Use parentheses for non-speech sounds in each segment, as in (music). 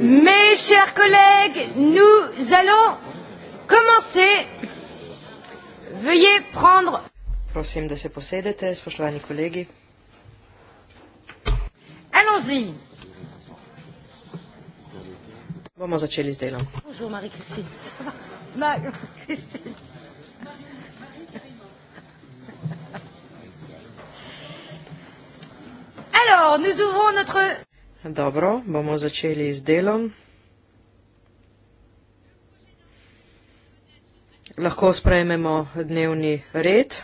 Mes chers collègues, nous allons commencer. Veuillez prendre. Prosim, da se posedete, spoštovani kolegi. Allons-y. Bomo začeli z delom. Bonjour, Marie-Christine. (laughs) Marie-Christine. Alors, nous ouvrons notre Dobro, bomo začeli z delom. Lahko sprejmemo dnevni red.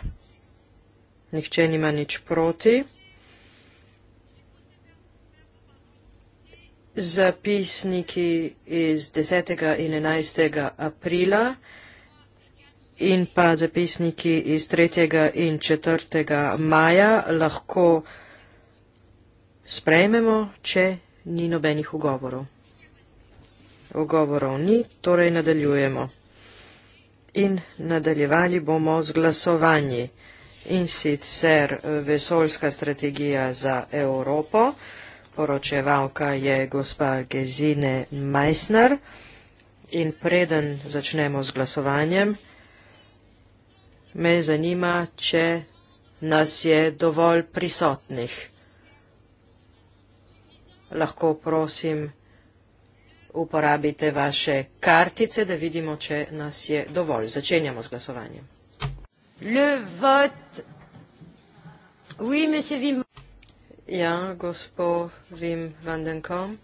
Nihče nima nič proti. Zapisniki iz 10. in 11. aprila in pa zapisniki iz 3. in 4. maja lahko vsega sprejmemo, če ni nobenih ugovorov. Ugovorov ni, torej nadaljujemo. In nadaljevali bomo z glasovanji. In sicer eh, vesoljska strategija za Evropo, poročevalka je gospa Gezine Meissner. In preden začnemo z glasovanjem, me zanima, če nas je dovolj prisotnih lahko prosim uporabite vaše kartice, da vidimo, če nas je dovolj. Začenjamo z glasovanjem. Le vote. Oui, monsieur Wim. Ja, gospod Wim van den Komp.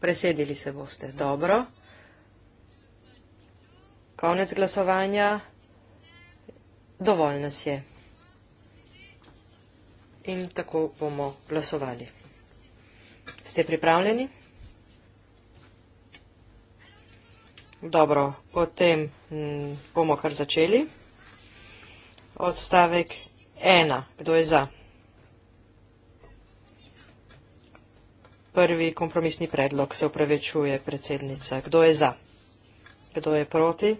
Presedili se boste. Dobro. Konec glasovanja. Dovolj nas je. In tako bomo glasovali. Ste pripravljeni? Dobro, potem mm, bomo kar začeli. Odstavek ena. Kdo je za? Prvi kompromisni predlog se upravičuje predsednica. Kdo je za? Kdo je proti?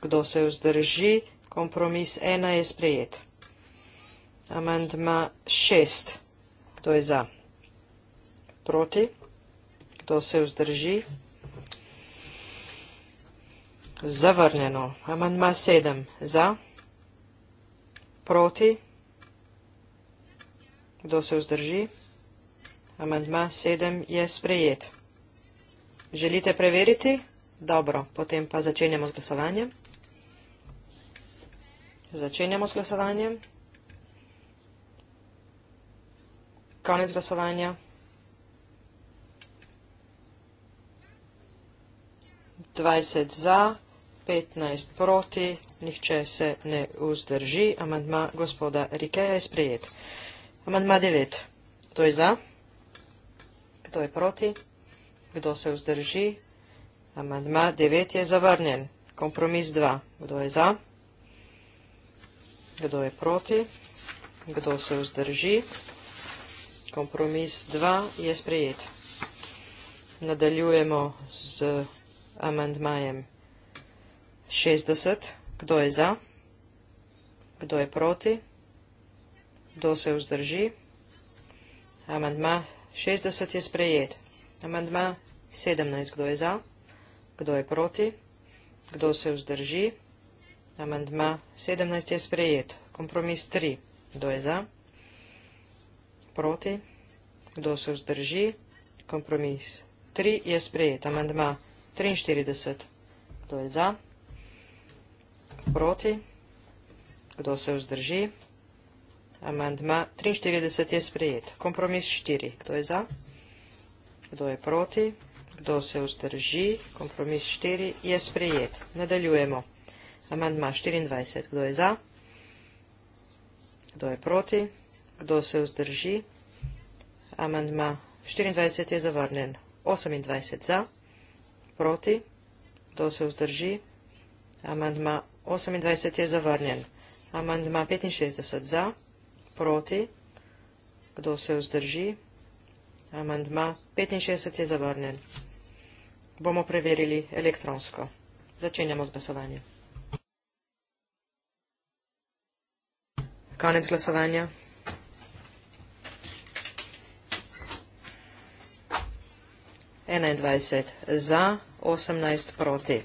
Kdo se vzdrži? Kompromis ena je sprejet. Amendma šest. Kdo je za? Kdo je za? proti, kdo se vzdrži. Zavrnjeno. Amandma 7. Za. Proti. Kdo se vzdrži? Amandma 7 je sprejet. Želite preveriti? Dobro, potem pa začenjamo z glasovanjem. Začenjamo s glasovanjem. Konec glasovanja. 20 za, 15 proti, nihče se ne vzdrži. Amandma gospoda Rikeja je sprejet. Amandma 9. Kdo je za? Kdo je proti? Kdo se vzdrži? Amandma 9 je zavrnjen. Kompromis 2. Kdo je za? Kdo je proti? Kdo se vzdrži? Kompromis 2 je sprejet. Nadaljujemo z amandmajem 60. Kdo je za? Kdo je proti? Kdo se vzdrži? Amandma 60 je sprejet. Amandma 17. Kdo je za? Kdo je proti? Kdo se vzdrži? Amandma 17 je sprejet. Kompromis 3. Kdo je za? Proti? Kdo se vzdrži? Kompromis 3 je sprejet. Amandma 17. 43. Kdo je za? Proti? Kdo se vzdrži? Amendma 43 je sprejet. Kompromis 4. Kdo je za? Kdo je proti? Kdo se vzdrži? Kompromis 4 je sprejet. Nadaljujemo. Amendma 24. Kdo je za? Kdo je proti? Kdo se vzdrži? Amendma 24 je zavrnen. 28 za proti, kdo se vzdrži, amandma 28 je zavrnjen, amandma 65 za, proti, kdo se vzdrži, amandma 65 je zavrnjen. Bomo preverili elektronsko. Začenjamo z glasovanjem. Konec glasovanja. 21 za, 18 proti.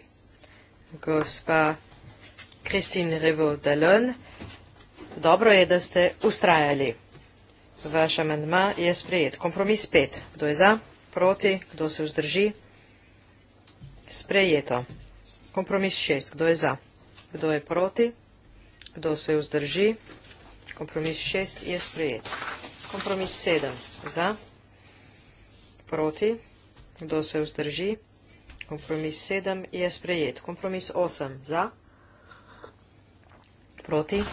Gospa Kristin Rivo-Dalon, dobro je, da ste ustrajali. Vaš amendma je sprejet. Kompromis 5. Kdo je za, proti, kdo se vzdrži? Sprejeto. Kompromis 6. Kdo je za, kdo je proti, kdo se vzdrži? Kompromis 6 je sprejet. Kompromis 7. Za, proti, kdo se vzdrži? Kdo se vzdrži? Kompromis 7 je sprejet. Kompromis 8 za. Proti?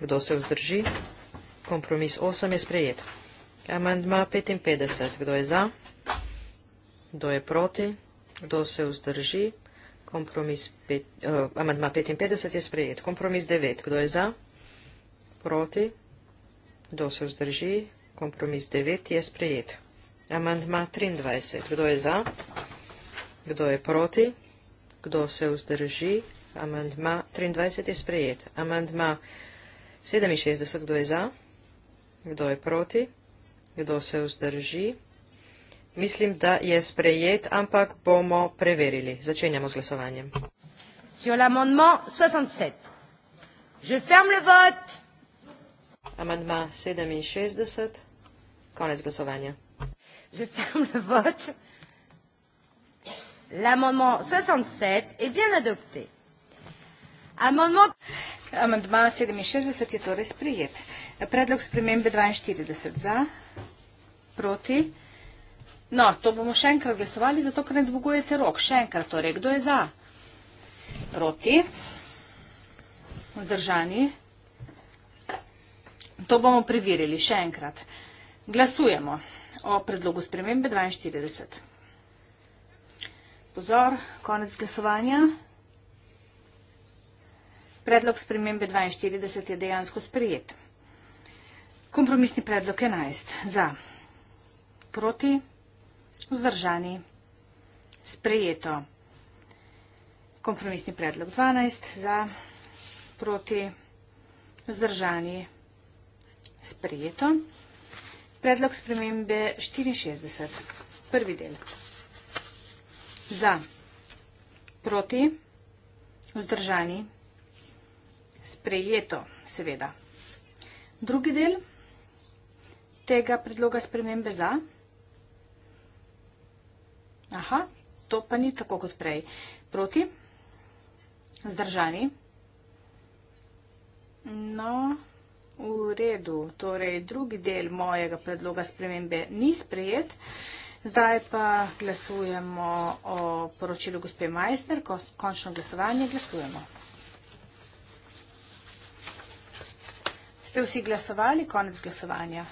Kdo se vzdrži? Kompromis 8 je sprejet. Amendma 55. Kdo je za? Kdo je proti? Kdo se vzdrži? Kompromis 5, uh, amendma 55 je sprejet. Kompromis 9. Kdo je za? Proti? Kdo se vzdrži? Kompromis 9 je sprejet. Amandma 23. Kdo je za? Kdo je proti? Kdo se vzdrži? Amandma 23 je sprejet. Amandma 67. Kdo je za? Kdo je proti? Kdo se vzdrži? Mislim, da je sprejet, ampak bomo preverili. Začenjamo z glasovanjem. Sur l'amendement 67. Je ferme le vote. Amendement 67. Konec glasovanja. Je ferme le vote. L'amendement 67 est bien adopté. Amendement... Amendma 67 je torej sprijet. Predlog spremembe 42 za, proti. No, to bomo še enkrat glasovali, zato ker ne dvogujete rok. Še enkrat torej, kdo je za? Proti. Zdržani. To bomo privirili še enkrat. Glasujemo. Glasujemo o predlogu spremembe 42. Pozor, konec glasovanja. Predlog spremembe 42 je dejansko sprejet. Kompromisni predlog 11. Za. Proti. Vzdržani. Sprejeto. Kompromisni predlog 12. Za. Proti. Vzdržani. Sprejeto. Predlog spremembe 64. Prvi del. Za, proti, vzdržani, sprejeto, seveda. Drugi del tega predloga spremembe za. Aha, to pa ni tako kot prej. Proti, vzdržani. No, proti. V redu, torej drugi del mojega predloga spremembe ni sprejet. Zdaj pa glasujemo o poročilu gospe Majster, ko končno glasovanje glasujemo. Ste vsi glasovali, konec glasovanja?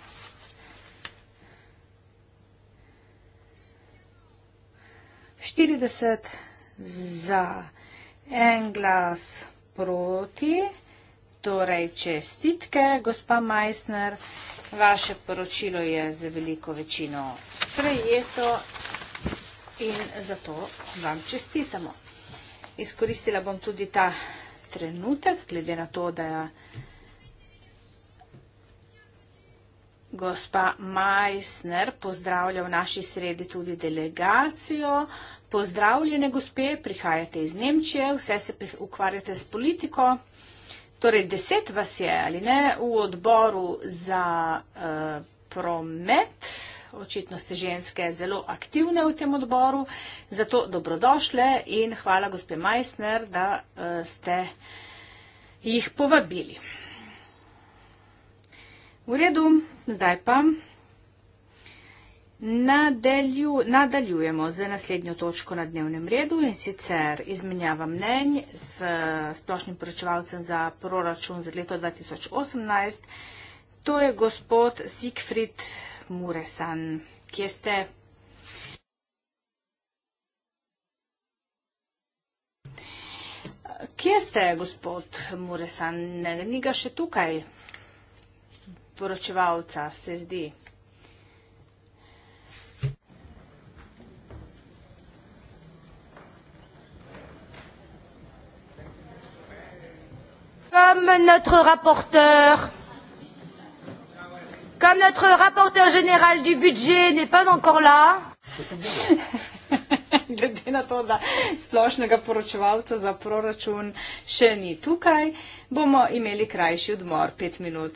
Štirideset za en glas proti. Torej, čestitke, gospa Majsner. Vaše poročilo je za veliko večino sprejeto in zato vam čestitamo. Izkoristila bom tudi ta trenutek, glede na to, da je gospa Majsner pozdravlja v naši sredi tudi delegacijo. Pozdravljene gospe, prihajate iz Nemčije, vse se ukvarjate s politiko. Torej, deset vas je ali ne v odboru za uh, promet. Očitno ste ženske zelo aktivne v tem odboru, zato dobrodošle in hvala gospe Majsner, da uh, ste jih povabili. V redu, zdaj pa. Nadelju, nadaljujemo z naslednjo točko na dnevnem redu in sicer izmenjava mnenj s splošnim poročevalcem za proračun za leto 2018. To je gospod Siegfried Muresan. Kje ste? Kje ste, gospod Muresan? Ni ga še tukaj poročevalca, se zdi. comme notre rapporteur comme notre rapporteur général du budget n'est pas encore là (laughs) glede na to, da splošnega poročevalca za proračun še ni tukaj, bomo imeli krajši odmor pet minut.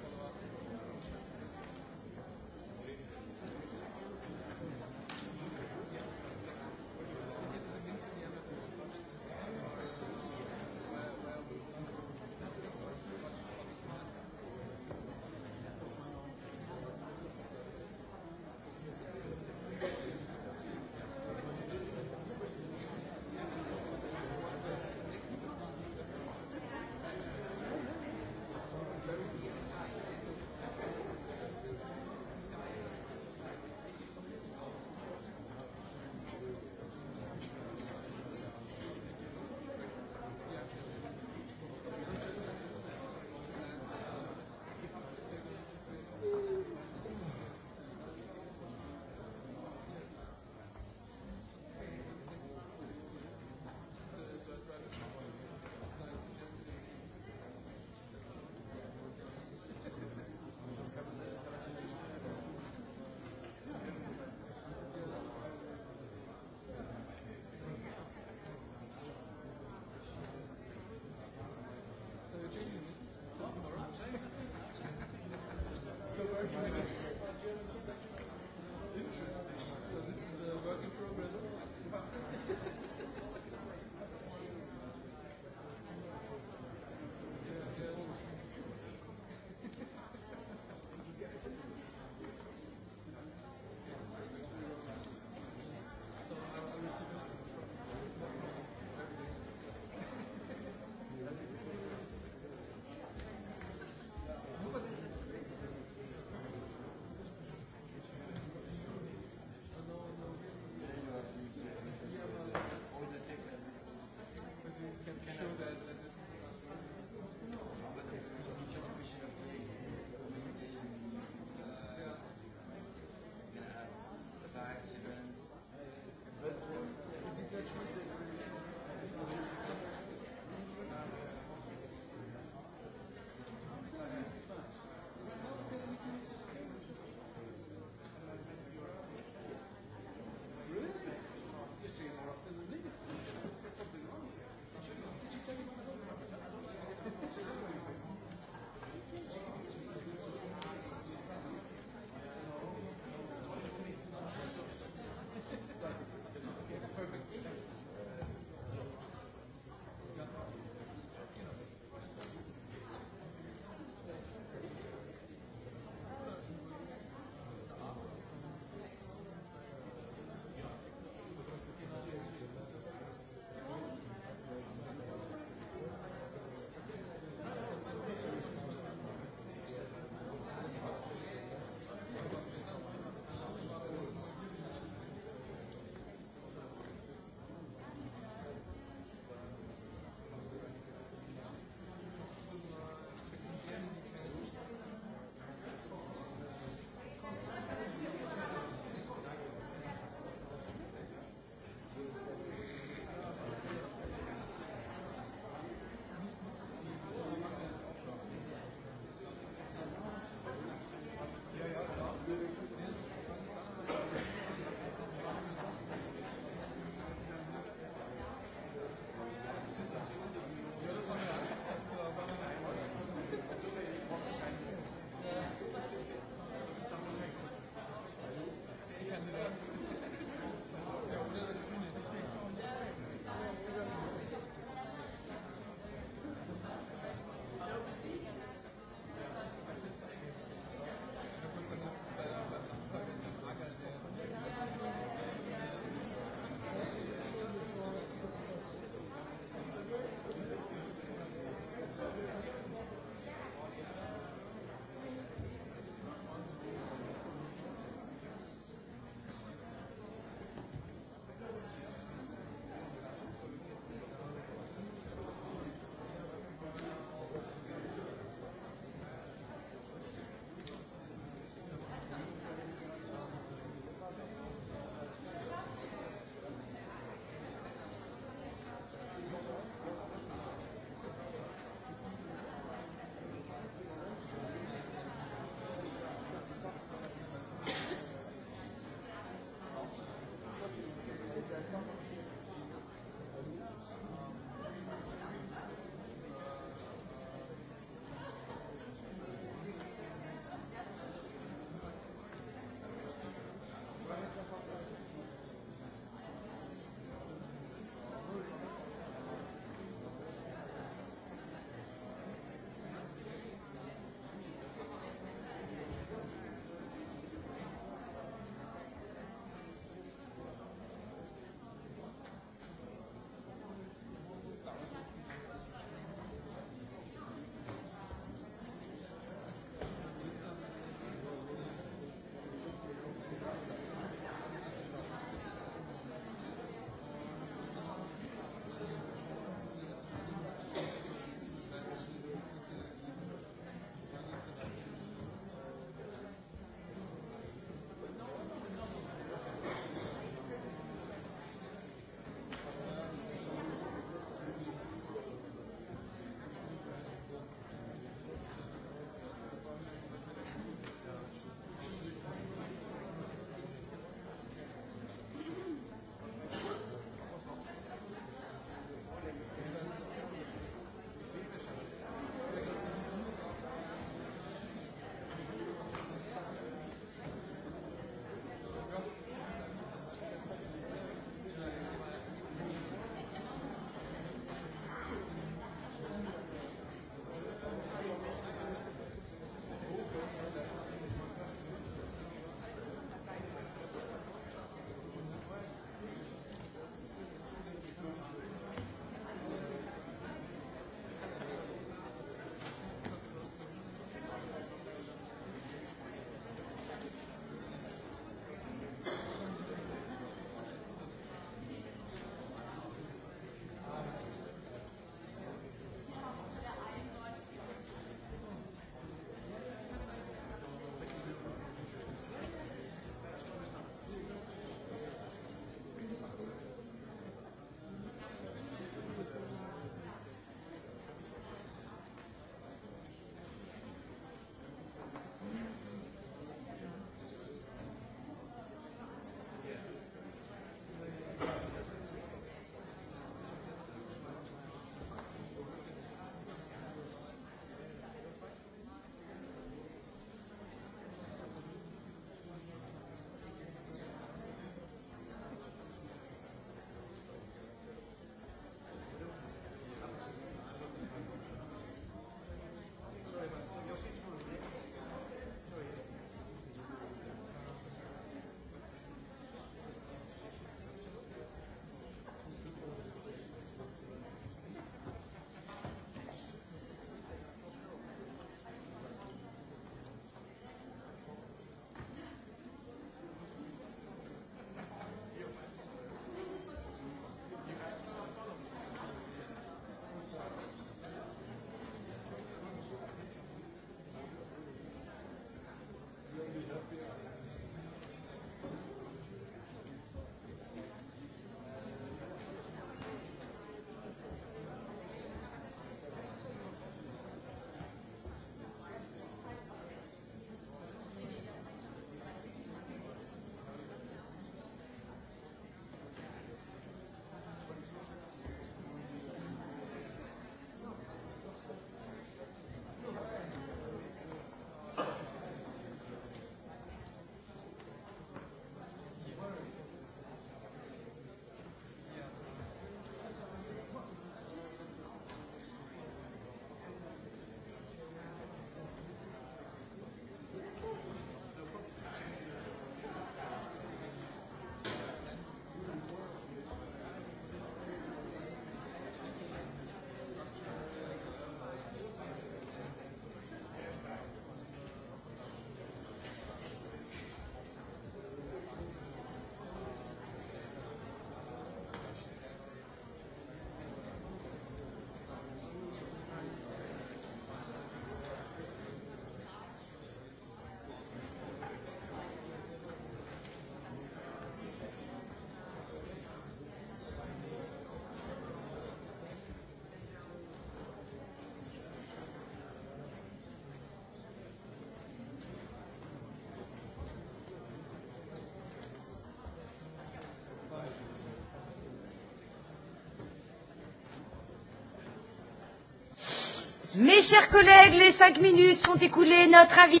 Mes chers collègues, les cinq minutes sont écoulées, notre avis.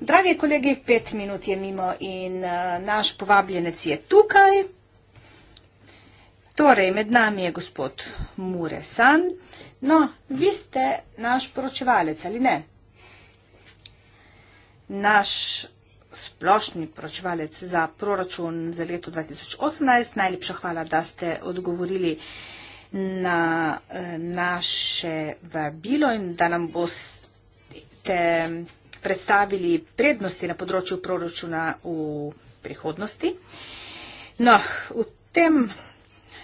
Dragi kolegi, pet minut je mimo in uh, naš povabljenec je tukaj. Torej, med nami je gospod Mure San. No, vi ste naš poročevalec, ali ne? Naš splošni poročevalec za proračun za leto 2018. Najlepša hvala, da ste odgovorili uh, na eh, naše vabilo in da nam boste predstavili prednosti na področju proračuna v prihodnosti. No, v tem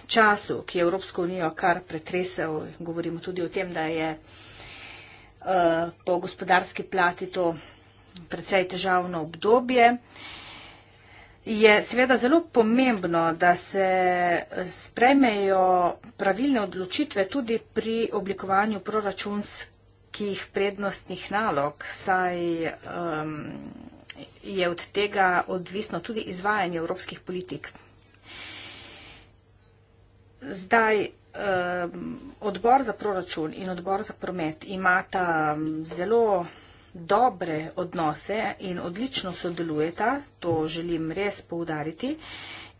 času, ki je Evropsko unijo kar pretresel, govorimo tudi o tem, da je eh, po gospodarski plati to precej težavno obdobje je seveda zelo pomembno, da se sprejmejo pravilne odločitve tudi pri oblikovanju proračunskih prednostnih nalog, saj um, je od tega odvisno tudi izvajanje evropskih politik. Zdaj, um, odbor za proračun in odbor za promet imata um, zelo dobre odnose in odlično sodelujeta, to želim res poudariti.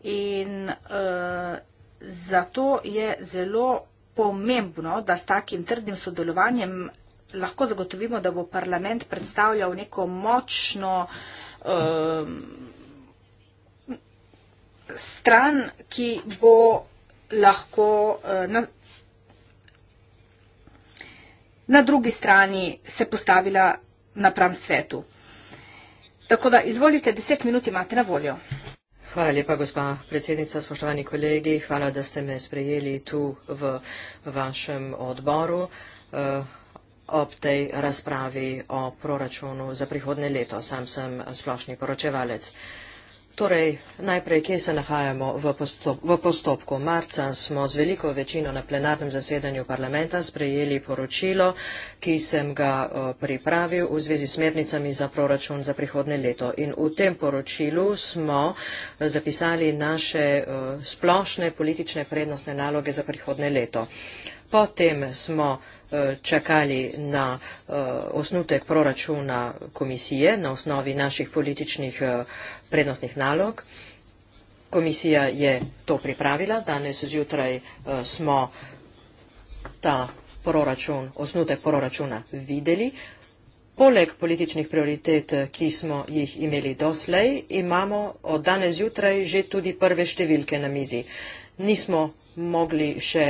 In uh, zato je zelo pomembno, da s takim trdnim sodelovanjem lahko zagotovimo, da bo parlament predstavljal neko močno uh, stran, ki bo lahko uh, na, na drugi strani se postavila napram svetu. Tako da izvolite, deset minut imate na voljo. Hvala lepa, gospa predsednica, spoštovani kolegi. Hvala, da ste me sprejeli tu v vašem odboru eh, ob tej razpravi o proračunu za prihodne leto. Sam sem splošni poročevalec. Torej, najprej, kje se nahajamo v, postop v postopku? Marca smo z veliko večino na plenarnem zasedanju parlamenta sprejeli poročilo, ki sem ga uh, pripravil v zvezi s smernicami za proračun za prihodne leto. In v tem poročilu smo e, zapisali naše uh, splošne politične prednostne naloge za prihodne leto. Potem smo uh, Eh, čakali na eh, osnutek proračuna komisije na osnovi naših političnih eh, prednostnih nalog. Komisija je to pripravila, danes zjutraj smo ta proračun, osnutek proračuna videli, Poleg političnih prioritet, ki smo jih imeli doslej, imamo od danes jutraj že tudi prve številke na mizi. Nismo mogli še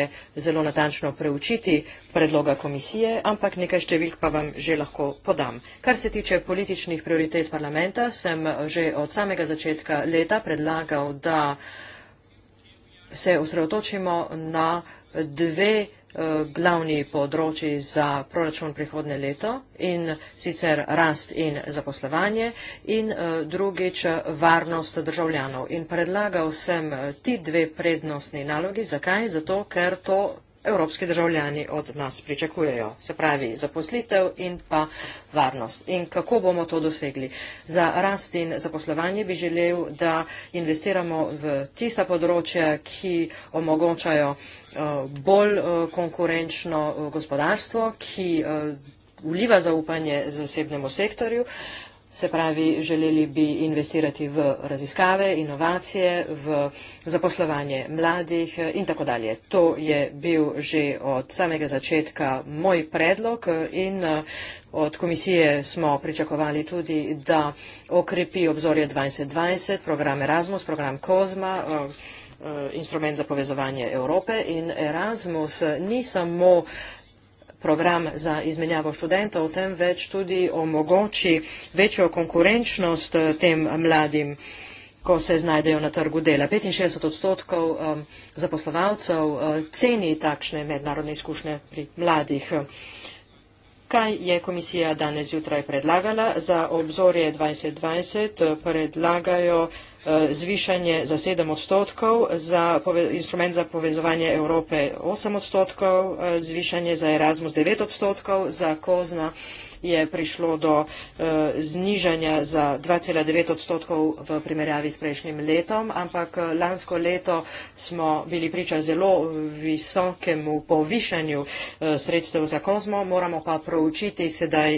zelo natančno preučiti predloga komisije, ampak nekaj številk pa vam že lahko podam. Kar se tiče političnih prioritet parlamenta, sem že od samega začetka leta predlagal, da se osredotočimo na dve prioritete Eh, glavni področji za proračun prihodne leto in sicer rast in zaposlovanje in eh, drugič varnost državljanov. In predlagal sem eh, ti dve prednostni nalogi. Zakaj? Zato, ker to evropski državljani od nas pričakujejo, se pravi zaposlitev in pa varnost. In kako bomo to dosegli? Za rast in zaposlovanje bi želel, da investiramo v tista področja, ki omogočajo eh, bolj eh, konkurenčno eh, gospodarstvo, ki vliva zaupanje zasebnemu sektorju. Se pravi, želeli bi investirati v raziskave, inovacije, v zaposlovanje mladih eh, in tako dalje. To je bil že od samega začetka moj predlog eh, in eh, od komisije smo pričakovali tudi, da okrepi obzorje 2020, program Erasmus, program Kozma instrument za povezovanje Evrope in Erasmus ni samo uh, program za izmenjavo študentov, temveč tudi omogoči večjo konkurenčnost eh, tem eh, mladim ko se znajdejo na trgu dela. 65 odstotkov eh, zaposlovalcev ceni takšne mednarodne izkušnje pri mladih. Kaj je komisija danes jutraj predlagala? Za obzorje 2020 predlagajo Eh, zvišanje za 7 odstotkov, za instrument za povezovanje Evrope 8 odstotkov, eh, zvišanje za Erasmus 9 odstotkov, za Kozna je prišlo do eh, znižanja za 2,9 odstotkov v primerjavi s prejšnjim letom, ampak lansko leto smo bili priča zelo visokemu povišanju sredstev za Kozmo, moramo pa proučiti sedaj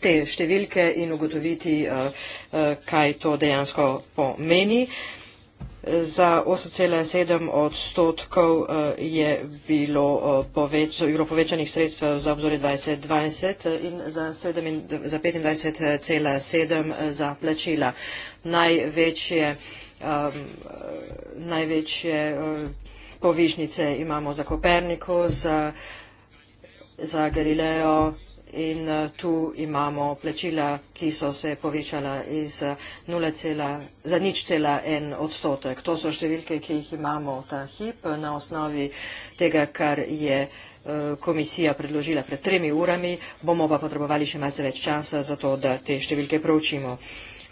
te številke in ugotoviti, eh, eh, kaj to dejansko pomeni. Za 8,7 odstotkov eh, je bilo poveč, povečanih sredstev za obzore 2020 in za, za 25,7 za plačila. Največje, um, največje povišnice imamo za Koperniku, za, za Galileo, in eh, tu imamo plačila, ki so se povečala iz 0, za nič cela en odstotek. To so številke, ki jih imamo ta hip na osnovi tega, kar je eh, komisija predložila pred tremi urami, bomo pa potrebovali še malce več časa za to, da te številke proučimo.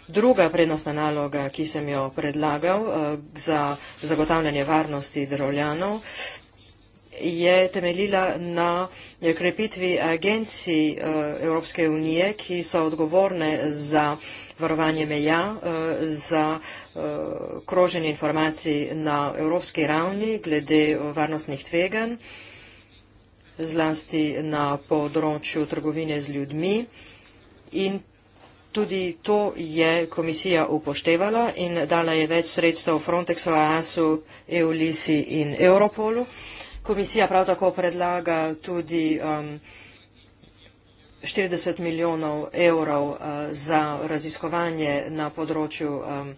Druga prednostna naloga, ki sem jo predlagal eh, za zagotavljanje varnosti državljanov, je temeljila na krepitvi agencij eh, Evropske unije, ki so odgovorne za varovanje meja, eh, za eh, kroženje informacij na evropski ravni glede varnostnih tveganj, zlasti na področju trgovine z ljudmi. In tudi to je komisija upoštevala in dala je več sredstev Frontexu, AASU, EULISI in Europolu. Komisija prav tako predlaga tudi um, 40 milijonov evrov uh, za raziskovanje na področju um,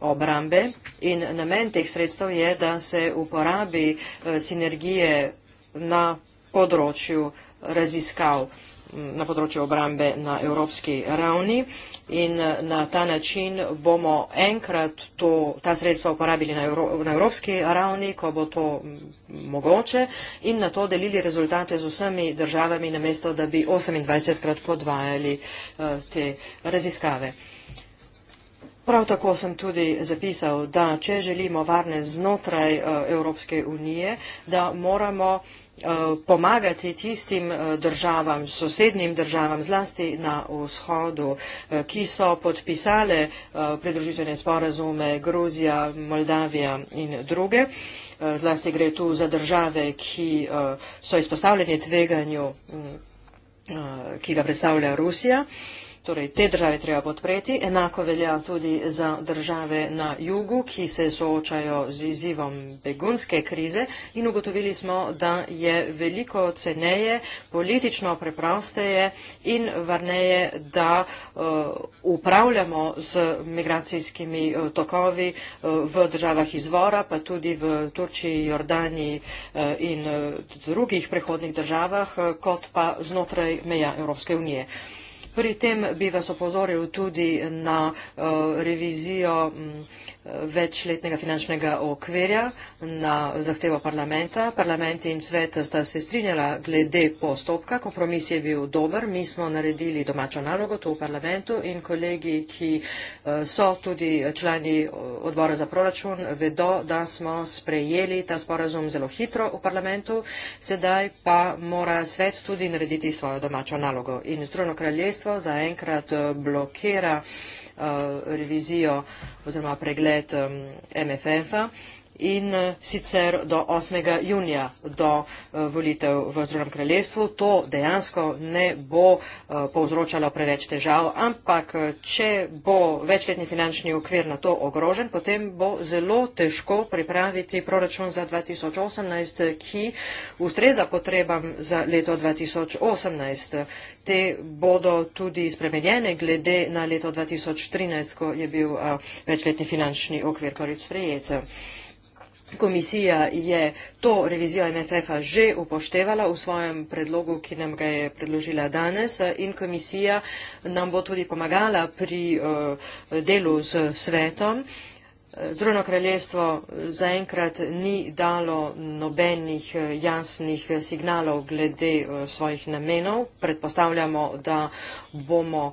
obrambe in namen teh sredstev je, da se uporabi uh, sinergije na področju raziskav na področju obrambe na evropski ravni. Uh, in eh, na ta način bomo enkrat to, ta sredstva uporabili na, Evro, na evropski ravni, ko bo to mogoče in na to delili rezultate z vsemi državami, namesto da bi 28krat podvajali uh, te raziskave. Prav tako sem tudi zapisal, da če želimo varne znotraj eh, Evropske unije, da moramo eh, pomagati tistim eh, državam, sosednjim državam, zlasti na vzhodu, ki so podpisale pridružitvene sporazume Gruzija, Moldavija in druge. Zlasti gre tu za države, ki so izpostavljene tveganju, mm, ki ga predstavlja Rusija. Torej, te države treba podpreti, enako velja tudi za države na jugu, ki se soočajo z izzivom begunske krize in ugotovili smo, da je veliko ceneje, politično preprosteje in varneje, da uh, upravljamo z migracijskimi uh, tokovi uh, v državah izvora, pa tudi v Turčiji, Jordaniji uh, in uh, drugih prehodnih državah, uh, kot pa znotraj meja Evropske unije. Uh, Pri tem bi vas opozoril tudi na eh, revizijo mm, večletnega finančnega okvirja na zahtevo parlamenta. Parlament in svet sta se strinjala glede postopka. Kompromis je bil dober. Mi smo naredili domačo nalogo tu v parlamentu in kolegi, ki eh, so tudi člani eh, odbora za proračun, vedo, da smo sprejeli ta sporazum zelo hitro v parlamentu. Sedaj pa mora svet tudi narediti svojo domačo nalogo. In Združeno kraljestvo ministrstvo zaenkrat eh, blokira eh, revizijo oziroma pregled eh, MFF-a in eh, sicer do 8. junija do eh, volitev v Združenem kraljestvu. To dejansko ne bo eh, povzročalo preveč težav, ampak če bo večletni finančni okvir na to ogrožen, potem bo zelo težko pripraviti proračun za 2018, ki ustreza potrebam za leto 2018. Te bodo tudi spremenjene glede na leto 2013, ko je bil večletni finančni okvir prvič sprejet. Komisija je to revizijo MFF-a že upoštevala v svojem predlogu, ki nam ga je predložila danes in komisija nam bo tudi pomagala pri uh, delu z svetom. Uh, Zrno kraljestvo zaenkrat ni dalo nobenih eh, jasnih eh, signalov glede eh, svojih namenov. Predpostavljamo, da bomo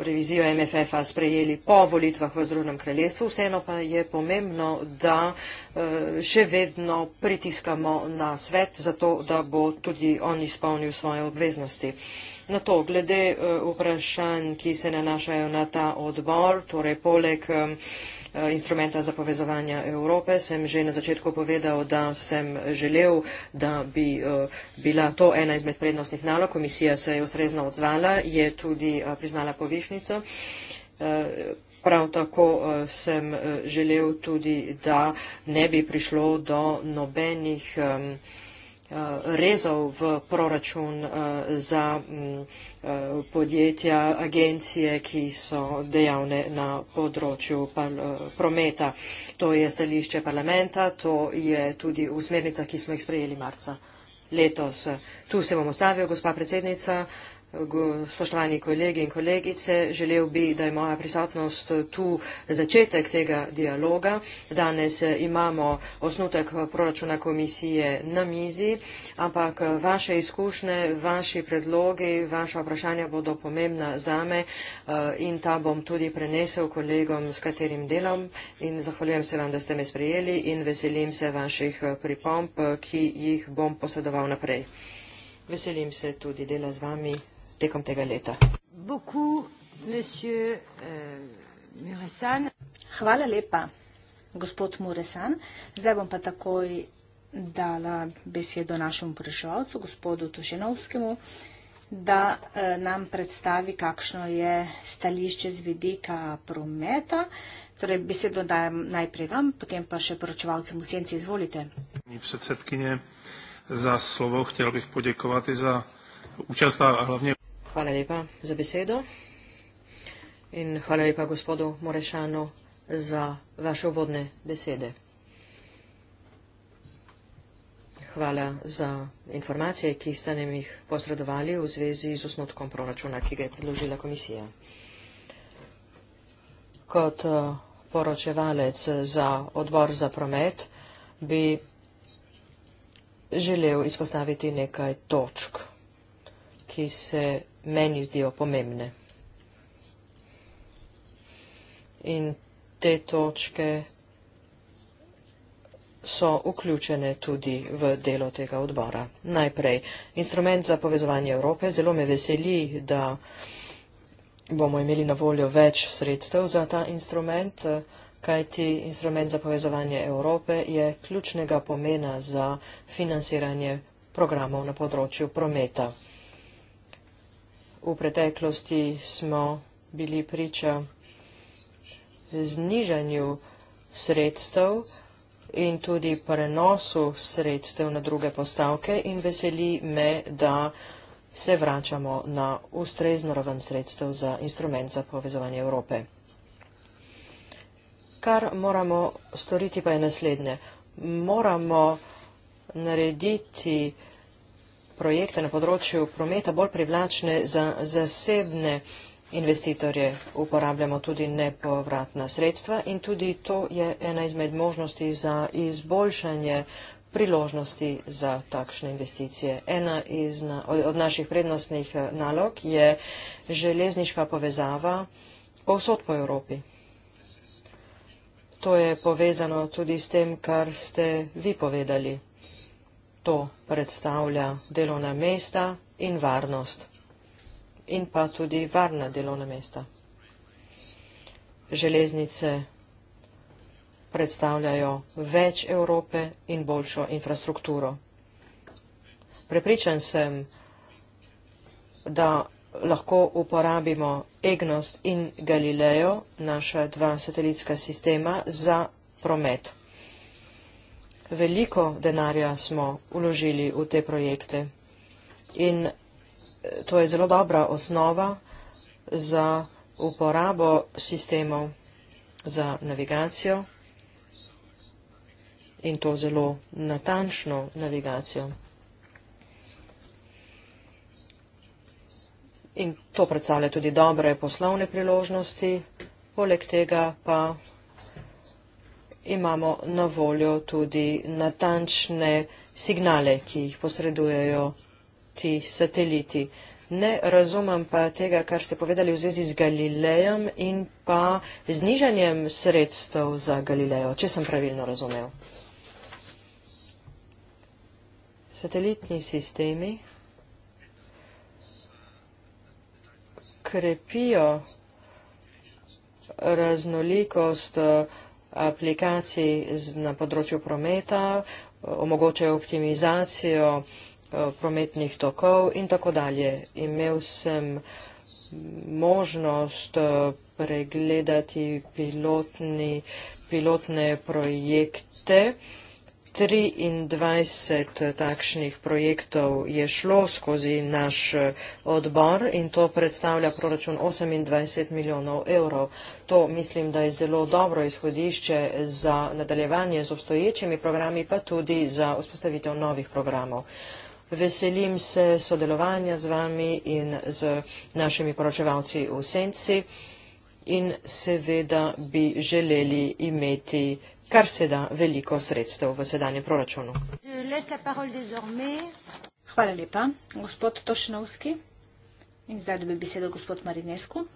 revizijo MFF-a sprejeli po volitvah v Zrnem kraljestvu. Vseeno pa je pomembno, da še vedno pritiskamo na svet, zato da bo tudi on izpolnil svoje obveznosti. Na to, glede eh, vprašanj, ki se nanašajo na ta odbor, torej poleg eh, instrumenta za povezovanje Evrope, sem že na začetku povedal, da sem želel, da bi eh, bila to ena izmed prednostnih nalog. Komisija se je ustrezno odzvala, je tudi priznala povišnico. Prav tako sem želel tudi, da ne bi prišlo do nobenih um Eh, rezov v proračun eh, za mm, eh, podjetja, agencije, ki so dejavne na področju prometa. To je stališče parlamenta, to je tudi usmernica, ki smo jih sprejeli marca letos. Tu se bom ostavil, gospa predsednica spoštovani kolegi in kolegice, želel bi, da je moja prisotnost tu začetek tega dialoga. Danes eh, imamo osnutek eh, proračuna komisije na mizi, ampak eh, vaše izkušnje, vaši predlogi, vaše vprašanja bodo pomembna zame in ta bom tudi prenesel kolegom, s katerim delam in zahvaljujem se vam, da ste me sprejeli in veselim se vaših pripomp, ki jih bom posedoval naprej. Veselim se tudi dela z vami tekom tega leta. Euh, Hvala lepa, gospod Muresan. Zdaj bom pa takoj dala besedo našemu vprašalcu, gospodu Tuženovskemu, da eh, nam predstavi, kakšno je stališče z vidika prometa. Torej, besedo dajem najprej vam, potem pa še poročevalcem v senci. Izvolite. Za slovo chtěl bych poděkovat i za účast a hlavně. Hvala lepa za besedo in hvala lepa gospodu Morešanu za vaše uvodne besede. Hvala za informacije, ki ste nam jih posredovali v zvezi z osnutkom proračuna, ki ga je predložila komisija. Kot eh, poročevalec za odbor za promet bi želel izpostaviti nekaj točk, ki se meni zdijo pomembne. In te točke so vključene tudi v delo tega odbora. Najprej, instrument za povezovanje Evrope. Zelo me veseli, da bomo imeli na voljo več sredstev za ta instrument, kajti instrument za povezovanje Evrope je ključnega pomena za financiranje programov na področju prometa. V preteklosti smo bili priča znižanju sredstev in tudi prenosu sredstev na druge postavke in veseli me, da se vračamo na ustrezno raven sredstev za instrument za povezovanje Evrope. Kar moramo storiti pa je naslednje. Moramo narediti projekte na področju prometa bolj privlačne za zasebne investitorje. Uporabljamo tudi nepovratna sredstva in tudi to je ena izmed možnosti za izboljšanje priložnosti za takšne investicije. Ena iz na, od naših prednostnih eh, nalog je železniška povezava povsod po Evropi. To je povezano tudi s tem, kar ste vi povedali to predstavlja delovna mesta in varnost in pa tudi varna delovna mesta. Železnice predstavljajo več Evrope in boljšo infrastrukturo. Prepričan sem, da lahko uporabimo EGNOST in Galileo, naša dva satelitska sistema, za promet veliko denarja smo uložili v te projekte in eh, to je zelo dobra osnova za uporabo sistemov za navigacijo in to zelo natančno navigacijo. In to predstavlja tudi dobre poslovne priložnosti, poleg tega pa imamo na voljo tudi natančne signale, ki jih posredujejo ti sateliti. Ne razumem pa tega, kar ste povedali v zvezi z Galilejem in pa znižanjem sredstev za Galilejo, če sem pravilno razumel. Satelitni sistemi krepijo raznolikost uh, aplikacij na področju prometa, omogočajo optimizacijo eh, prometnih tokov in tako dalje. Imel sem možnost eh, pregledati pilotni, pilotne projekte, 23 takšnih projektov je šlo skozi naš eh, odbor in to predstavlja proračun 28 milijonov evrov. To mislim, da je zelo dobro izhodišče za nadaljevanje z obstoječimi programi, pa tudi za vzpostavitev novih programov. Veselim se sodelovanja z vami in z našimi poročevalci v Senci in seveda bi želeli imeti kar se da veliko sredstev v sedanjem proračunu. Hvala lepa, gospod Tošnovski. In zdaj dobi besedo gospod Marinesku.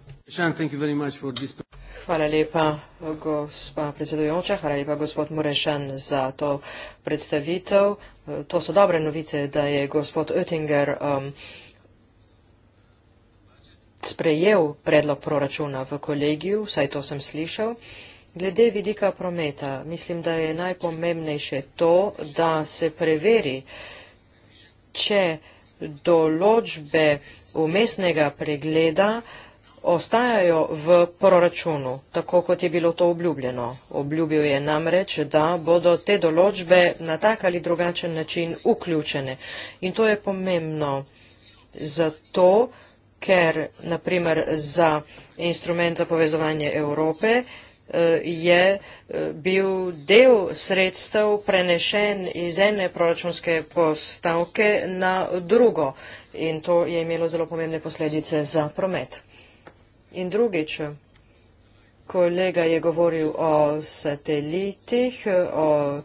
Hvala lepa, gospa predsedujoča, hvala lepa, gospod Morešan, za to predstavitev. To so dobre novice, da je gospod Oettinger um, sprejel predlog proračuna v kolegiju, saj to sem slišal. Uh, Glede vidika prometa, mislim, da je najpomembnejše to, da se preveri, če določbe umestnega pregleda ostajajo v proračunu, tako kot je bilo to obljubljeno. Obljubil je namreč, da bodo te določbe na tak ali drugačen način vključene. In to je pomembno zato, ker, naprimer, za instrument za povezovanje Evrope, Eh, je eh, bil del sredstev prenešen iz ene proračunske postavke na drugo in to je imelo zelo pomembne posledice za promet. In drugič, kolega je govoril o satelitih, o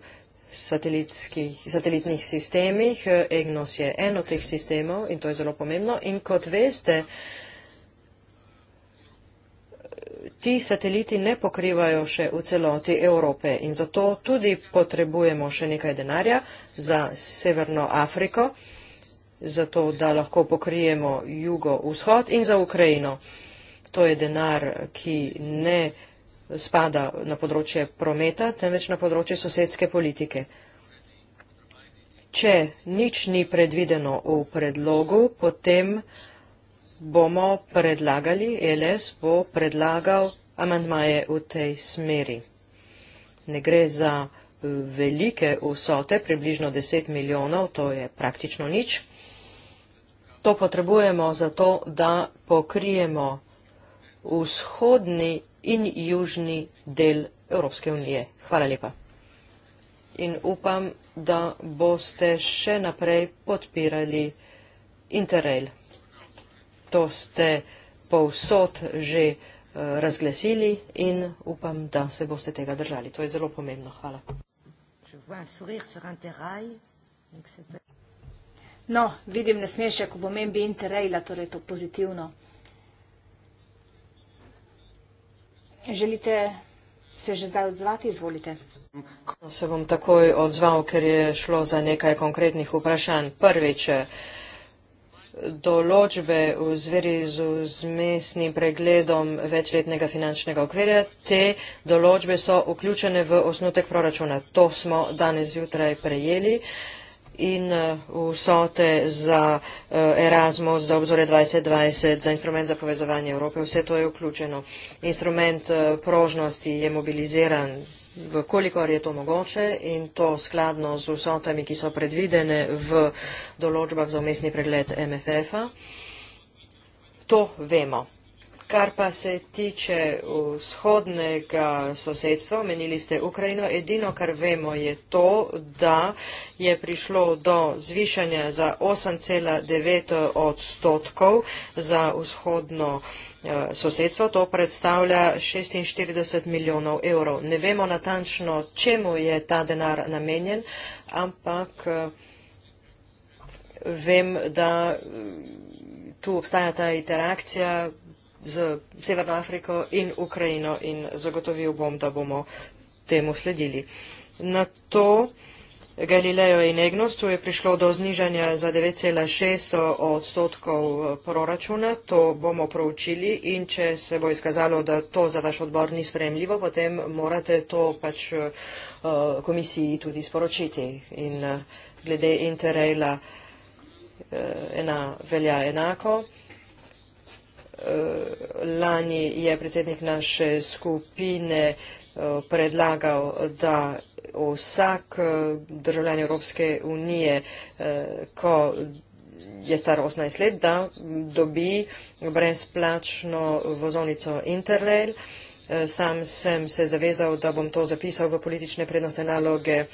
satelitnih sistemih, EGNOS je en od teh sistemov in to je zelo pomembno in kot veste, ti sateliti ne pokrivajo še v celoti Evrope in zato tudi potrebujemo še nekaj denarja za Severno Afriko, zato da lahko pokrijemo jugo-vzhod in za Ukrajino. To je denar, ki ne spada na področje prometa, temveč na področje sosedske politike. Če nič ni predvideno v predlogu, potem bomo predlagali, LS bo predlagal amandmaje v tej smeri. Ne gre za eh, velike vsote, približno 10 milijonov, to je praktično nič. To potrebujemo zato, da pokrijemo vzhodni in južni del Evropske unije. Hvala lepa. In upam, da boste še naprej podpirali Interrail to ste povsod že eh, razglasili in upam, da se boste tega držali. To je zelo pomembno. Hvala. No, vidim nasmešek v pomembi interrejla, torej to pozitivno. Želite se že zdaj odzvati? Izvolite. No, se bom takoj odzval, ker je šlo za nekaj konkretnih vprašanj. Prvič, eh, določbe v zveri z vzmesnim pregledom večletnega finančnega okvirja. Te določbe so vključene v osnutek proračuna. To smo danes jutraj prejeli in uh, vsote za uh, Erasmus, za obzore 2020, za instrument za povezovanje Evrope. Vse to je vključeno. Instrument uh, prožnosti je mobiliziran vkolikor je to mogoče in to skladno z vsotami, ki so predvidene v določbah za umestni pregled MFF-a. To vemo. Kar pa se tiče uh, vzhodnega sosedstva, omenili ste Ukrajino, edino, kar vemo, je to, da je prišlo do zvišanja za 8,9 uh, odstotkov za vzhodno uh, sosedstvo. To predstavlja 46 milijonov evrov. Ne vemo natančno, čemu je ta denar namenjen, ampak vem, da tu obstaja ta interakcija z Severno Afriko in Ukrajino in zagotovil bom, da bomo temu sledili. Na to Galileo in Egnos, tu je prišlo do znižanja za 9,6 odstotkov eh, proračuna, to bomo proučili in če se bo izkazalo, da to za vaš odbor ni spremljivo, potem morate to pač eh, komisiji tudi sporočiti. In eh, glede Interrela ena velja enako lani je predsednik naše skupine eh, predlagal, da vsak eh, državljan Evropske unije, eh, ko je star 18 let, da dobi brezplačno vozovnico Interrail. Eh, sam sem se zavezal, da bom to zapisal v politične prednostne naloge eh,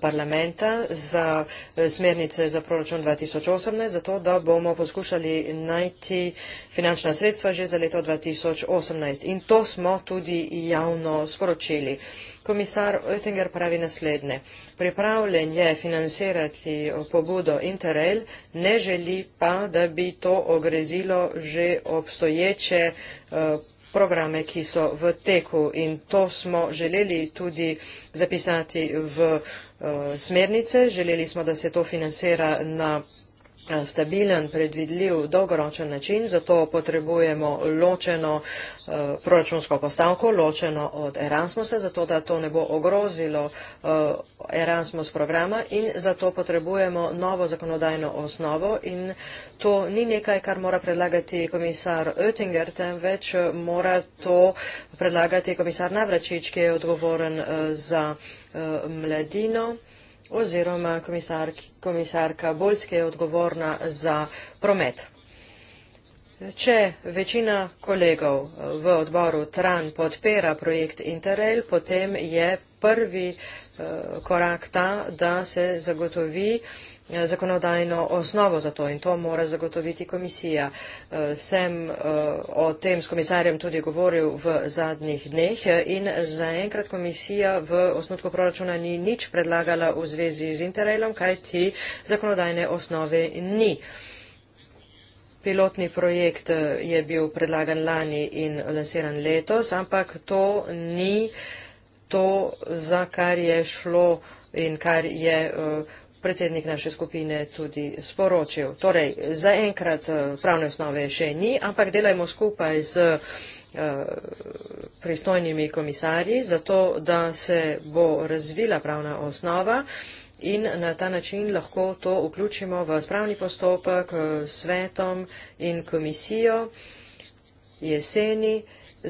parlamenta za eh, smernice za proračun 2018, zato da bomo poskušali najti finančna sredstva že za leto 2018. In to smo tudi javno sporočili. Komisar Oettinger pravi naslednje. Pripravljen je financirati pobudo Interrail, ne želi pa, da bi to ogrezilo že obstoječe programe, ki so v teku in to smo želeli tudi zapisati v uh, smernice. Želeli smo, da se to financira na Eh, stabilen, predvidljiv, dolgoročen način, zato potrebujemo ločeno eh, proračunsko postavko, ločeno od Erasmusa, zato da to ne bo ogrozilo eh, Erasmus programa in zato potrebujemo novo zakonodajno osnovo in to ni nekaj, kar mora predlagati komisar Oettinger, temveč mora to predlagati komisar Navračič, ki je odgovoren za mladino oziroma komisar, komisarka Boljske je odgovorna za promet. Če večina kolegov eh, v odboru TRAN podpira projekt Interrail, potem je prvi eh, korak ta, da se zagotovi uh, Eh, zakonodajno osnovo za to in to mora zagotoviti komisija. Eh, sem eh, o tem s komisarjem tudi govoril v zadnjih dneh in zaenkrat komisija v osnutku proračuna ni nič predlagala v zvezi z Interrailom, kaj ti zakonodajne osnove ni. Pilotni projekt je bil predlagan lani in lansiran letos, ampak to ni to, za kar je šlo in kar je uh, predsednik naše skupine tudi sporočil. Torej, zaenkrat eh, pravne osnove še ni, ampak delajmo skupaj z eh, pristojnimi komisarji, zato da se bo razvila pravna osnova in na ta način lahko to vključimo v spravni postopek eh, svetom in komisijo jeseni,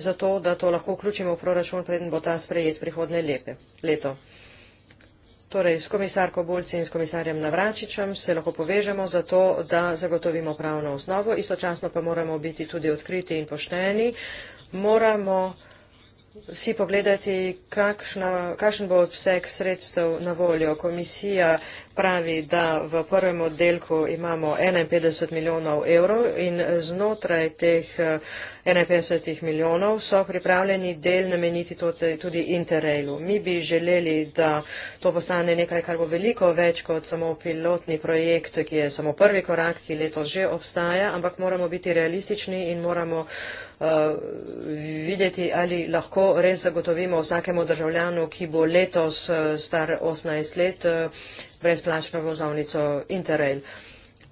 zato da to lahko vključimo v proračun, preden bo ta sprejet prihodne lepe, leto. Torej, s komisarko Bulci in s komisarjem Navračičem se lahko povežemo za to, da zagotovimo pravno osnovo, istočasno pa moramo biti tudi odkriti in pošteni. Moramo si pogledati, kakšna, kakšen bo obseg sredstev na voljo. Komisija pravi, da v prvem oddelku imamo 51 milijonov evrov in znotraj teh 51 eh, milijonov so pripravljeni del nameniti tudi Interrailu. Mi bi želeli, da to postane nekaj, kar bo veliko več kot samo pilotni projekt, ki je samo prvi korak, ki leto že obstaja, ampak moramo biti realistični in moramo uh, videti, ali lahko res zagotovimo vsakemu državljanu, ki bo letos eh, star 18 let, uh, brezplačno vozovnico Interrail.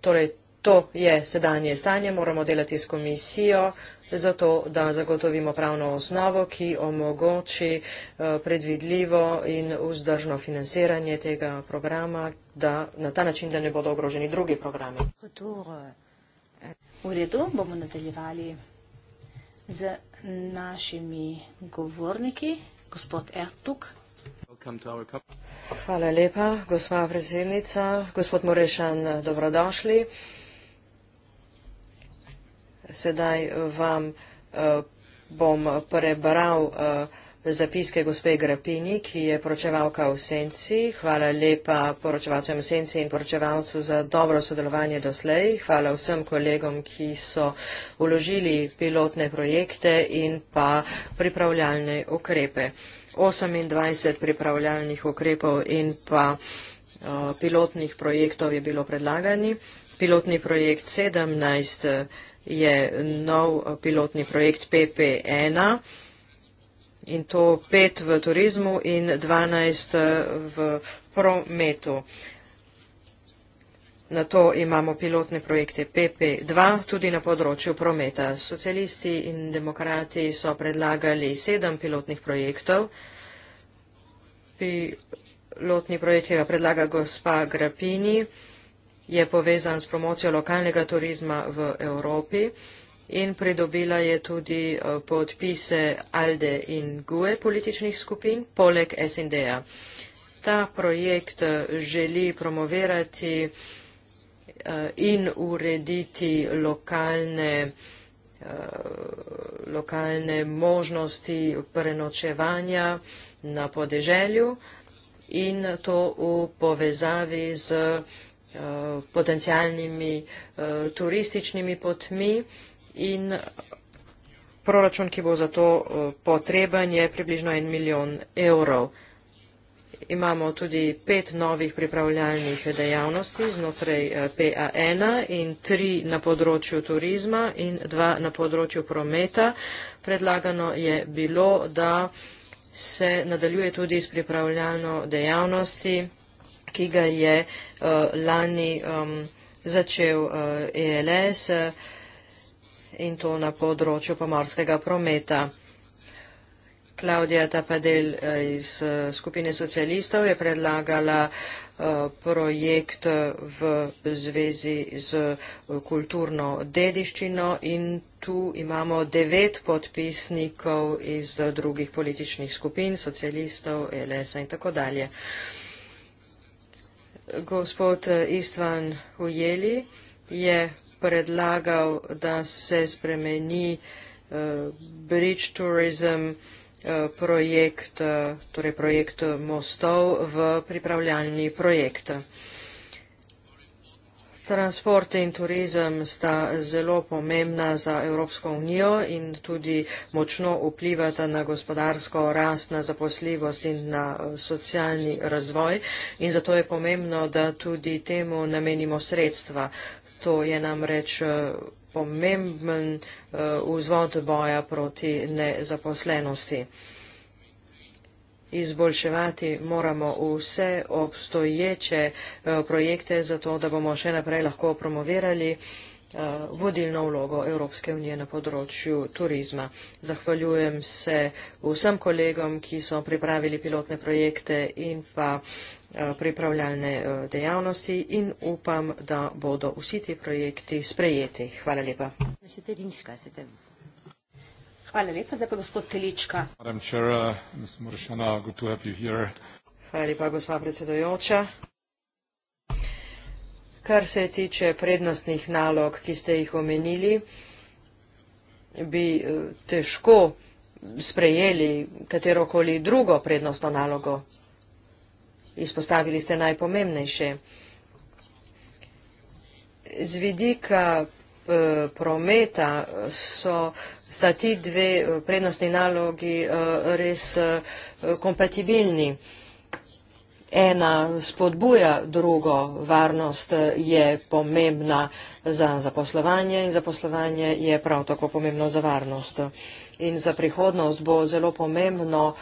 Torej, to je sedanje stanje, moramo delati s komisijo zato, da zagotovimo pravno osnovo, ki omogoči eh, predvidljivo in vzdržno financiranje tega programa, da na ta način, da ne bodo ogroženi drugi programi. V redu bomo nadaljevali z našimi govorniki, gospod Ertuk. Welcome to our company. Hvala lepa, gospa predsednica. Gospod Morešan, dobrodošli. Sedaj vam eh, bom prebral eh, zapiske gospe Grapini, ki je poročevalka v Senci. Hvala lepa poročevalcem Senci in poročevalcu za dobro sodelovanje doslej. Hvala vsem kolegom, ki so uložili pilotne projekte in pa pripravljalne ukrepe. 28 pripravljalnih ukrepov in pa eh, pilotnih projektov je bilo predlagani. Pilotni projekt 17 eh, je nov eh, pilotni projekt PP1 in to 5 v turizmu in 12 v prometu. Na to imamo pilotne projekte PP2 tudi na področju prometa. Socialisti in demokrati so predlagali sedem pilotnih projektov. Pilotni projekt, ki ga predlaga gospa Grapini, je povezan s promocijo lokalnega turizma v Evropi in pridobila je tudi eh, podpise ALDE in GUE političnih skupin, poleg SND-a. Ta projekt eh, želi promovirati Eh, in urediti lokalne, eh, lokalne možnosti prenočevanja na podeželju in to v povezavi z eh, potencijalnimi turističnimi potmi in proračun, ki bo za to potreben, je približno en milijon evrov imamo tudi pet novih pripravljalnih dejavnosti znotraj eh, PA1 in tri na področju turizma in dva na področju prometa. Predlagano je bilo, da se nadaljuje tudi s pripravljalno dejavnosti, ki ga je uh, lani um, začel uh, eh, ELS in to na področju pomorskega prometa. Klaudija Tapadel eh, iz eh, skupine socialistov je predlagala eh, projekt v zvezi z kulturno dediščino in tu imamo devet podpisnikov iz drugih političnih skupin, socialistov, LS-a in tako dalje. Gospod Istvan Ujeli je predlagal, da se spremeni uh, bridge tourism uh, Eh, projekt, eh, torej projekt mostov v pripravljalni projekt. Transport in turizem sta zelo pomembna za Evropsko unijo in tudi močno vplivata na gospodarsko rast, na zaposljivost in na eh, socialni razvoj. In zato je pomembno, da tudi temu namenimo sredstva. To je namreč pomemben eh, vzvod boja proti nezaposlenosti. Izboljševati moramo vse obstoječe eh, projekte, zato da bomo še naprej lahko promovirali eh, vodilno vlogo Evropske unije na področju turizma. Zahvaljujem se vsem kolegom, ki so pripravili pilotne projekte in pa uh, Eh, pripravljalne eh, dejavnosti in upam, da bodo vsi ti projekti sprejeti. Hvala lepa. Hvala lepa, zdaj pa gospod Telička. Uh, Hvala lepa, gospa predsedojoča. Kar se tiče prednostnih nalog, ki ste jih omenili, bi eh, težko sprejeli katerokoli drugo prednostno nalogo. Izpostavili ste najpomembnejše. Z vidika eh, prometa eh, so sta ti dve eh, prednostni nalogi res kompatibilni. Ena spodbuja drugo, varnost je pomembna za zaposlovanje in zaposlovanje je prav tako pomembno za varnost. In za prihodnost bo zelo pomembno uh,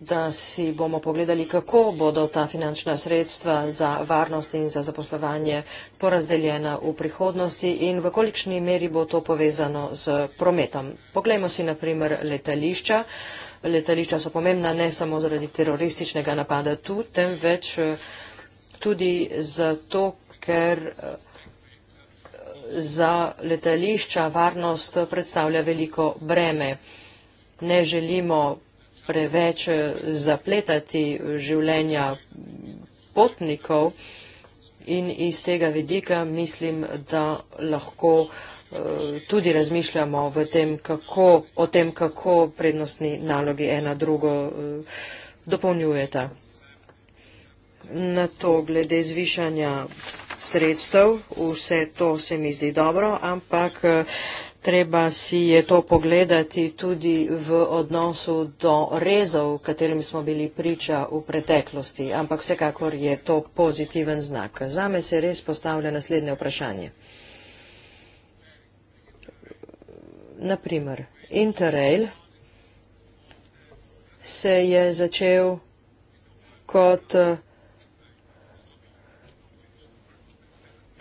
da si bomo pogledali, kako bodo ta finančna sredstva za varnost in za zaposlovanje porazdeljena v prihodnosti in v kolikšni meri bo to povezano z prometom. Poglejmo si naprimer letališča. Letališča so pomembna ne samo zaradi terorističnega napada tu, temveč eh, tudi zato, ker eh, za letališča varnost predstavlja veliko breme. Ne želimo preveč eh, zapletati življenja potnikov in iz tega vidika mislim, da lahko eh, tudi razmišljamo v tem, kako, o tem, kako prednostni nalogi ena drugo eh, dopolnjujeta. Na to glede zvišanja sredstev, vse to se mi zdi dobro, ampak treba si je to pogledati tudi v odnosu do rezov, katerim smo bili priča v preteklosti, ampak vsekakor je to pozitiven znak. Zame se res postavlja naslednje vprašanje. Naprimer, Interrail se je začel kot eh,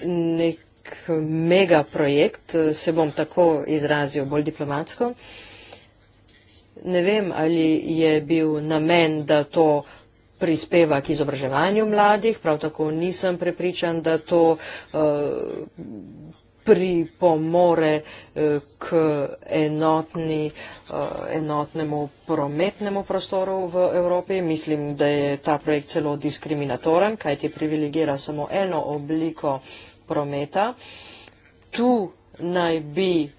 nek nek megaprojekt, se bom tako izrazil bolj diplomatsko. Ne vem, ali je bil namen, da to prispeva k izobraževanju mladih, prav tako nisem prepričan, da to uh, pripomore uh, k enotni, uh, enotnemu prometnemu prostoru v Evropi. Mislim, da je ta projekt celo diskriminatoren, kaj ti privilegira samo eno obliko uh, prometa. Tu naj bi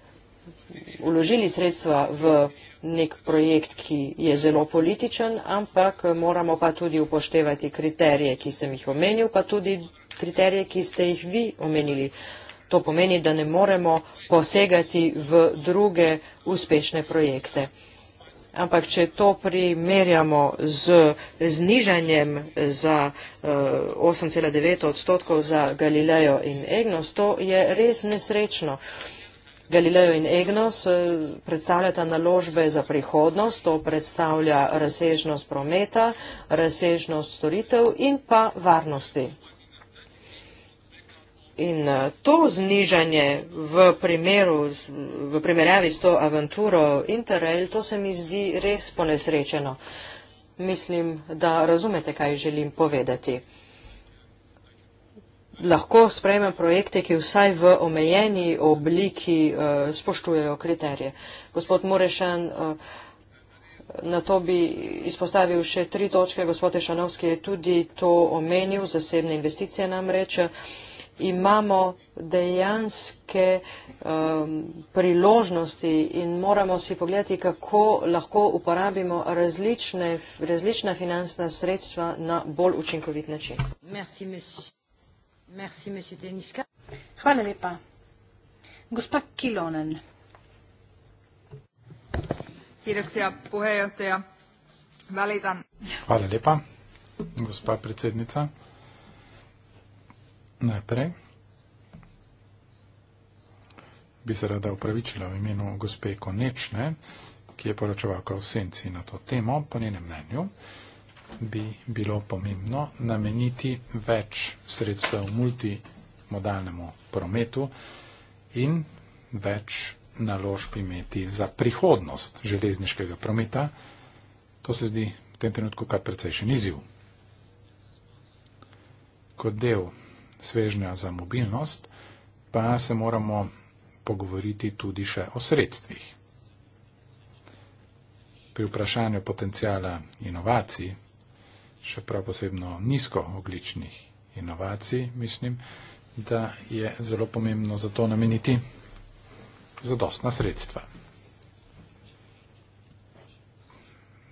uložili sredstva v nek projekt, ki je zelo političen, ampak moramo pa tudi upoštevati kriterije, ki sem jih omenil, pa tudi kriterije, ki ste jih vi omenili. To pomeni, da ne moremo posegati v druge uspešne projekte ampak če to primerjamo z znižanjem za 8,9 eh, odstotkov za Galilejo in Egnos, to je res nesrečno. Galileo in Egnos eh, predstavljata naložbe za prihodnost, to predstavlja razsežnost prometa, razsežnost storitev in pa varnosti. In eh, to znižanje v, primeru, v primerjavi s to avanturo Interrail, to se mi zdi res ponesrečeno. Mislim, da razumete, kaj želim povedati. Lahko sprejmem projekte, ki vsaj v omejeni obliki uh, spoštujejo kriterije. Gospod Murešan, uh, na to bi izpostavil še tri točke. Gospod Ešanovski je tudi to omenil, zasebne investicije namreč. Uh, imamo dejanske um, priložnosti in moramo si pogledati, kako lahko uporabimo različne, različna finančna sredstva na bolj učinkovit način. Merci, Merci, Hvala lepa. Gospa Kilonen. Hvala lepa, gospa predsednica. Najprej bi se rada upravičila v imenu gospe Konečne, ki je poročevalka v senci na to temo, po njenem mnenju bi bilo pomembno nameniti več sredstev multimodalnemu prometu in več naložb imeti za prihodnost železniškega prometa. To se zdi v tem trenutku kar precejšen izziv. Kot del svežnja za mobilnost, pa se moramo pogovoriti tudi še o sredstvih. Pri vprašanju potencijala inovacij, še prav posebno nizkooglični inovacij, mislim, da je zelo pomembno za to nameniti zadostna sredstva.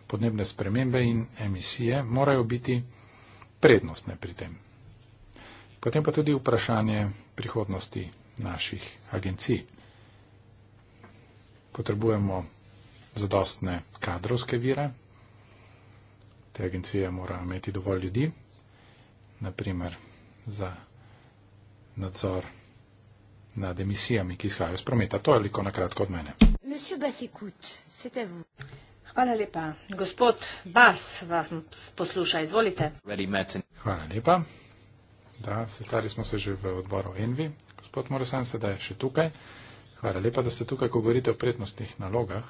Podnebne spremembe in emisije morajo biti prednostne pri tem. Potem pa tudi vprašanje prihodnosti naših agencij. Potrebujemo zadostne kadrovske vire. Te agencije morajo imeti dovolj ljudi, naprimer za nadzor nad emisijami, ki izhajajo iz prometa. To je liko na kratko od mene. Hvala lepa. Gospod Bas vas posluša. Izvolite. Hvala lepa. Da, sestali smo se že v odboru Envi. Gospod Morosan, sedaj je še tukaj. Hvala lepa, da ste tukaj, ko govorite o prednostnih nalogah,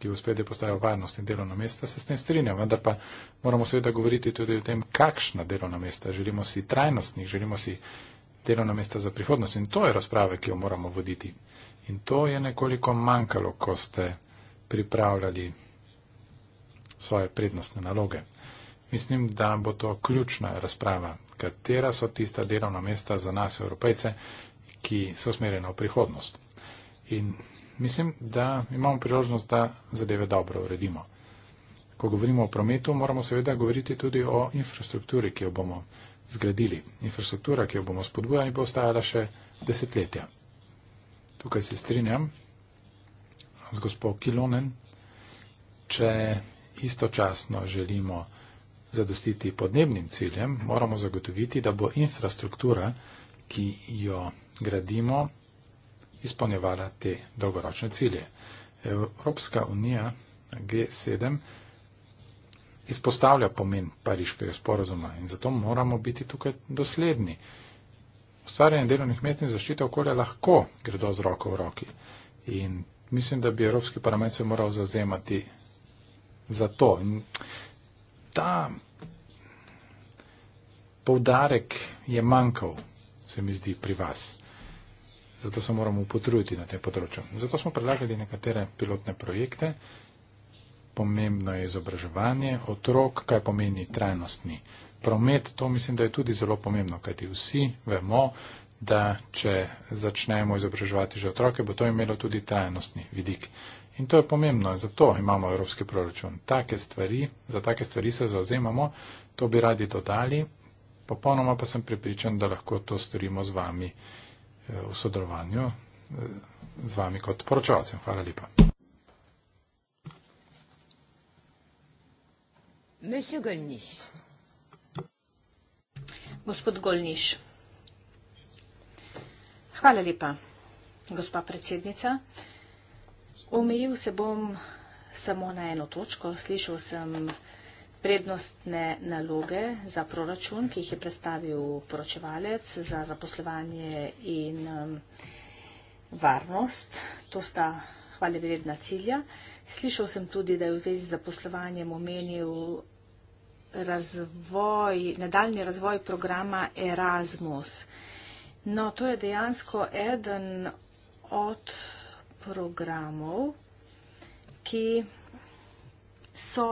ki v spredje postajajo varnost in delovna mesta. Se s tem strinjam, vendar pa moramo seveda govoriti tudi o tem, kakšna delovna mesta. Želimo si trajnostnih, želimo si delovna mesta za prihodnost. In to je razprave, ki jo moramo voditi. In to je nekoliko manjkalo, ko ste pripravljali svoje prednostne naloge. Mislim, da bo to ključna razprava, katera so tista delovna mesta za nas, evropejce, ki so smerjena v prihodnost. In mislim, da imamo priložnost, da zadeve dobro uredimo. Ko govorimo o prometu, moramo seveda govoriti tudi o infrastrukturi, ki jo bomo zgradili. Infrastruktura, ki jo bomo spodbujali, bo ostajala še desetletja. Tukaj se strinjam z gospod Kilonen, če istočasno želimo zadostiti podnebnim ciljem, moramo zagotoviti, da bo infrastruktura, ki jo gradimo, izpolnjevala te dolgoročne cilje. Evropska unija G7 izpostavlja pomen pariškega sporozuma in zato moramo biti tukaj dosledni. Ustvarjanje delovnih mest in zaščita okolja lahko gredo z roko v roki. In mislim, da bi Evropski parlament se moral zazemati za to. In ta poudarek je manjkal, se mi zdi, pri vas. Zato se moramo potruditi na tem področju. Zato smo predlagali nekatere pilotne projekte. Pomembno je izobraževanje otrok, kaj pomeni trajnostni promet. To mislim, da je tudi zelo pomembno, kajti vsi vemo, da če začnemo izobraževati že otroke, bo to imelo tudi trajnostni vidik. In to je pomembno, zato imamo evropski proračun. Take stvari, za take stvari se zauzemamo, to bi radi dodali, popolnoma pa sem pripričan, da lahko to storimo z vami eh, v sodelovanju, eh, z vami kot poročevalcem. Hvala lepa. Gospod Golniš. Hvala lepa, gospa predsednica. Omejil se bom samo na eno točko. Slišal sem prednostne naloge za proračun, ki jih je predstavil poročevalec za zaposlovanje in um, varnost. To sta hvale vredna cilja. Slišal sem tudi, da je v zvezi z zaposlovanjem omenil razvoj, nadaljni razvoj programa Erasmus. No, to je dejansko eden od programov, ki so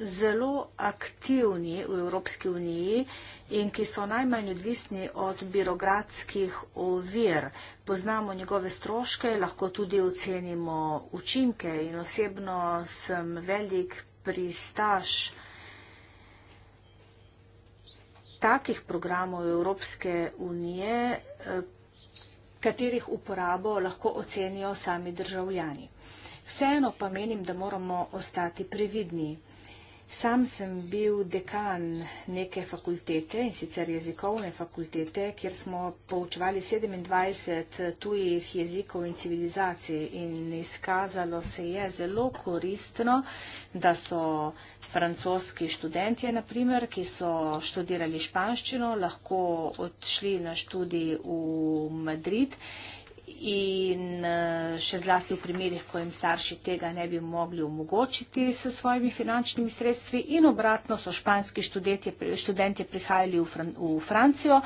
zelo aktivni v Evropski uniji in ki so najmanj odvisni od birokratskih ovir. Poznamo njegove stroške, lahko tudi ocenimo učinke in osebno sem velik pristaš takih programov Evropske unije, katerih uporabo lahko ocenijo sami državljani. Vseeno pa menim, da moramo ostati previdni. Sam sem bil dekan neke fakultete in sicer jezikovne fakultete, kjer smo poučevali 27 tujih jezikov in civilizacij in izkazalo se je zelo koristno, da so francoski študentje, naprimer, ki so študirali španščino, lahko odšli na študij v Madrid in eh, še zlasti v primerih, ko jim starši tega ne bi mogli omogočiti s svojimi finančnimi sredstvi in obratno so španski študentje, študentje prihajali v, Fran, v Francijo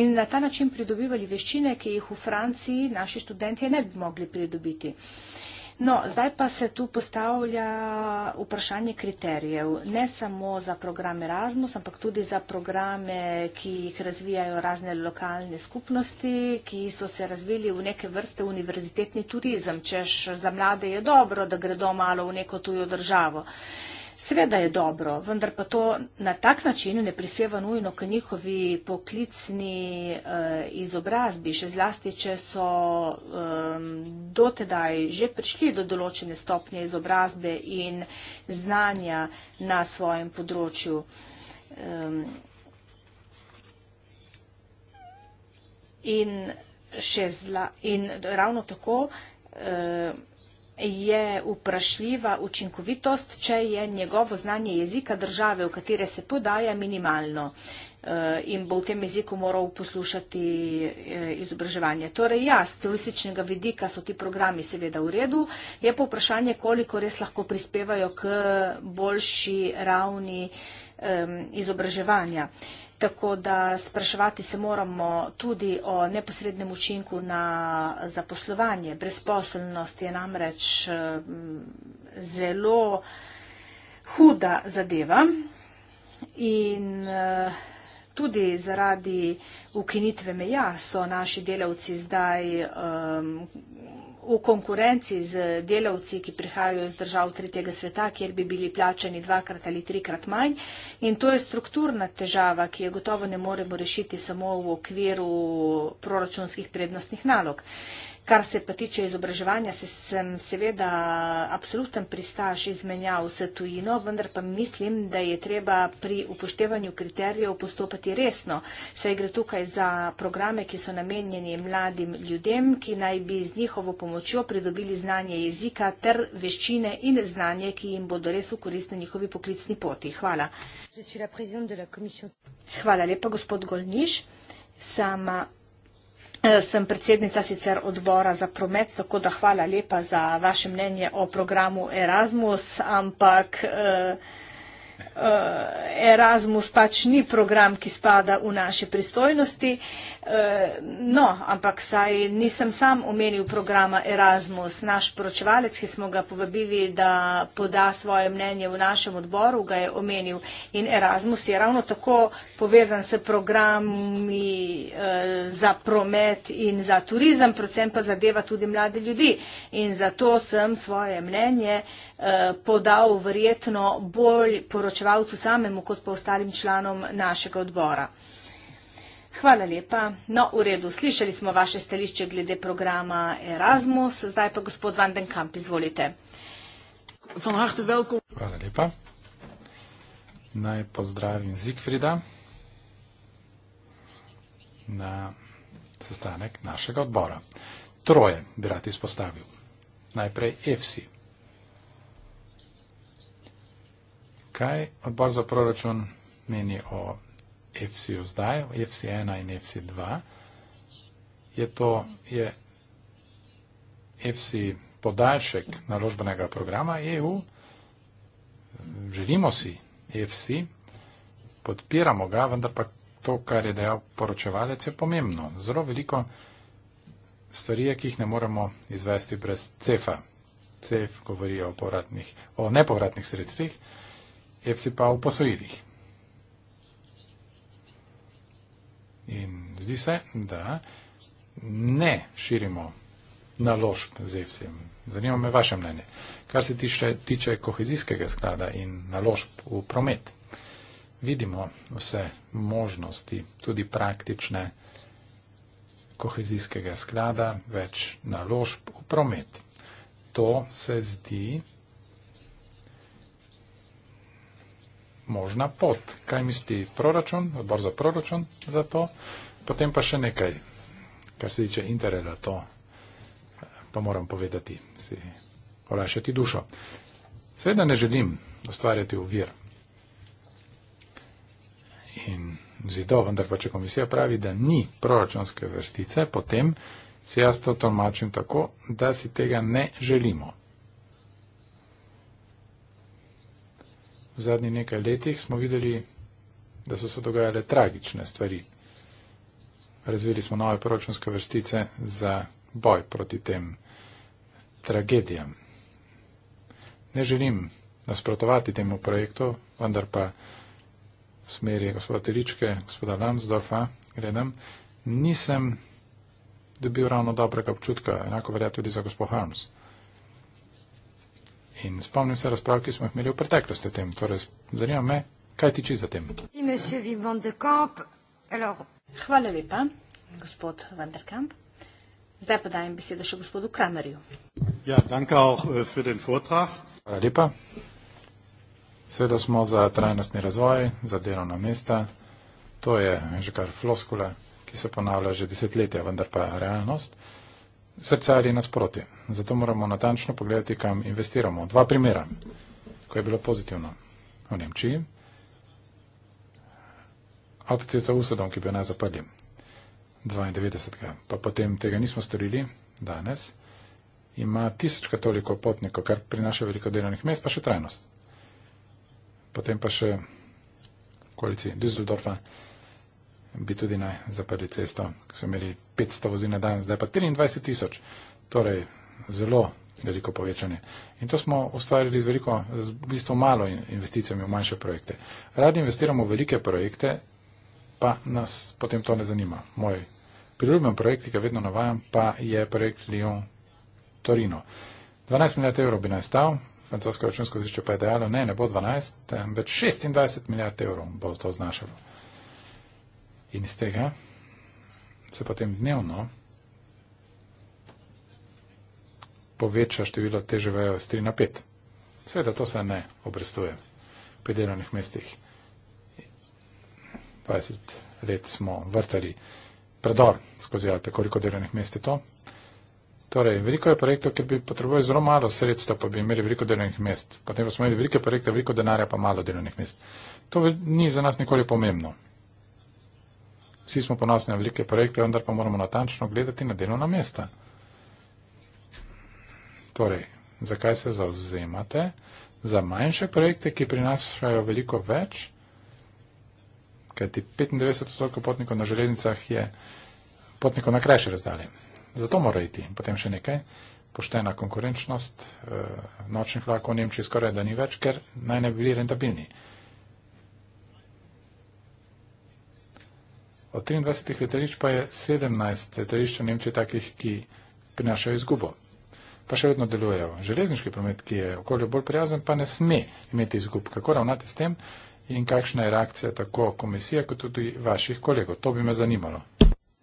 in na ta način pridobivali veščine, ki jih v Franciji naši študentje ne bi mogli pridobiti. Uh, No, zdaj pa se tu postavlja vprašanje kriterijev, ne samo za programe Erasmus, ampak tudi za programe, ki jih razvijajo razne lokalne skupnosti, ki so se razvili v neke vrste univerzitetni turizem, češ za mlade je dobro, da gredo malo v neko tujo državo. Sveda je dobro, vendar pa to na tak način ne prispeva nujno k njihovi poklicni eh, izobrazbi, še zlasti, če so eh, dotedaj že prišli do določene stopnje izobrazbe in znanja na svojem področju. Eh, in, zla, in ravno tako. Eh, je vprašljiva učinkovitost, če je njegovo znanje jezika države, v katere se podaja, minimalno eh, in bo v tem jeziku moral poslušati eh, izobraževanje. Torej, ja, z turističnega vidika so ti programi seveda v redu, je pa vprašanje, koliko res lahko prispevajo k boljši ravni ehm, izobraževanja. Tako da spraševati se moramo tudi o neposrednem učinku na zaposlovanje. Brezposelnost je namreč mm, zelo huda zadeva in eh, tudi zaradi ukinitve meja so naši delavci zdaj. Um, v konkurenci z delavci, ki prihajajo iz držav tretjega sveta, kjer bi bili plačani dvakrat ali trikrat manj. In to je strukturna težava, ki jo gotovo ne moremo rešiti samo v okviru proračunskih prednostnih nalog. Kar se pa tiče izobraževanja, se sem seveda apsolutno pristaš izmenjav s tujino, vendar pa mislim, da je treba pri upoštevanju kriterijev postopati resno. Saj gre tukaj za programe, ki so namenjeni mladim ljudem, ki naj bi z njihovo pomočjo pridobili znanje jezika ter veščine in znanje, ki jim bodo res ukoristili njihovi poklicni poti. Hvala. Hvala lepa, gospod Golniš. Sama Eh, sem predsednica sicer odbora za promet, tako da hvala lepa za vaše mnenje o programu Erasmus, ampak eh, eh, Erasmus pač ni program, ki spada v naše pristojnosti. Eh, no, ampak saj nisem sam omenil programa Erasmus. Naš pročevalec, ki smo ga povabili, da poda svoje mnenje v našem odboru, ga je omenil. In Erasmus je ravno tako povezan s programi eh, za promet in za turizem, predvsem pa zadeva tudi mlade ljudi. In zato sem svoje mnenje eh, podal verjetno bolj poročevalcu samemu, kot pa ostalim članom našega odbora. Hvala lepa. No, v redu, slišali smo vaše stališče glede programa Erasmus, zdaj pa gospod Vandenkamp, izvolite. Hvala lepa. Naj pozdravim Zigfrida na sestanek našega odbora. Troje bi rad izpostavil. Najprej EFSI. Kaj odbor za proračun meni o FC-ju zdaj, FC-1 in FC-2, je to FC podaljšek naložbenega programa EU. Želimo si FC, podpiramo ga, vendar pa to, kar je dejal poročevalec, je pomembno. Zelo veliko stvari je, ki jih ne moremo izvesti brez CEF-a. CEF govori o, o nepovratnih sredstvih, FC pa o posojilih. In zdi se, da ne širimo naložb z EFSI-jem. Zanima me vaše mnenje. Kar se tiče, tiče kohezijskega sklada in naložb v promet, vidimo vse možnosti, tudi praktične kohezijskega sklada, več naložb v promet. To se zdi možna pot. Kaj misli proračun, odbor za proračun za to? Potem pa še nekaj, kar se tiče interela, to eh, pa moram povedati, si olajšati dušo. Seveda ne želim ustvarjati uvir in zidov, vendar pa če komisija pravi, da ni proračunske vrstice, potem se jaz to tolmačim tako, da si tega ne želimo. V zadnjih nekaj letih smo videli, da so se dogajale tragične stvari. Razvili smo nove proračunske vrstice za boj proti tem tragedijam. Ne želim nasprotovati temu projektu, vendar pa v smeri gospoda Teličke, gospoda Lansdorfa, gledam, nisem dobil ravno dobrega občutka, enako verja tudi za gospod Harms in spomnim se razprav, ki smo jih imeli v preteklosti o tem. Torej, zanima me, kaj tiči za tem. Hvala lepa, gospod Vanderkamp. Zdaj pa dajem besedo še gospodu Kramerju. Ja, danka auch äh, für den Vortrag. Hvala lepa. Seveda smo za trajnostni razvoj, za delovna mesta. To je že kar floskula, ki se ponavlja že desetletja, vendar pa realnost srca ali nasproti. Zato moramo natančno pogledati, kam investiramo. Dva primera, ko je bilo pozitivno v Nemčiji. Avtocesta Usodom, ki bi jo naj zaprli 92. pa potem tega nismo storili danes, ima tisočka toliko potnikov, kar prinaša veliko delovnih mest, pa še trajnost. Potem pa še koalici Düsseldorfa, bi tudi naj zaprli cesto, ko so imeli 500 vozil na dan, zdaj pa 23 tisoč. Torej, zelo veliko povečanje. In to smo ustvarili z veliko, z v bistvu malo investicijami v manjše projekte. Radi investiramo v velike projekte, pa nas potem to ne zanima. Moj priljubljen projekt, ki ga vedno navajam, pa je projekt Lyon Torino. 12 milijard evrov bi naj stal, francosko računsko zvišče pa je dejalo, ne, ne bo 12, več 26 milijard evrov bo to znašalo. In iz tega se potem dnevno poveča število TŽV-jev z 3 na 5. Seveda to se ne obrestuje pri delovnih mestih. 20 let smo vrtali predor skozi Alpe, koliko delovnih mest je to. Torej, veliko je projektov, ker bi potrebovali zelo malo sredstva, pa bi imeli veliko delovnih mest. Potem pa smo imeli veliko projektov, veliko denarja, pa malo delovnih mest. To ni za nas nikoli pomembno. Vsi smo ponosni na velike projekte, vendar pa moramo natančno gledati na delovna mesta. Torej, zakaj se zauzemate za manjše projekte, ki prinašajo veliko več? Kajti 95% potnikov na železnicah je potnikov na krajše razdalje. Zato mora iti. Potem še nekaj. Poštena konkurenčnost eh, nočnih vlakov v Nemčiji skoraj da ni več, ker naj ne bi bili rentabilni. Od 23 letališč pa je 17 letališč v Nemčiji takih, ki prinašajo izgubo. Pa še vedno delujejo. Železniški promet, ki je okolju bolj prijazen, pa ne sme imeti izgub. Kako ravnate s tem in kakšna je reakcija tako komisije, kot tudi vaših kolegov? To bi me zanimalo.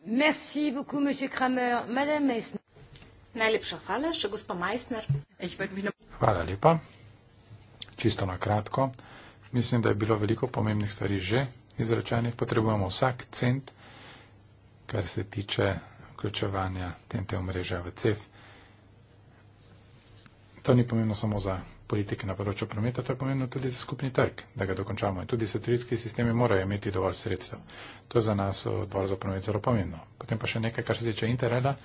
Merci beaucoup, monsieur Kramer. Madame Meissner. Najlepša hvala, še gospa Meissner. Hvala lepa. Čisto na kratko. Mislim, da je bilo veliko pomembnih stvari že izračanih potrebujemo vsak cent, kar se tiče vključevanja TNT omrežja v CEF. To ni pomembno samo za politike na področju prometa, to je pomembno tudi za skupni trg, da ga dokončamo. In tudi satelitski sistemi morajo imeti dovolj sredstev. To je za nas odbor za promet zelo pomembno. Potem pa še nekaj, kar se tiče Interela,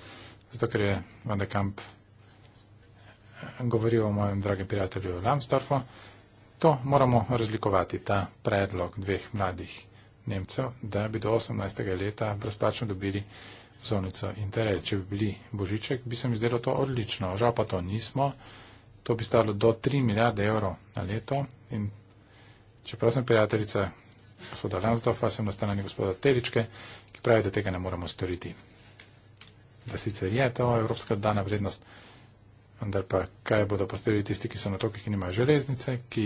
zato ker je Van de Kamp eh, govoril o mojem dragem prijatelju Lambsdorfu. To moramo razlikovati, ta predlog dveh mladih Nemcev, da bi do 18. leta brezplačno dobili zonico Interrail. Če bi bili Božiček, bi se mi zdelo to odlično. Žal pa to nismo. To bi stalo do 3 milijarde evrov na leto. In čeprav sem prijateljica gospoda Lansdorfa, sem na stanani gospoda Teličke, ki pravi, da tega ne moremo storiti. Da sicer je to evropska dana vrednost vendar pa kaj bodo postavili tisti, ki so na otokih in imajo železnice, ki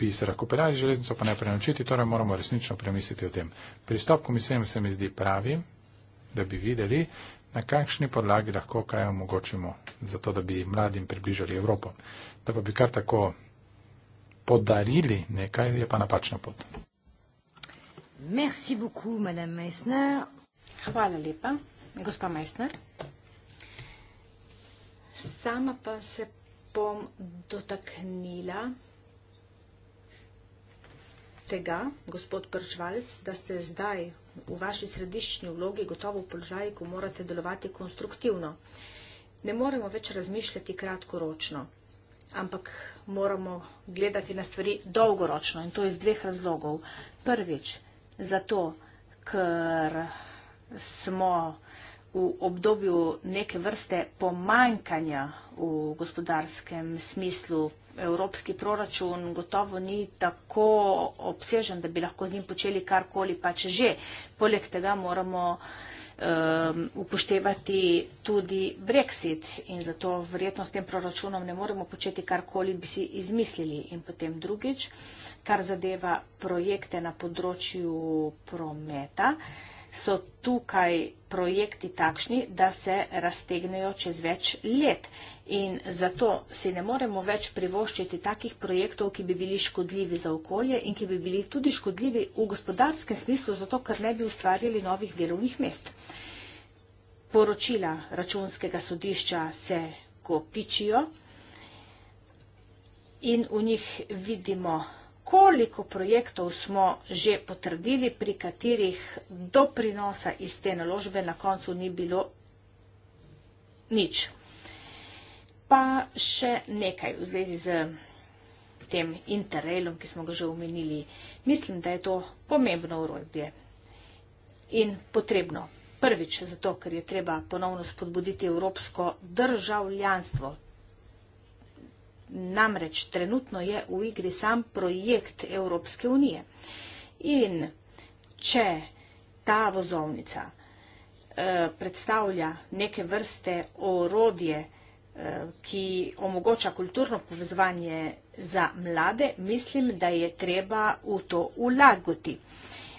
bi se lahko peljali železnico, pa ne prenočiti, torej moramo resnično premisliti o tem. Pristop komisijem se mi zdi pravi, da bi videli, na kakšni podlagi lahko kaj omogočimo, zato da bi mladim približali Evropo. Da pa bi kar tako podarili nekaj, je pa napačna pot. Merci beaucoup, madame Meissner. Hvala lepa, gospa Meissner sama pa se bom dotaknila tega, gospod Pršvalec, da ste zdaj v vaši središčni vlogi gotovo v položaju, ko morate delovati konstruktivno. Ne moremo več razmišljati kratkoročno, ampak moramo gledati na stvari dolgoročno in to iz dveh razlogov. Prvič, zato, ker smo vsega, v obdobju neke vrste pomankanja v gospodarskem smislu. Evropski proračun gotovo ni tako obsežen, da bi lahko z njim počeli karkoli pač že. Poleg tega moramo um, upoštevati tudi Brexit in zato verjetno s tem proračunom ne moremo početi karkoli bi si izmislili. In potem drugič, kar zadeva projekte na področju prometa. Uh, so tukaj projekti takšni, da se raztegnejo čez več let. In zato si ne moremo več privoščiti takih projektov, ki bi bili škodljivi za okolje in ki bi bili tudi škodljivi v gospodarskem smislu, zato ker ne bi ustvarjali novih delovnih mest. Poročila računskega sodišča se kopičijo in v njih vidimo, koliko projektov smo že potrdili, pri katerih doprinosa iz te naložbe na koncu ni bilo nič. Pa še nekaj v zvezi z tem interrailom, ki smo ga že omenili. Mislim, da je to pomembno urodje in potrebno. Prvič, zato, ker je treba ponovno spodbuditi evropsko državljanstvo, namreč trenutno je v igri sam projekt Evropske unije. In če ta vozovnica eh, predstavlja neke vrste orodje, eh, ki omogoča kulturno povezovanje za mlade, mislim, da je treba v to ulagoti.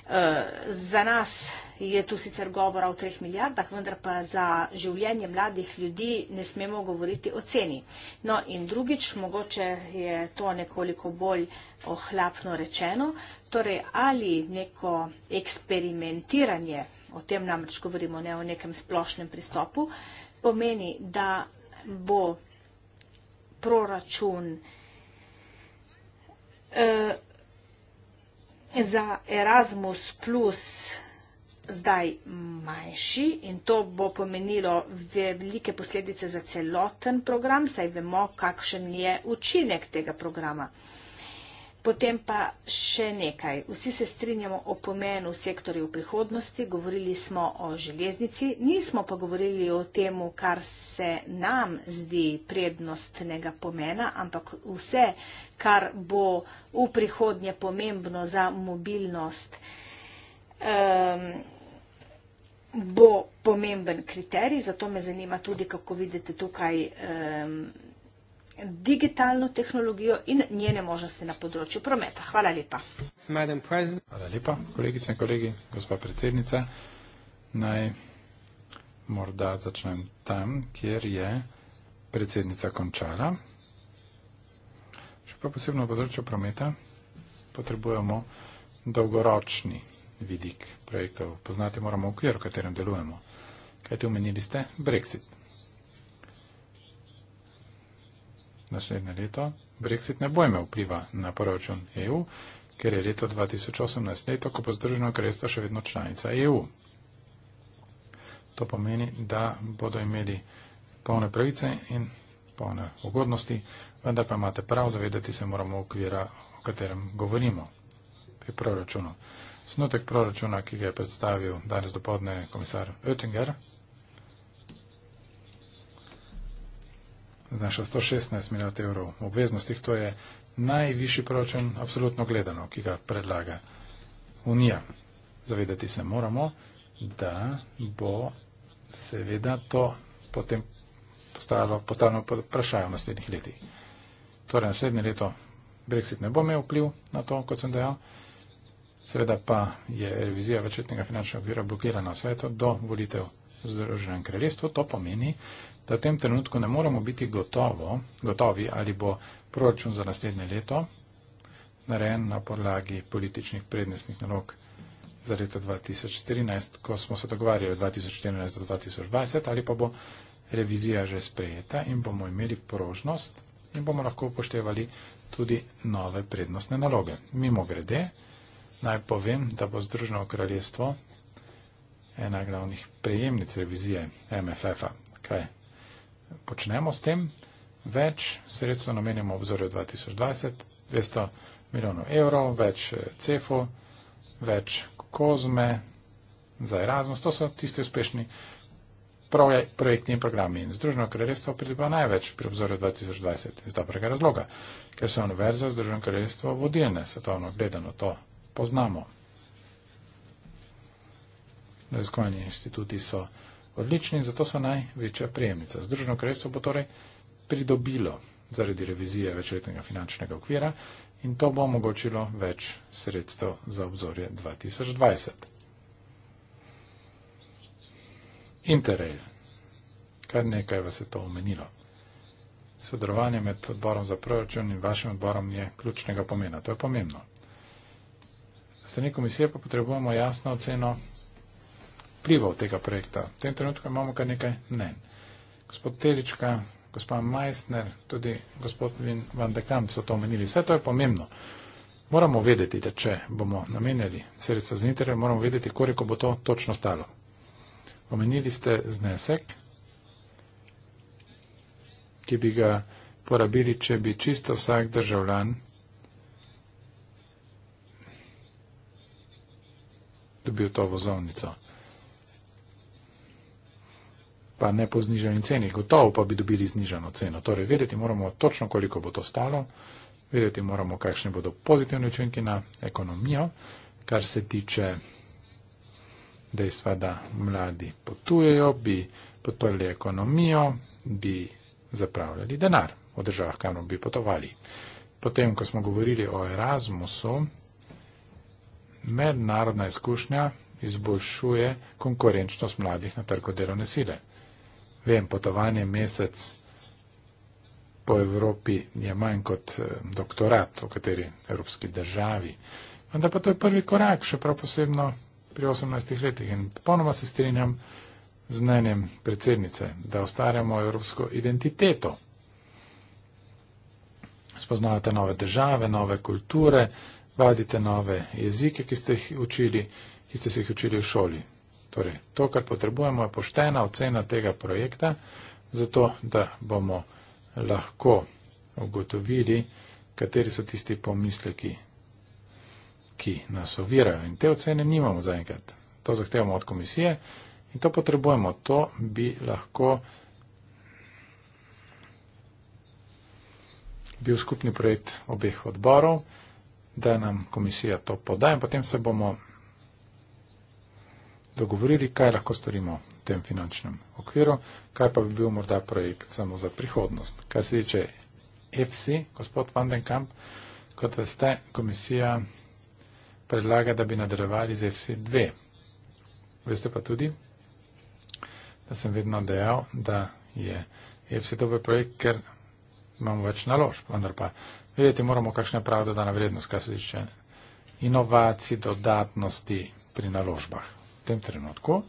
Eh, za nas je tu sicer govora o treh milijardah, vendar pa za življenje mladih ljudi ne smemo govoriti o ceni. No in drugič, mogoče je to nekoliko bolj ohlapno rečeno, torej ali neko eksperimentiranje, o tem namreč govorimo ne o nekem splošnem pristopu, pomeni, da bo proračun eh, Za Erasmus plus zdaj manjši in to bo pomenilo velike posledice za celoten program, saj vemo, kakšen je učinek tega programa. Potem pa še nekaj. Vsi se strinjamo o pomenu sektorjev prihodnosti, govorili smo o železnici, nismo pa govorili o tem, kar se nam zdi prednostnega pomena, ampak vse, kar bo v prihodnje pomembno za mobilnost, um, bo pomemben kriterij. Zato me zanima tudi, kako vidite tukaj. Um, digitalno tehnologijo in njene možnosti na področju prometa. Hvala lepa. Hvala lepa, kolegice in kolegi, gospa predsednica. Naj morda začnem tam, kjer je predsednica končala. Še pa posebno v področju prometa potrebujemo dolgoročni vidik projektov. Poznati moramo okvir, v katerem delujemo. Kajte omenili ste? Brexit. naslednje leto, Brexit ne bo imel vpliva na proračun EU, ker je leto 2018 leto, ko bo Združeno kraljestvo še vedno članica EU. To pomeni, da bodo imeli polne pravice in polne ugodnosti, vendar pa imate prav, zavedati se moramo okvira, o katerem govorimo pri proračunu. Snotek proračuna, ki ga je predstavil danes dopodne komisar Oettinger, znaša 116 milijard evrov v obveznostih. To je najvišji proračun, apsolutno gledano, ki ga predlaga Unija. Zavedati se moramo, da bo seveda to potem postalo pod vprašajem v naslednjih letih. Torej, naslednje leto Brexit ne bo imel vpliv na to, kot sem dejal. Seveda pa je revizija večletnega finančnega okvira blokirana v svetu do volitev Združenem kraljestvu. To pomeni, da v tem trenutku ne moramo biti gotovo, gotovi, ali bo proračun za naslednje leto narejen na podlagi političnih prednostnih nalog za leto 2013, ko smo se dogovarjali 2014 do 2020, ali pa bo revizija že sprejeta in bomo imeli prožnost in bomo lahko upoštevali tudi nove prednostne naloge. Mimo grede, naj povem, da bo Združeno kraljestvo ena glavnih prejemnic revizije MFF-a. Kaj? Okay počnemo s tem. Več sredstev namenjamo obzorju 2020, 200 milijonov evrov, več eh, CEFO, več COSME za Erasmus. To so tisti uspešni projekti in programi. In Združeno kraljestvo pridobiva največ pri obzorju 2020 iz dobrega razloga, ker so univerze v Združeno kraljestvo vodilne, svetovno gledano to poznamo. Raziskovalni inštituti so odlični in zato so največja prijemnica. Združeno kraljestvo bo torej pridobilo zaradi revizije večletnega finančnega okvira in to bo omogočilo več sredstev za obzorje 2020. Interrail. Kar nekaj vas je to omenilo. Sodelovanje med odborom za proračun in vašim odborom je ključnega pomena. To je pomembno. Strani komisije pa potrebujemo jasno oceno vplival tega projekta. V tem trenutku imamo kar nekaj mnen. Gospod Telička, gospod Majstner, tudi gospod Van de Kamp so to omenili. Vse to je pomembno. Moramo vedeti, da če bomo namenjali sredstva za interje, moramo vedeti, koliko bo to točno stalo. Omenili ste znesek, ki bi ga porabili, če bi čisto vsak državljan dobil to vozovnico pa ne po zniženi ceni. Gotovo pa bi dobili zniženo ceno. Torej, vedeti moramo točno, koliko bo to stalo, vedeti moramo, kakšni bodo pozitivni učinki na ekonomijo, kar se tiče dejstva, da mladi potujejo, bi podprli ekonomijo, bi zapravljali denar v državah, kamor bi potovali. Potem, ko smo govorili o Erasmusu, mednarodna izkušnja izboljšuje konkurenčnost mladih na trgu delovne sile vem, potovanje mesec po Evropi je manj kot eh, doktorat v kateri evropski državi. Vendar pa to je prvi korak, še prav posebno pri 18 letih. In ponovno se strinjam z mnenjem predsednice, da ustvarjamo evropsko identiteto. Spoznavate nove države, nove kulture, vadite nove jezike, ki ste jih učili, ki ste se jih učili v šoli. Torej, to, kar potrebujemo, je poštena ocena tega projekta, zato da bomo lahko ugotovili, kateri so tisti pomisleki, ki nas ovirajo. In te ocene nimamo zaenkrat. To zahtevamo od komisije in to potrebujemo. To bi lahko bil skupni projekt obeh odborov, da nam komisija to poda in potem se bomo dogovorili, kaj lahko storimo v tem finančnem okviru, kaj pa bi bil morda projekt samo za prihodnost. Kar se tiče FC, gospod Vandenkamp, kot veste, komisija predlaga, da bi nadaljevali z FC2. Veste pa tudi, da sem vedno dejal, da je FC dober projekt, ker imamo več naložb, vendar pa vedeti moramo, kakšna je prava dodana vrednost, kar se tiče inovacij, dodatnosti pri naložbah tem trenutku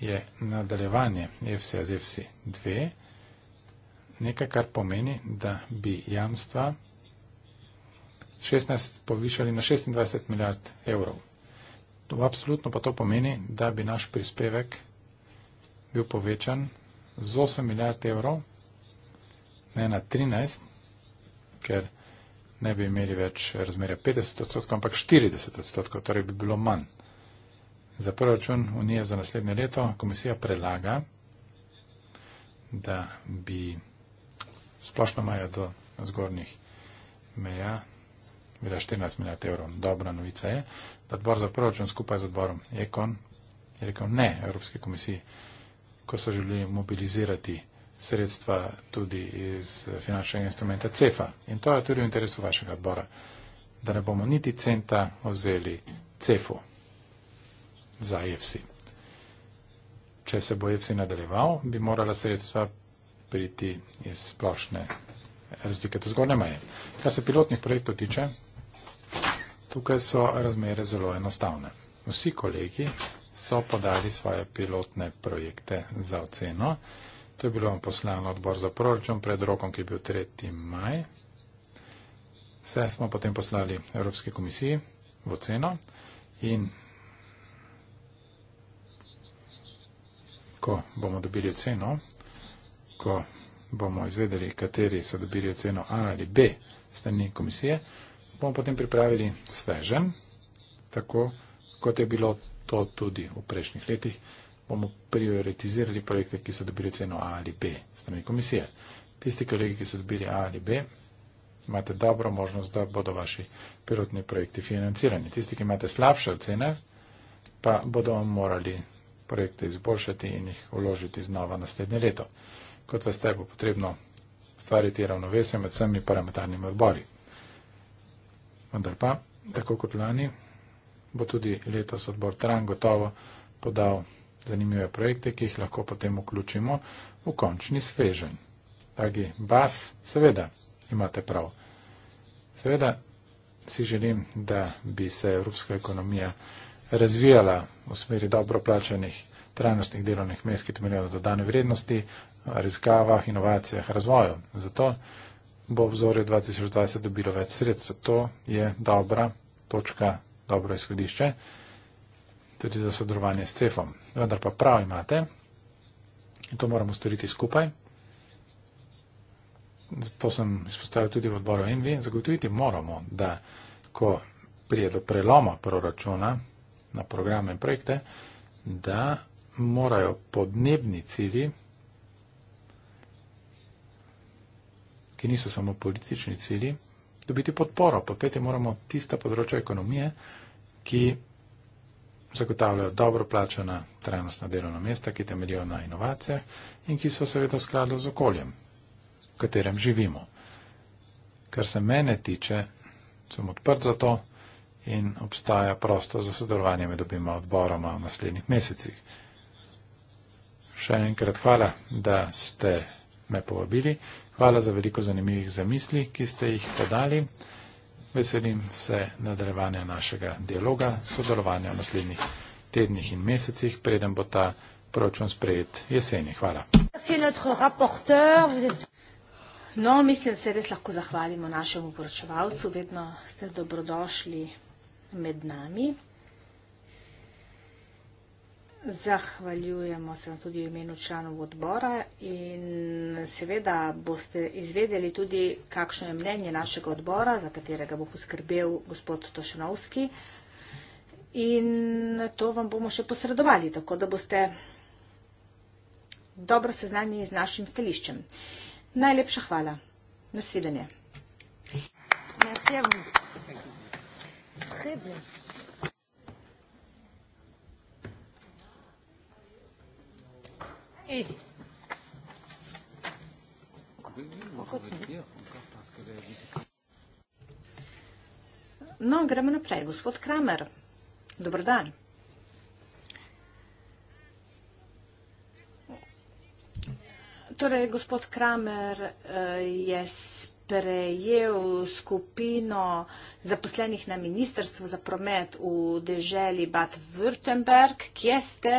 je nadaljevanje EFSI z EFSI 2 nekaj, kar pomeni, da bi jamstva 16 povišali na 26 milijard evrov. To absolutno pa to pomeni, da bi naš prispevek bil povečan z 8 milijard evrov, ne na 13, ker ne bi imeli več razmerja 50 odstotkov, ampak 40 odstotkov, torej bi bilo manj za proračun Unije za naslednje leto. Komisija predlaga, da bi splošno maja do zgornjih meja bila 14 milijard evrov. Dobra novica je, da odbor za proračun skupaj z odborom Ekon je rekel ne Evropski komisiji, ko so želeli mobilizirati sredstva tudi iz finančnega instrumenta CEFA. In to je tudi v interesu vašega odbora, da ne bomo niti centa ozeli CEFO za EFSI. Če se bo EFSI nadaljeval, bi morala sredstva priti iz splošne razlike do zgornje meje. Kar se pilotnih projektov tiče, tukaj so razmere zelo enostavne. Vsi kolegi so podali svoje pilotne projekte za oceno. To je bilo poslano odbor za proračun pred rokom, ki je bil 3. maj. Vse smo potem poslali Evropske komisiji v oceno in ko bomo dobili oceno, ko bomo izvedeli, kateri so dobili oceno A ali B strani komisije, bomo potem pripravili svežen, tako kot je bilo to tudi v prejšnjih letih, bomo prioritizirali projekte, ki so dobili oceno A ali B strani komisije. Tisti kolegi, ki so dobili A ali B, imate dobro možnost, da bodo vaši pilotni projekti financirani. Tisti, ki imate slabše ocene, pa bodo morali projekte izboljšati in jih vložiti znova naslednje leto. Kot veste, bo potrebno stvariti ravnovesje med vsemi parlamentarnimi odbori. Vendar pa, tako kot lani, bo tudi letos odbor Tran gotovo podal zanimive projekte, ki jih lahko potem vključimo v končni svežen. Dragi vas, seveda, imate prav. Seveda si želim, da bi se evropska ekonomija razvijala v smeri dobro plačanih trajnostnih delovnih mest, ki temeljajo na dodane vrednosti, raziskavah, inovacijah, razvoju. Zato bo obzorje 2020 dobilo več sredstev. To je dobra točka, dobro izhodišče tudi za sodelovanje s CEF-om. Vendar pa prav imate in to moramo storiti skupaj. To sem izpostavil tudi v odboru NV. Zagotoviti moramo, da ko prije do preloma proračuna na programe in projekte, da morajo podnebni cilji, ki niso samo politični cilji, dobiti podporo. Popeti moramo tista področja ekonomije, ki zagotavljajo dobro plačena trajnostna delovna mesta, ki temeljijo na inovacijah in ki so seveda v skladu z okoljem, v katerem živimo. Kar se mene tiče, sem odprt za to, in obstaja prosto za sodelovanje med obima odboroma v naslednjih mesecih. Še enkrat hvala, da ste me povabili. Hvala za veliko zanimivih zamisli, ki ste jih podali. Veselim se nadaljevanja našega dialoga, sodelovanja v naslednjih tednih in mesecih, preden bo ta proračun sprejet jeseni. Hvala. No, mislim, da se res lahko zahvalimo našemu poročevalcu. Vedno ste dobrodošli med nami. Zahvaljujemo se tudi v imenu članov odbora in seveda boste izvedeli tudi, kakšno je mnenje našega odbora, za katerega bo poskrbel gospod Tošenovski. In to vam bomo še posredovali, tako da boste dobro seznanjeni z našim stališčem. Najlepša hvala. Nasvidenje. Merci à vous. חבר'ה. Eh. No, gremo naprej. Gospod Kramer, dobro dan. Torej, gospod Kramer eh, je prejel skupino zaposlenih na Ministrstvu za promet v deželi Bad Württemberg, kje ste?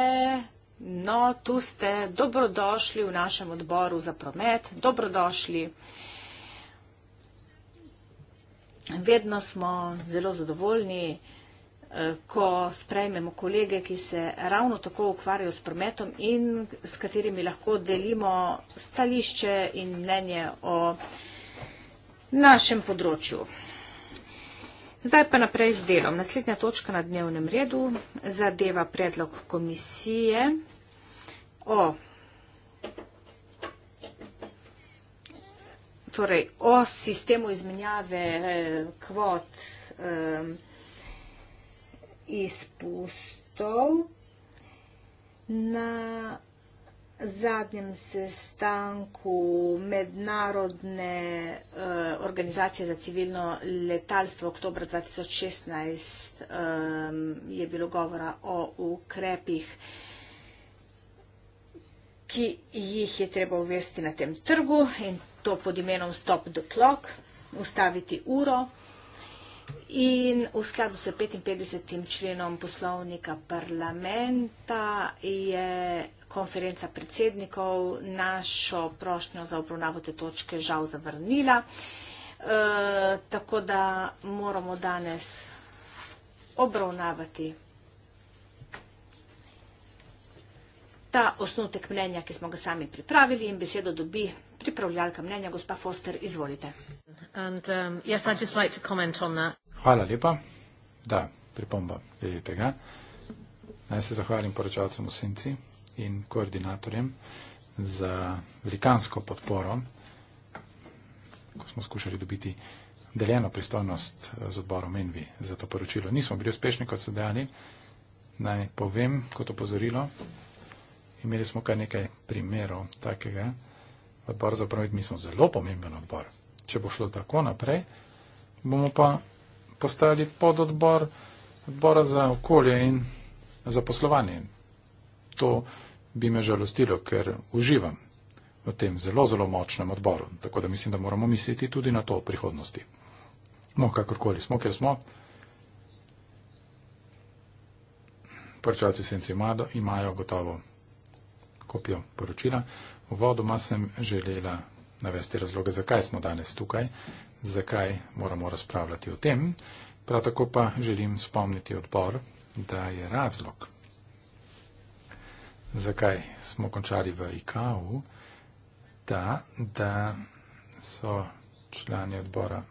No, tu ste. Dobrodošli v našem odboru za promet. Dobrodošli. Vedno smo zelo zadovoljni, eh, ko sprejmemo kolege, ki se ravno tako ukvarjajo s prometom in s katerimi lahko delimo stališče in mnenje o prometu našem področju. Zdaj pa naprej z delom. Naslednja točka na dnevnem redu zadeva predlog komisije o, torej, o sistemu izmenjave eh, kvot eh, izpustov na zadnjem sestanku mednarodne uh, organizacije za civilno letalstvo oktober 2016 um, je bilo govora o ukrepih, ki jih je treba uvesti na tem trgu in to pod imenom Stop the Clock, ustaviti uro. In v skladu s 55. členom poslovnika parlamenta je konferenca predsednikov našo prošnjo za obravnavo te točke žal zavrnila. E, tako da moramo danes obravnavati ta osnutek mnenja, ki smo ga sami pripravili in besedo dobi pripravljalka mnenja, gospa Foster, izvolite. And, um, yes, I'd just like to comment on that. Hvala lepa. Da, pripomba je tega. Naj se zahvalim poročalcem v Sinci in koordinatorjem za velikansko podporo, ko smo skušali dobiti deljeno pristojnost eh, z odborom Envi za to poročilo. Nismo bili uspešni, kot so dejali. Naj povem kot opozorilo, imeli smo kar nekaj primerov takega. Odbor za promet, mi smo zelo pomemben odbor. Če bo šlo tako naprej, bomo pa postavili pod odbor odbora za okolje in za poslovanje. To bi me žalostilo, ker uživam v tem zelo, zelo močnem odboru. Tako da mislim, da moramo misliti tudi na to v prihodnosti. No, kakorkoli smo, ker smo. Prčalci senci imajo, imajo gotovo kopijo poročila. V vodoma sem želela navesti razloge, zakaj smo danes tukaj, zakaj moramo razpravljati o tem. Prav tako pa želim spomniti odbor, da je razlog zakaj smo končali v IKAU, ta, da so člani odbora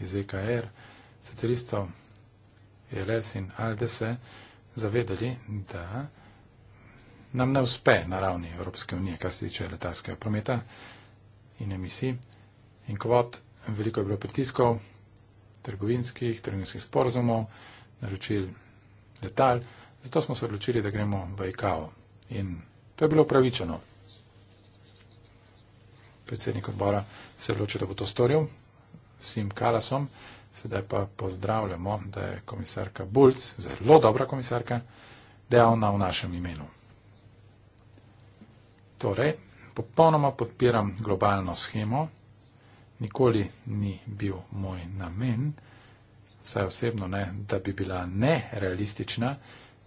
iz EKR, socialistov ELS in ALDS zavedali, da nam ne uspe na ravni Evropske unije, kar se tiče letalskega prometa in emisij in kvot. Veliko je bilo pritiskov, trgovinskih, trgovinskih sporozumov, naročil letal, zato smo se odločili, da gremo v IKAO. In to je bilo pravičeno. Predsednik odbora se je odločil, da bo to storil s Sim Kalasom. Sedaj pa pozdravljamo, da je komisarka Bulc, zelo dobra komisarka, dejavna v našem imenu. Torej, popolnoma podpiram globalno schemo. Nikoli ni bil moj namen, vsaj osebno ne, da bi bila nerealistična.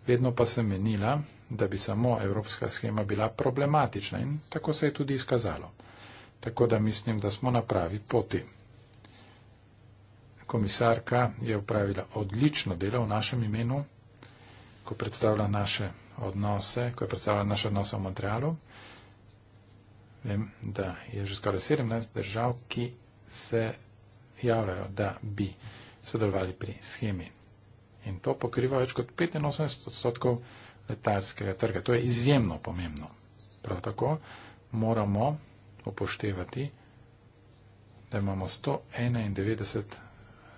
Vedno pa sem menila, da bi samo evropska schema bila problematična in tako se je tudi izkazalo. Tako da mislim, da smo na pravi poti. Komisarka je upravila odlično delo v našem imenu, ko predstavlja naše odnose, ko je predstavila naše odnose v Montrealu. Vem, da je že skoraj 17 držav, ki se javljajo, da bi sodelovali pri schemi. In to pokriva več kot 85 odstotkov letarskega trga. To je izjemno pomembno. Prav tako moramo upoštevati, da imamo 191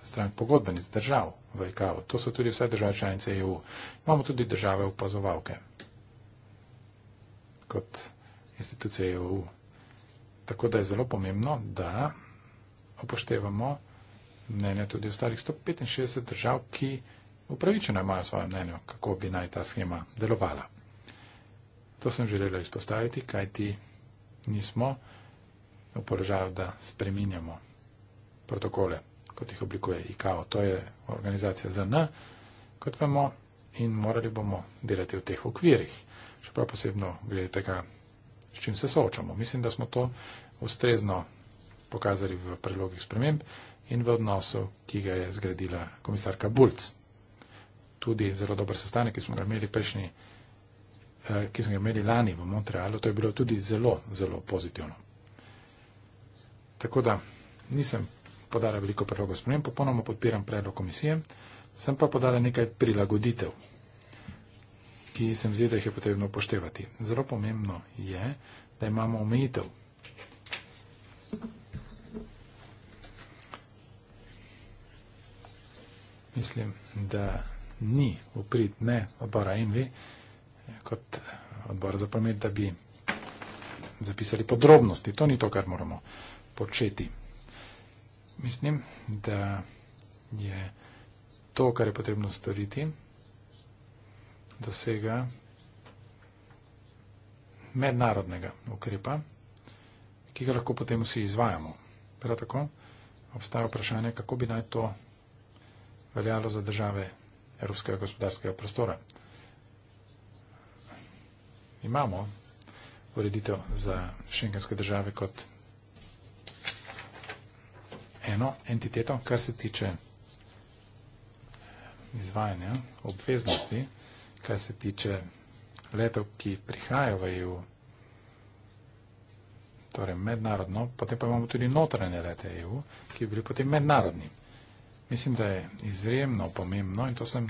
strank pogodbenic držav v ICAO. To so tudi vse države članice EU. Imamo tudi države opazovalke kot institucije EU. Tako da je zelo pomembno, da upoštevamo mnenja tudi ostalih 165 držav, ki upravičena moja svoje mnenje, kako bi naj ta schema delovala. To sem želela izpostaviti, kaj ti nismo v položaju, da spreminjamo protokole, kot jih oblikuje IKO. To je organizacija ZN, kot vemo, in morali bomo delati v teh okvirih. Še prav posebno glede tega, s čim se soočamo. Mislim, da smo to ustrezno pokazali v predlogih sprememb in v odnosu, ki ga je zgradila komisarka Bulc tudi zelo dober sestanek, ki smo ga imeli prejšnji, eh, ki smo ga imeli lani v Montrealu, to je bilo tudi zelo, zelo pozitivno. Tako da nisem podala veliko predlogov sprememb, popolnoma podpiram predlog komisije, sem pa podala nekaj prilagoditev, ki sem zdi, da jih je potrebno upoštevati. Zelo pomembno je, da imamo omejitev. Mislim, da ni uprit ne odbora NV kot odbora za promet, da bi zapisali podrobnosti. To ni to, kar moramo početi. Mislim, da je to, kar je potrebno storiti, dosega mednarodnega ukrepa, ki ga lahko potem vsi izvajamo. Prav tako obstaja vprašanje, kako bi naj to veljalo za države evropskega gospodarskega prostora. Imamo ureditev za šengenske države kot eno entiteto, kar se tiče izvajanja obveznosti, kar se tiče letov, ki prihajajo v EU, torej mednarodno, potem pa imamo tudi notranje lete EU, ki bi bili potem mednarodni. Mislim, da je izjemno pomembno in to sem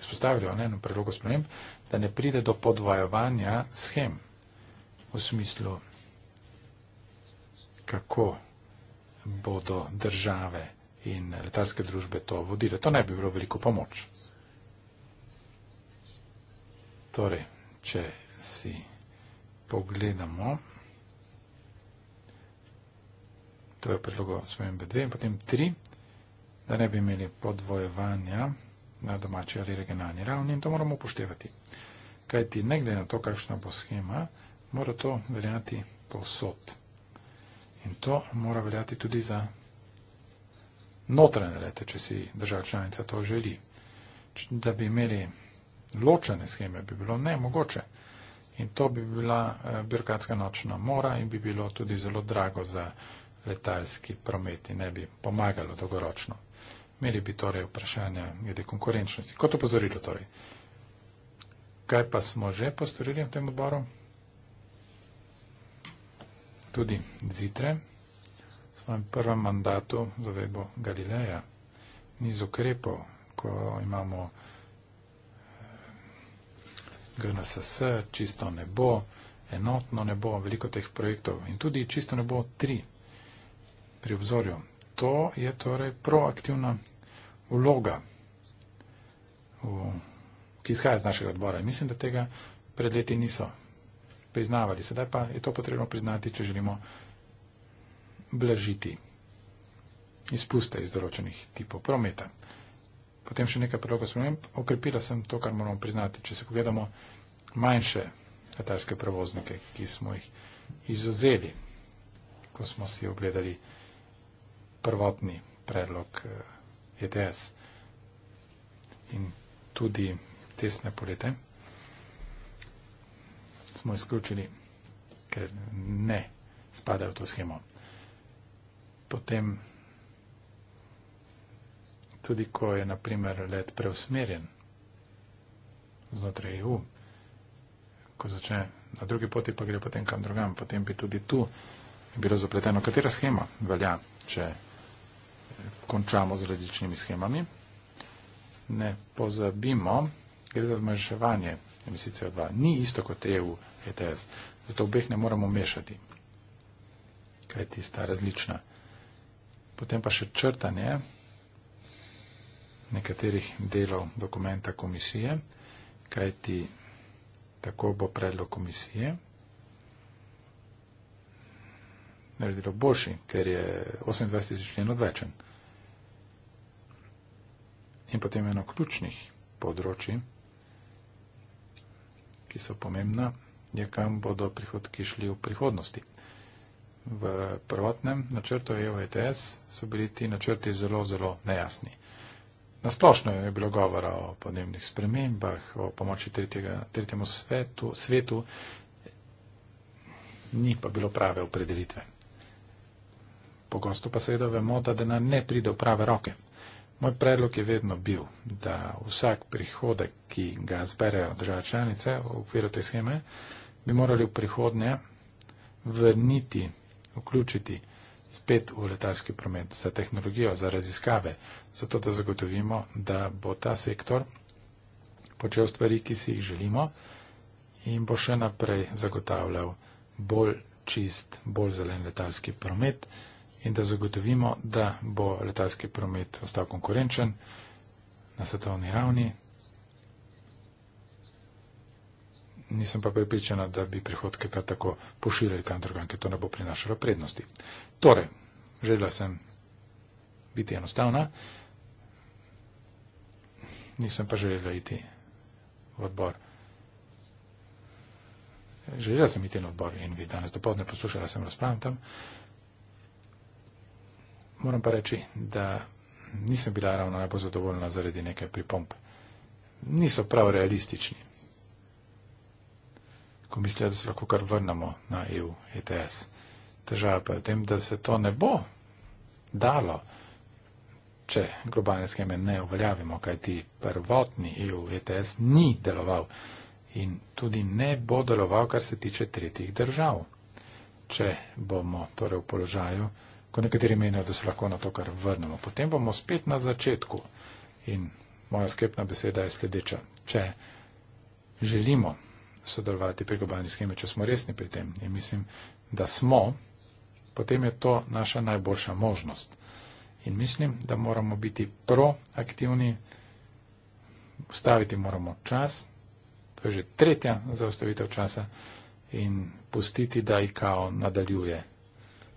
izpostavil na enem predlogu sprememb, da ne pride do podvajovanja schem v smislu, kako bodo države in letalske družbe to vodile. To ne bi bilo veliko pomoč. Torej, če si pogledamo, to je predlogo spremembe 2 in potem 3 da ne bi imeli podvojevanja na domači ali regionalni ravni in to moramo upoštevati. Kaj ti ne glede na to, kakšna bo schema, mora to veljati povsod. In to mora veljati tudi za notranje rete, če si država članica to želi. Da bi imeli ločene scheme, bi bilo nemogoče. In to bi bila eh, birokratska nočna mora in bi bilo tudi zelo drago za letalski promet in ne bi pomagalo dolgoročno imeli bi torej vprašanja glede konkurenčnosti. Kot opozorilo torej. Kaj pa smo že postorili v tem odboru? Tudi zjutraj, v svojem prvem mandatu za vedbo Galileja, niz ukrepov, ko imamo eh, GNSS, čisto nebo, enotno nebo, veliko teh projektov in tudi čisto nebo tri pri obzorju To je torej proaktivna vloga, ki izhaja iz našega odbora. Mislim, da tega pred leti niso priznavali. Sedaj pa je to potrebno priznati, če želimo blažiti izpuste iz določenih tipov prometa. Potem še nekaj predlogov sprememb. Okrepila sem to, kar moramo priznati. Če se pogledamo manjše katarske prevoznike, ki smo jih izuzeli, ko smo si ogledali prvotni predlog ETS eh, e in tudi tesne polete smo izključili, ker ne spadajo v to schemo. Potem tudi, ko je naprimer let preusmerjen znotraj EU, ko začne na drugi poti, pa gre potem kam drugam, potem bi tudi tu bilo zapleteno, katera schema velja, če končamo z različnimi schemami. Ne pozabimo, gre za zmanjševanje emisij CO2. Ni isto kot EU ETS, zato obeh ne moramo mešati, kaj je tista različna. Potem pa še črtanje nekaterih delov dokumenta komisije, kaj ti tako bo predlog komisije naredilo boljši, ker je 28.000 člen odvečen. In potem eno ključnih področji, ki so pomembna, je kam bodo prihodki šli v prihodnosti. V prvotnem načrtu EOETS so bili ti načrti zelo, zelo nejasni. Nasplošno je bilo govora o podnebnih spremembah, o pomoči tretjega, tretjemu svetu, svetu, ni pa bilo prave opredelitve. Pogosto pa seveda vemo, da denar ne pride v prave roke. Moj predlog je vedno bil, da vsak prihodek, ki ga zberejo države članice v okviru te scheme, bi morali v prihodnje vrniti, vključiti spet v letalski promet za tehnologijo, za raziskave, zato da zagotovimo, da bo ta sektor počel stvari, ki si jih želimo in bo še naprej zagotavljal bolj čist, bolj zelen letalski promet in da zagotovimo, da bo letalski promet ostal konkurenčen na svetovni ravni. Nisem pa pripričana, da bi prihodke kar tako pošiljali kam drugam, ker to ne bo prinašalo prednosti. Torej, želela sem biti enostavna, nisem pa želela iti v odbor. Želela sem iti na odbor in vi danes dopoledne poslušala sem razpravo tam. Uh, moram pa reči, da nisem bila ravno najbolj zadovoljna zaradi neke pripombe. Niso prav realistični, ko mislijo, da se lahko kar vrnemo na EU, ETS. Težava pa je v tem, da se to ne bo dalo, če globalne scheme ne uveljavimo, kajti prvotni EU, ETS ni deloval in tudi ne bo deloval, kar se tiče tretjih držav. Če bomo torej v položaju, ko nekateri menijo, da se lahko na to kar vrnemo. Potem bomo spet na začetku in moja skepna beseda je sledeča. Če želimo sodelovati pri globalni schemi, če smo resni pri tem in mislim, da smo, potem je to naša najboljša možnost. In mislim, da moramo biti proaktivni, ustaviti moramo čas, to je že tretja zaustavitev časa in pustiti, da IKO nadaljuje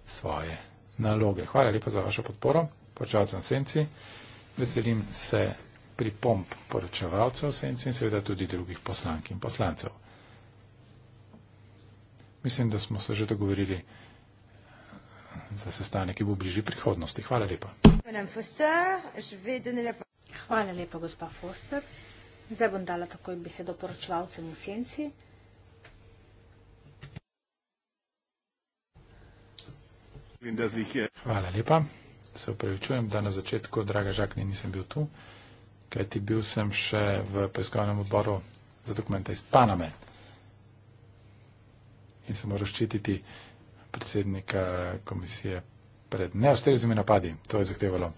svoje naloge. Hvala lepa za vašo podporo, poročevalcem Senci. Veselim se pripomp poročevalcev Senci in seveda tudi drugih poslank in poslancev. Mislim, da smo se že dogovorili za sestanek, ki bo v bližji prihodnosti. Hvala lepa. Hvala lepa, gospa Foster. Zdaj bom dala takoj besedo poročevalcem v Senci. in da jih je. Hvala lepa. Se upravičujem, da na začetku, draga Žaklin, nisem bil tu, kajti bil sem še v preiskovnem odboru za dokumente iz Paname in sem moral ščititi predsednika komisije pred neostreznimi napadi. To je zahtevalo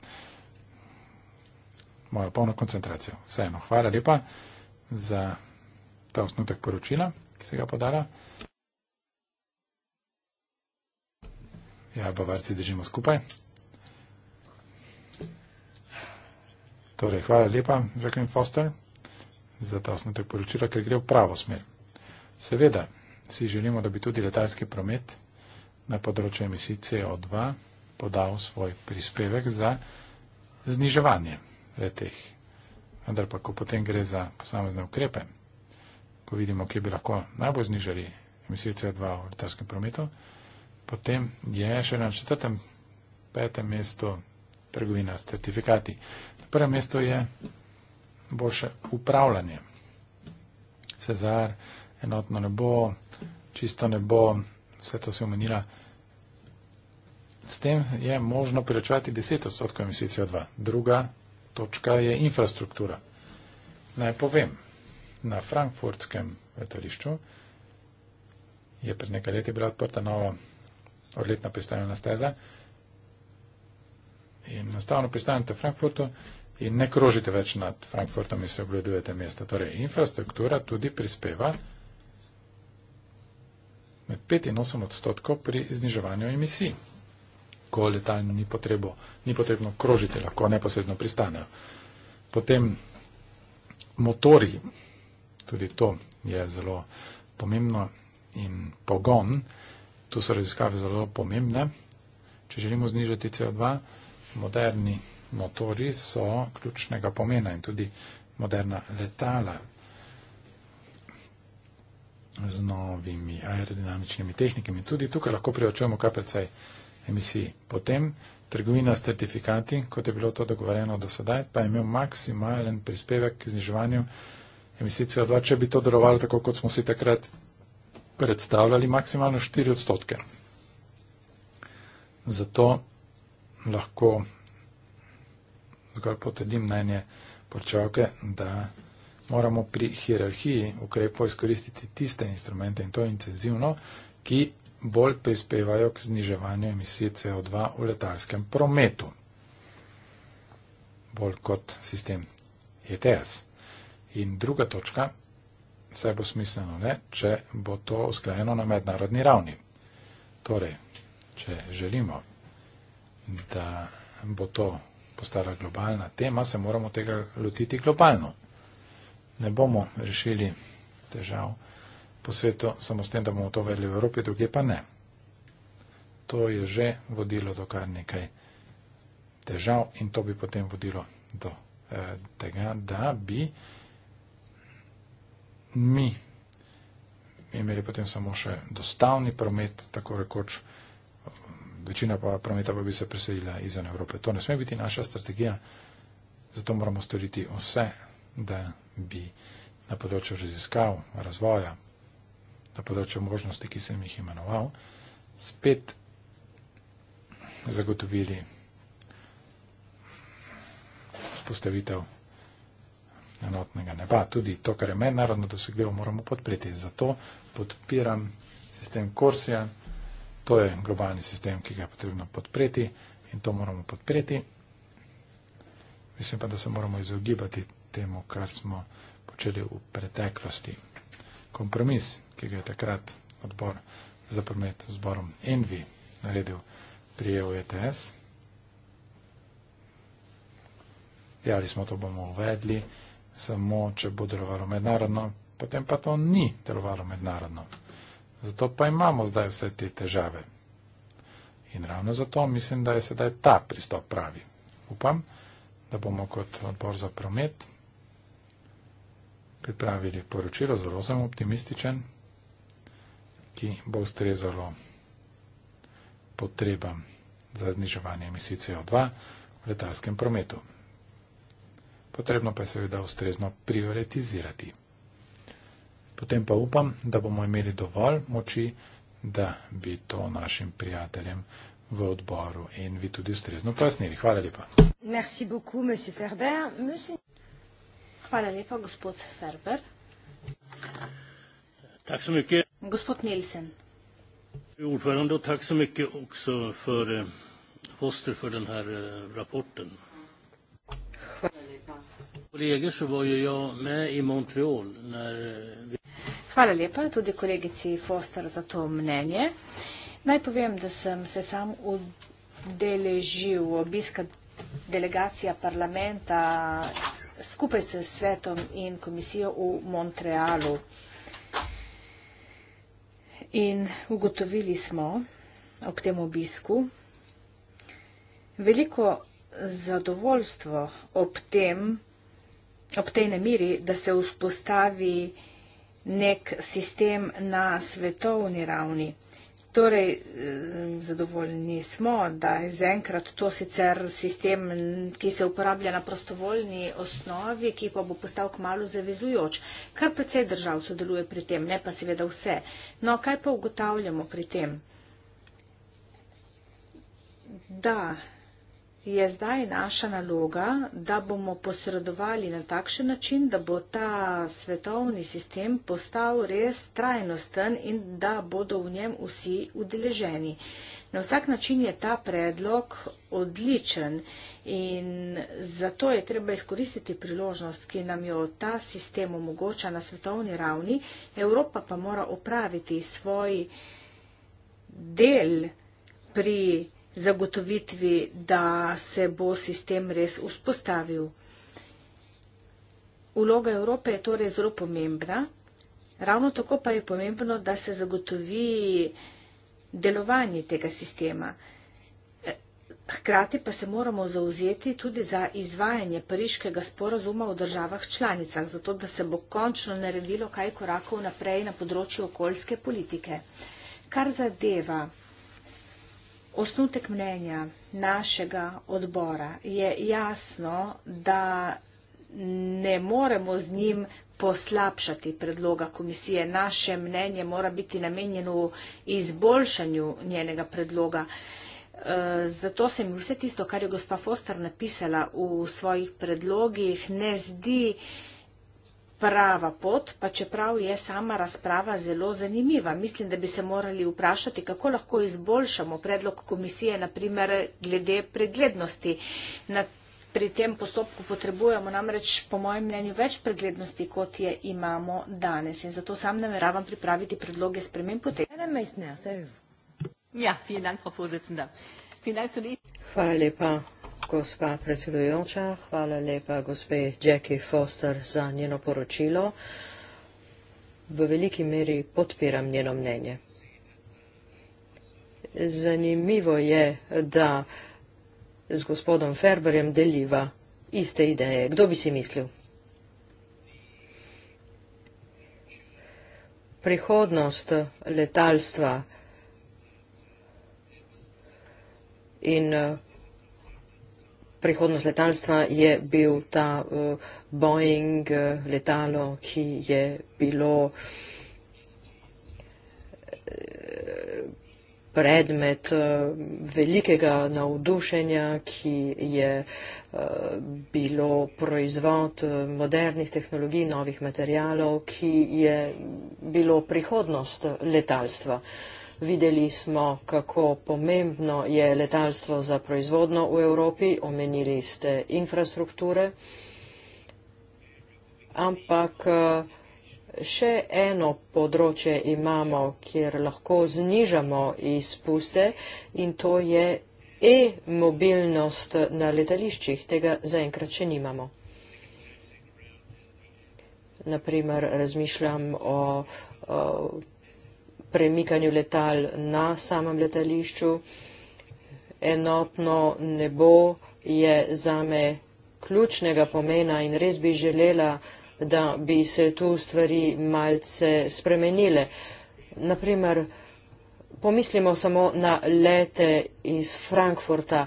mojo polno koncentracijo. Vseeno, hvala lepa za ta osnutek poročila, ki se ga podala. Ja, Bavarci držimo skupaj. Torej, hvala lepa, Jacqueline Foster, za ta osnotek poročila, ker gre v pravo smer. Seveda, si želimo, da bi tudi letalski promet na področju emisij CO2 podal svoj prispevek za zniževanje leteh. Vendar pa, ko potem gre za posamezne ukrepe, ko vidimo, kje bi lahko najbolj znižali emisije CO2 v letalskem prometu, Potem je še na četrtem, petem mestu trgovina s certifikati. Na prvem mestu je boljše upravljanje. Cezar, enotno nebo, čisto nebo, vse to se omenila. S tem je možno priračovati 10 odstotkov emisij CO2. Druga točka je infrastruktura. Naj povem, na frankfurtskem letališču je pred nekaj leti bila odprta nova odletna pristajalna steza. In enostavno pristanete v Frankfurtu in ne krožite več nad Frankfurtom in se obledujete mesta. Torej, infrastruktura tudi prispeva med 5 in 8 odstotkov pri zniževanju emisij. Ko letalno ni, potrebo, ni potrebno krožiti, lahko neposredno pristanejo. Potem motori, tudi to je zelo pomembno, in pogon. Tu so raziskave zelo pomembne. Če želimo znižati CO2, moderni motori so ključnega pomena in tudi moderna letala z novimi aerodinamičnimi tehnikami. Tudi tukaj lahko preočujemo KPC emisij. Potem trgovina s certifikati, kot je bilo to dogovorjeno do sedaj, pa je imel maksimalen prispevek k zniževanju emisij CO2, če bi to delovalo tako, kot smo si takrat predstavljali maksimalno 4 odstotke. Zato lahko zgolj potedim mnenje porčavke, da moramo pri hierarhiji ukrepov izkoristiti tiste instrumente in to intenzivno, ki bolj prispevajo k zniževanju emisije CO2 v letalskem prometu, bolj kot sistem ETS. In druga točka, vse bo smiselno, ne? če bo to usklajeno na mednarodni ravni. Torej, če želimo, da bo to postala globalna tema, se moramo tega lotiti globalno. Ne bomo rešili težav po svetu samo s tem, da bomo to vedeli v Evropi, druge pa ne. To je že vodilo do kar nekaj težav in to bi potem vodilo do eh, tega, da bi eh, mi imeli potem samo še dostavni promet, tako rekoč, večina pa prometa pa bi se preselila izven Evrope. To ne sme biti naša strategija, zato moramo storiti vse, da bi na področju raziskav, razvoja, na področju možnosti, ki sem jih imenoval, spet zagotovili spostavitev enotnega neba. Tudi to, kar je mednarodno dosegljivo, moramo podpreti. Zato podpiram sistem Korsija. To je globalni sistem, ki ga je potrebno podpreti in to moramo podpreti. Mislim pa, da se moramo izogibati temu, kar smo počeli v preteklosti. Kompromis, ki ga je takrat odbor za promet z borom Envi naredil pri EU-ETS. Ja, ali smo to bomo uvedli? samo, če bo delovalo mednarodno, potem pa to ni delovalo mednarodno. Zato pa imamo zdaj vse te težave. In ravno zato mislim, da je sedaj ta pristop pravi. Upam, da bomo kot odbor za promet pripravili poročilo, zelo sem optimističen, ki bo ustrezalo potrebam za zniževanje emisij CO2 v letalskem prometu potrebno pa je seveda ustrezno prioritizirati. Potem pa upam, da bomo imeli dovolj moči, da bi to našim prijateljem v odboru in vi tudi ustrezno pojasnili. Hvala lepa. Merci beaucoup, monsieur Ferber. Hvala lepa, gospod Ferber. Tak so mykje. Gospod Nielsen. Ordførende, og tak så mykje også for Foster eh, for denne eh, rapporten. Hva? kolege so bojujo me in Montreal. Nar... Eh, Hvala lepa tudi kolegici Foster za to mnenje. Naj povem, da sem se sam udeležil obiska delegacija parlamenta skupaj s svetom in komisijo v Montrealu. In ugotovili smo ob tem obisku veliko zadovoljstvo ob tem, ob tej nemiri, da se vzpostavi nek sistem na svetovni ravni. Torej, eh, zadovoljni smo, da je zaenkrat to sicer sistem, ki se uporablja na prostovoljni osnovi, ki pa bo postal k malu zavezujoč. Kar precej držav sodeluje pri tem, ne pa seveda vse. No, kaj pa ugotavljamo pri tem? Da je zdaj naša naloga, da bomo posredovali na takšen način, da bo ta svetovni sistem postal res trajnosten in da bodo v njem vsi udeleženi. Na vsak način je ta predlog odličen in zato je treba izkoristiti priložnost, ki nam jo ta sistem omogoča na svetovni ravni. Evropa pa mora opraviti svoj del pri zagotovitvi, da se bo sistem res vzpostavil. Uloga Evrope je torej zelo pomembna, ravno tako pa je pomembno, da se zagotovi delovanje tega sistema. E, hkrati pa se moramo zauzeti tudi za izvajanje pariškega sporazuma v državah članicah, zato da se bo končno naredilo kaj korakov naprej na področju okoljske politike. Kar zadeva Osnutek mnenja našega odbora je jasno, da ne moremo z njim poslabšati predloga komisije. Naše mnenje mora biti namenjeno v izboljšanju njenega predloga. E, zato se mi vse tisto, kar je gospa Foster napisala v svojih predlogih, ne zdi nekaj, prava pot, pa čeprav je sama razprava zelo zanimiva. Mislim, da bi se morali vprašati, kako lahko izboljšamo predlog komisije, naprimer glede preglednosti. Na, pri tem postopku potrebujemo namreč, po mojem mnenju, več preglednosti, kot je imamo danes. In zato sam nameravam pripraviti predloge spremem potem. Ja, vielen Dank, Frau Vorsitzende. Vielen Dank für die... Hvala lepa, Gospa predsedujoča, hvala lepa gospe Jackie Foster za njeno poročilo. V veliki meri podpiram njeno mnenje. Zanimivo je, da z gospodom Ferberjem deliva iste ideje. Kdo bi si mislil? Prihodnost letalstva in prihodnost letalstva je bil ta uh, Boeing uh, letalo, ki je bilo eh, predmet velikega navdušenja, ki je bilo proizvod modernih tehnologij, novih materialov, ki je bilo prihodnost letalstva. Videli smo, kako pomembno je letalstvo za proizvodno v Evropi, omenili ste infrastrukture, ampak eh, še eno področje imamo, kjer lahko znižamo izpuste in to je e-mobilnost na letališčih, tega zaenkrat še nimamo. Naprimer, razmišljam o, o eh, premikanju letal na samem letališču. Enotno nebo je zame ključnega pomena in res bi želela, da bi se tu stvari malce spremenile. Naprimer, pomislimo samo na lete iz Frankfurta.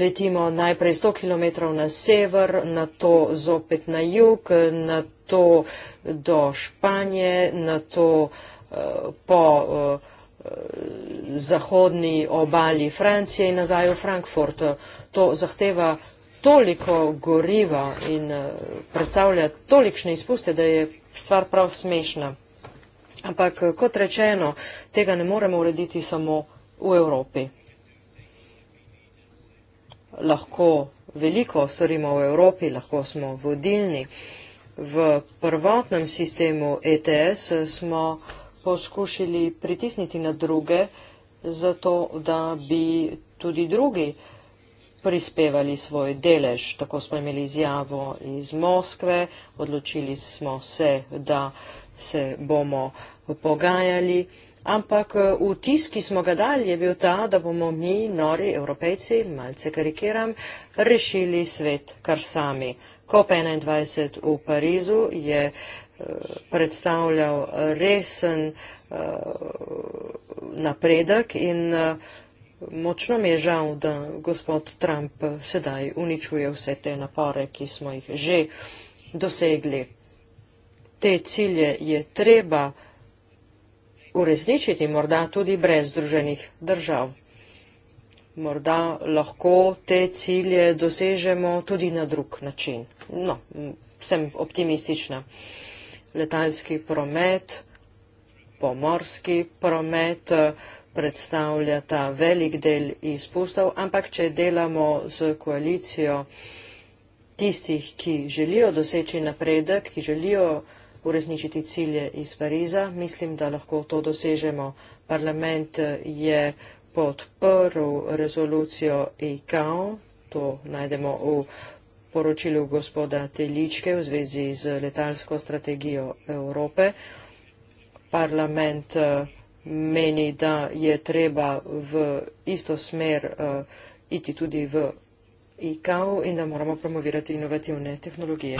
Letimo najprej 100 km na sever, na to zopet na jug, na to do Španije, na to uh, po eh, zahodni obali Francije in nazaj v Frankfurt. To zahteva toliko goriva in eh, predstavlja tolikšne izpuste, da je stvar prav smešna. Ampak eh, kot rečeno, tega ne moremo urediti samo v Evropi. Lahko veliko storimo v Evropi, lahko smo vodilni. V prvotnem sistemu ETS smo uh, poskušali pritisniti na druge, zato da bi tudi drugi prispevali svoj delež. Tako smo imeli izjavo iz Moskve, odločili smo se, da se bomo pogajali, ampak vtis, ki smo ga dali, je bil ta, da bomo mi, nori evropejci, malce karikiram, rešili svet kar sami. COP21 v Parizu je predstavljal resen eh, napredek in eh, močno mi je žal, da gospod Trump sedaj uničuje vse te napore, ki smo jih že dosegli. Te cilje je treba uresničiti morda tudi brez združenih držav. Morda lahko te cilje dosežemo tudi na drug način. No, sem optimistična. Uh, letalski promet, pomorski promet eh, predstavlja ta velik del izpustov, ampak če delamo z koalicijo tistih, ki želijo doseči napredek, ki želijo uresničiti cilje iz Pariza, mislim, da lahko to dosežemo. Parlament eh, je podprl rezolucijo ICAO, to najdemo v poročilu gospoda Teličke v zvezi z letalsko strategijo Evrope. Parlament eh, meni, da je treba v isto smer uh, iti tudi v IKAO in da moramo promovirati inovativne tehnologije.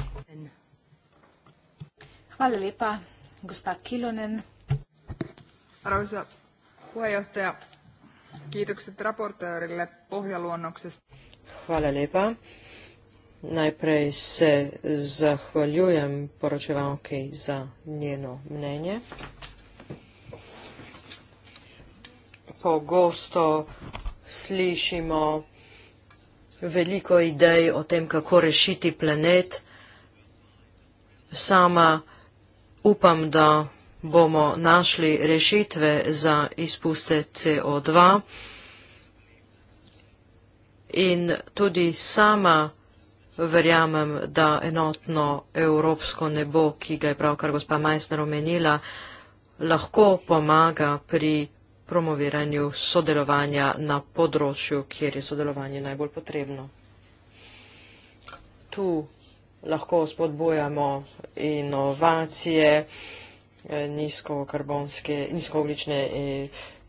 Hvala lepa, gospod Kilonen. Hvala lepa. Najprej se zahvaljujem poročevalki za njeno mnenje. Pogosto slišimo veliko idej o tem, kako rešiti planet. Sama upam, da bomo našli rešitve za izpuste CO2 in tudi sama verjamem, da enotno evropsko nebo, ki ga je pravkar gospa Majsner omenila, lahko pomaga pri promoviranju sodelovanja na področju, kjer je sodelovanje najbolj potrebno. Tu lahko spodbujamo inovacije, nizkokarbonske, nizkooglične eh,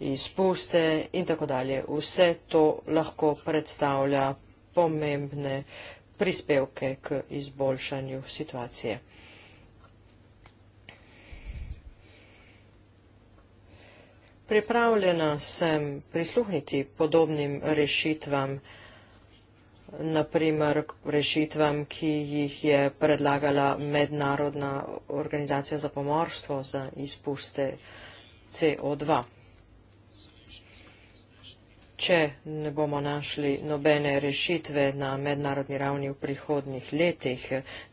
izpuste in tako dalje. Vse to lahko predstavlja pomembne prispevke k izboljšanju situacije. Pripravljena sem prisluhniti podobnim rešitvam, naprimer rešitvam, ki jih je predlagala Mednarodna organizacija za pomorstvo za izpuste CO2 če ne bomo našli nobene rešitve na mednarodni ravni v prihodnih letih.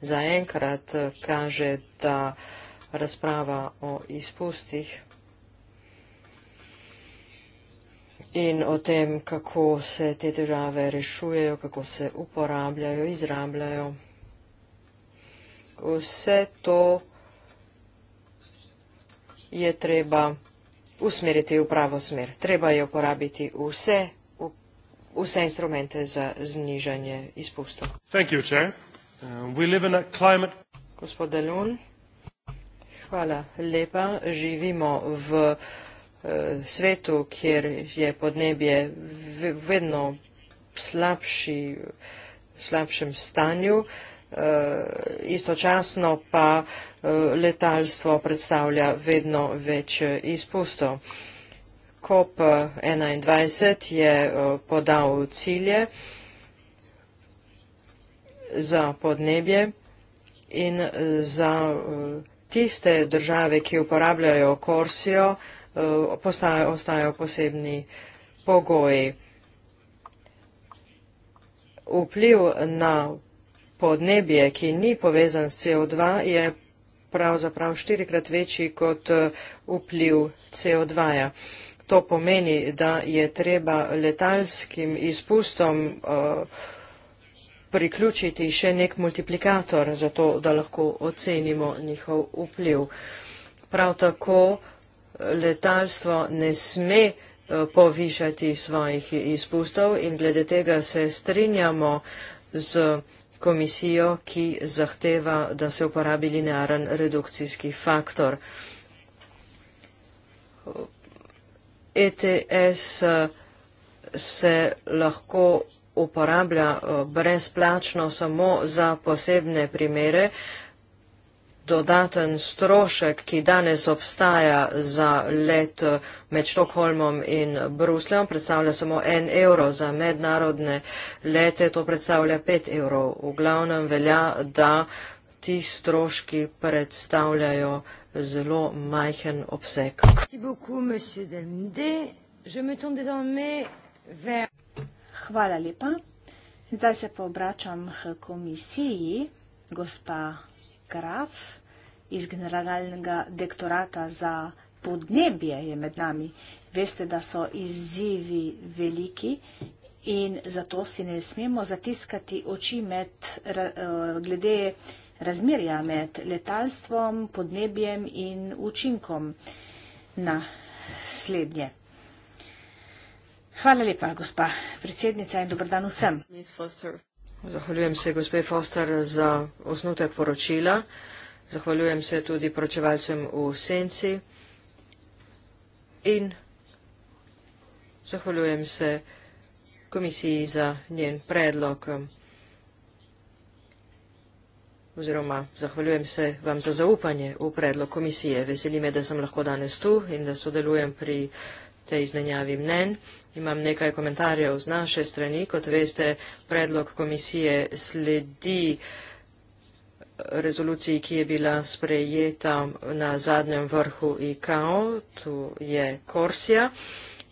Zaenkrat kaže, da razprava o izpustih in o tem, kako se te težave rešujejo, kako se uporabljajo, izrabljajo. Vse to je treba usmeriti v pravo smer. Treba je uporabiti vse, vse instrumente za znižanje izpustov. Uh, Gospod Delun, hvala lepa. Živimo v uh, svetu, kjer je podnebje vedno v slabšem stanju. Eh, istočasno pa eh, letalstvo predstavlja vedno več eh, izpustov. COP21 je podal cilje za podnebje in za tiste države, ki uporabljajo korsijo, ostajajo posebni pogoji. Vpliv na podnebje, ki ni povezan s CO2, je pravzaprav štirikrat večji kot eh, vpliv CO2-ja. To pomeni, da je treba letalskim izpustom uh, priključiti še nek multiplikator, zato da lahko ocenimo njihov vpliv. Prav tako eh, letalstvo ne sme povišati svojih izpustov in glede tega se strinjamo z komisijo, ki zahteva, da se uporabi linearen redukcijski faktor. ETS se lahko uporablja eh, brezplačno samo za posebne primere, dodaten strošek, ki danes obstaja za let med Štokholmom in Brusljom, predstavlja samo en evro za mednarodne lete, to predstavlja pet evrov. V glavnem velja, da ti stroški predstavljajo zelo majhen obseg. Hvala lepa. Zdaj se pa obračam h komisiji. Gospa Graf iz Generalnega dektorata za podnebje je med nami. Veste, da so izzivi veliki in zato si ne smemo zatiskati oči med, eh, glede razmerja med letalstvom, podnebjem in učinkom na slednje. Hvala lepa, gospa predsednica in dobrodan vsem. Zahvaljujem se gospe Foster za osnutek poročila. Zahvaljujem se tudi poročevalcem v Senci. In zahvaljujem se komisiji za njen predlog oziroma zahvaljujem se vam za zaupanje v predlog komisije. Veseli me, da sem lahko danes tu in da sodelujem pri tej izmenjavi mnen. Imam nekaj komentarjev z naše strani. Kot veste, predlog komisije sledi eh, rezoluciji, ki je bila sprejeta na zadnjem vrhu IKO, tu je Korsija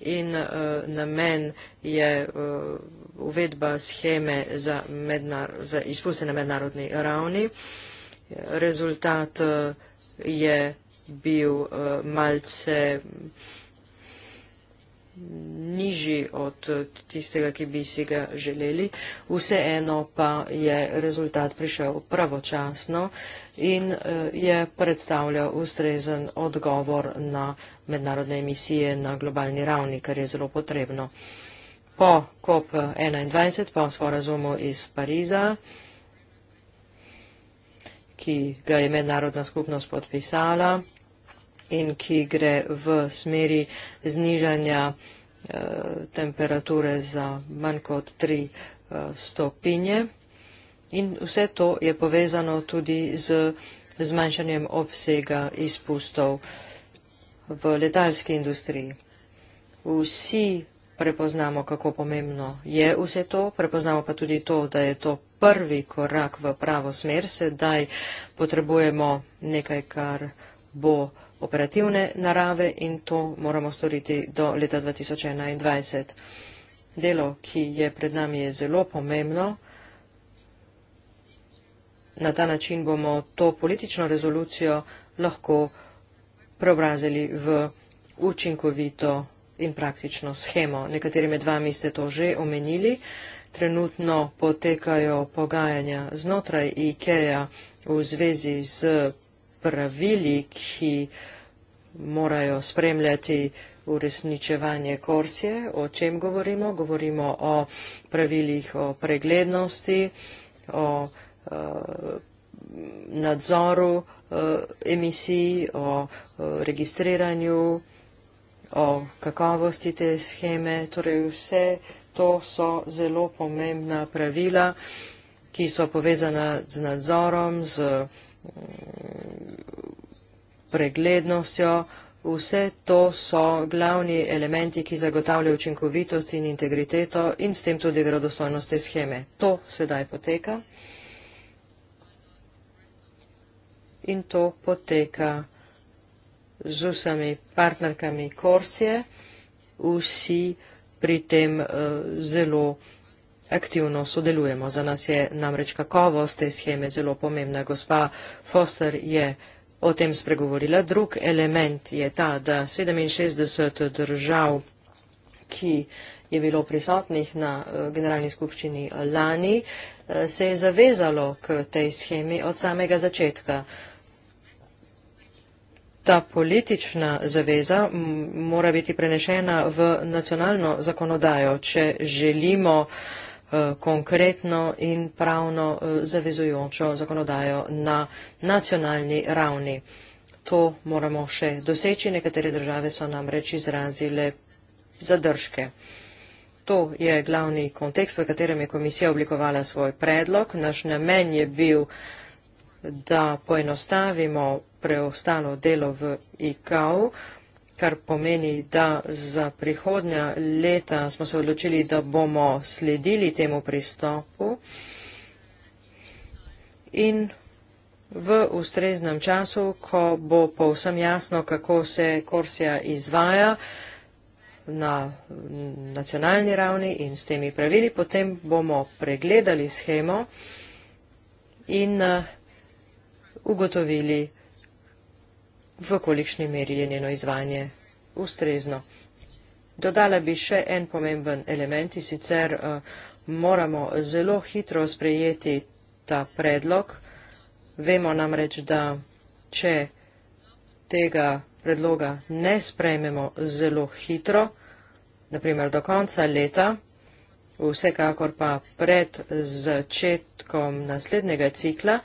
in uh, namen je uh, uvedba scheme za, mednar za izpuste na mednarodni ravni. Rezultat uh, je bil uh, malce nižji od tistega, ki bi si ga želeli. Vseeno pa je rezultat prišel pravočasno in eh, je predstavljal ustrezen odgovor na mednarodne emisije na globalni ravni, kar je zelo potrebno. Po COP21, po sporazumu iz Pariza, ki ga je mednarodna skupnost podpisala, in ki gre v smeri znižanja eh, temperature za manj kot 3 eh, stopinje. In vse to je povezano tudi z zmanjšanjem obsega izpustov v letalski industriji. Vsi prepoznamo, kako pomembno je vse to, prepoznamo pa tudi to, da je to prvi korak v pravo smer, sedaj potrebujemo nekaj, kar bo operativne narave in to moramo storiti do leta 2021. Delo, ki je pred nami, je zelo pomembno. Na ta način bomo to politično rezolucijo lahko preobrazili v učinkovito in praktično schemo. Nekateri med vami ste to že omenili. Trenutno potekajo pogajanja znotraj IKEA v zvezi z pravili, ki morajo spremljati uresničevanje korsije, o čem govorimo. Govorimo o pravilih o preglednosti, o uh, nadzoru uh, emisij, o uh, registriranju, o kakovosti te scheme. Torej vse to so zelo pomembna pravila, ki so povezana z nadzorom, z preglednostjo. Vse to so glavni elementi, ki zagotavljajo učinkovitost in integriteto in s tem tudi verodostojnost te scheme. To sedaj poteka in to poteka z vsemi partnerkami Korsije. Vsi pri tem eh, zelo aktivno sodelujemo. Za nas je namreč kakovost te scheme zelo pomembna. Gospa Foster je o tem spregovorila. Drug element je ta, da 67 držav, ki je bilo prisotnih na eh, Generalni skupščini eh, lani, eh, se je zavezalo k tej schemi od samega začetka. Ta politična zaveza mora biti prenešena v nacionalno zakonodajo, če želimo uh, Eh, konkretno in pravno eh, zavezujočo zakonodajo na nacionalni ravni. To moramo še doseči, nekatere države so namreč izrazile zadržke. To je glavni kontekst, v katerem je komisija oblikovala svoj predlog. Naš namen je bil, da poenostavimo preostalo delo v IKAU, kar pomeni, da za prihodnja leta smo se odločili, da bomo sledili temu pristopu in v ustreznem času, ko bo povsem jasno, kako se Korsija izvaja na nacionalni ravni in s temi pravili, potem bomo pregledali schemo in uh, ugotovili, v kolikšni meri je njeno izvanje ustrezno. Dodala bi še en pomemben element in sicer eh, moramo zelo hitro sprejeti ta predlog. Vemo namreč, da če tega predloga ne sprejmemo zelo hitro, naprimer do konca leta, vsekakor pa pred začetkom naslednjega cikla,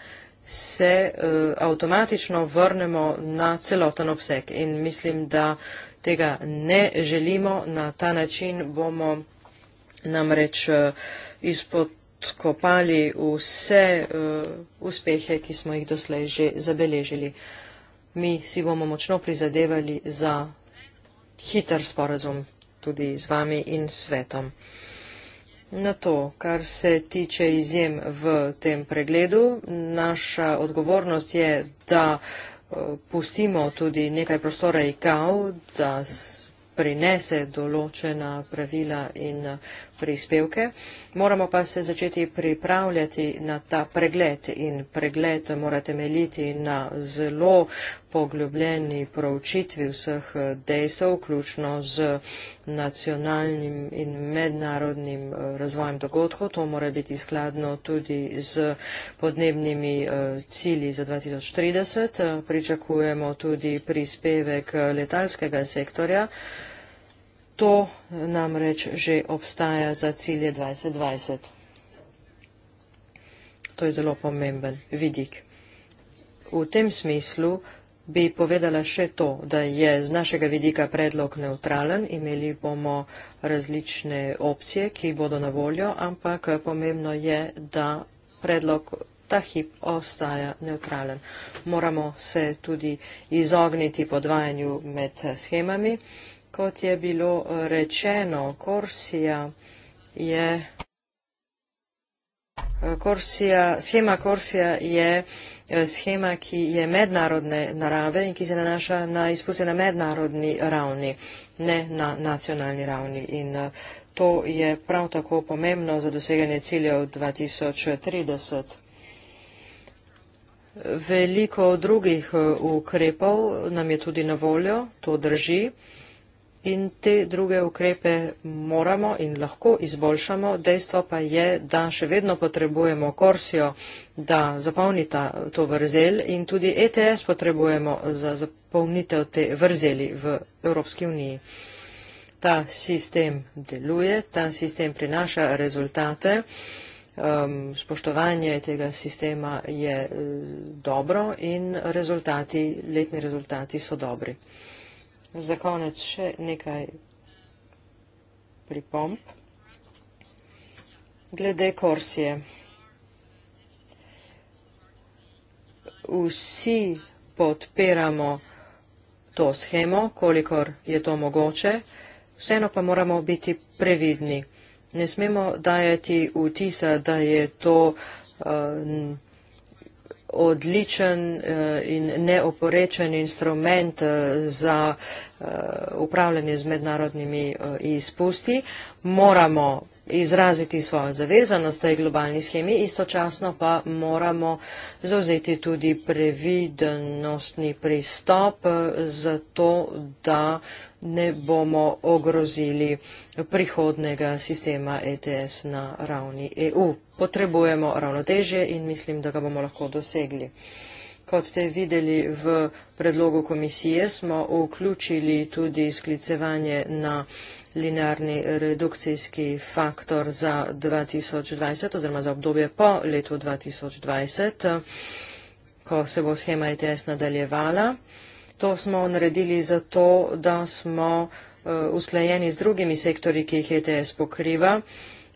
se eh, avtomatično vrnemo na celoten obseg. In mislim, da tega ne želimo. Na ta način bomo namreč eh, izpod kopali vse uh, uspehe, ki smo jih doslej že zabeležili. Mi si bomo močno prizadevali za hiter sporazum tudi z vami in svetom. Na to, kar se tiče izjem v tem pregledu, naša odgovornost je, da eh, pustimo tudi nekaj prostora IKAV, da prinese določena pravila in eh, prispevke. Moramo pa se začeti pripravljati na ta pregled in pregled mora temeljiti na zelo poglobljeni proučitvi vseh eh, dejstev, vključno z nacionalnim in mednarodnim eh, razvojem dogodkov. To mora biti skladno tudi z podnebnimi eh, cilji za 2030. Pričakujemo tudi prispevek letalskega sektorja. To namreč že obstaja za cilje 2020. To je zelo pomemben vidik. V tem smislu bi povedala še to, da je z našega vidika predlog neutralen, imeli bomo različne opcije, ki bodo na voljo, ampak pomembno je, da predlog ta hip ostaja neutralen. Moramo se tudi izogniti podvajanju med schemami. Kot je bilo rečeno, Korsija je Korsija, schema Korsija je eh, schema, ki je mednarodne narave in ki se nanaša na izpuste na mednarodni ravni, ne na nacionalni ravni. In eh, to je prav tako pomembno za doseganje ciljev 2030. Veliko drugih eh, ukrepov nam je tudi na voljo, to drži in te druge ukrepe moramo in lahko izboljšamo. Dejstvo pa je, da še vedno potrebujemo korsijo, da zapolnita to vrzel in tudi ETS potrebujemo za zapolnitev te vrzeli v Evropski uniji. Ta sistem deluje, ta sistem prinaša rezultate. Um, spoštovanje tega sistema je eh, dobro in rezultati, letni rezultati so dobri. Za konec še nekaj pripomp. Glede korsije. Vsi podpiramo to schemo, kolikor je to mogoče, vseeno pa moramo biti previdni. Ne smemo dajati vtisa, da je to. Uh, odličen eh, in neoporečen instrument eh, za eh, upravljanje z mednarodnimi izpusti. Moramo izraziti svojo zavezanost tej globalni schemi, istočasno pa moramo zauzeti tudi previdenostni pristop za to, da ne bomo ogrozili prihodnega sistema ETS na ravni EU. Potrebujemo ravnotežje in mislim, da ga bomo lahko dosegli. Kot ste videli v predlogu komisije, smo vključili tudi sklicevanje na linearni redukcijski faktor za 2020 oziroma za obdobje po letu 2020, ko se bo schema ETS nadaljevala. To smo naredili zato, da smo eh, usklajeni z drugimi sektori, ki jih ETS pokriva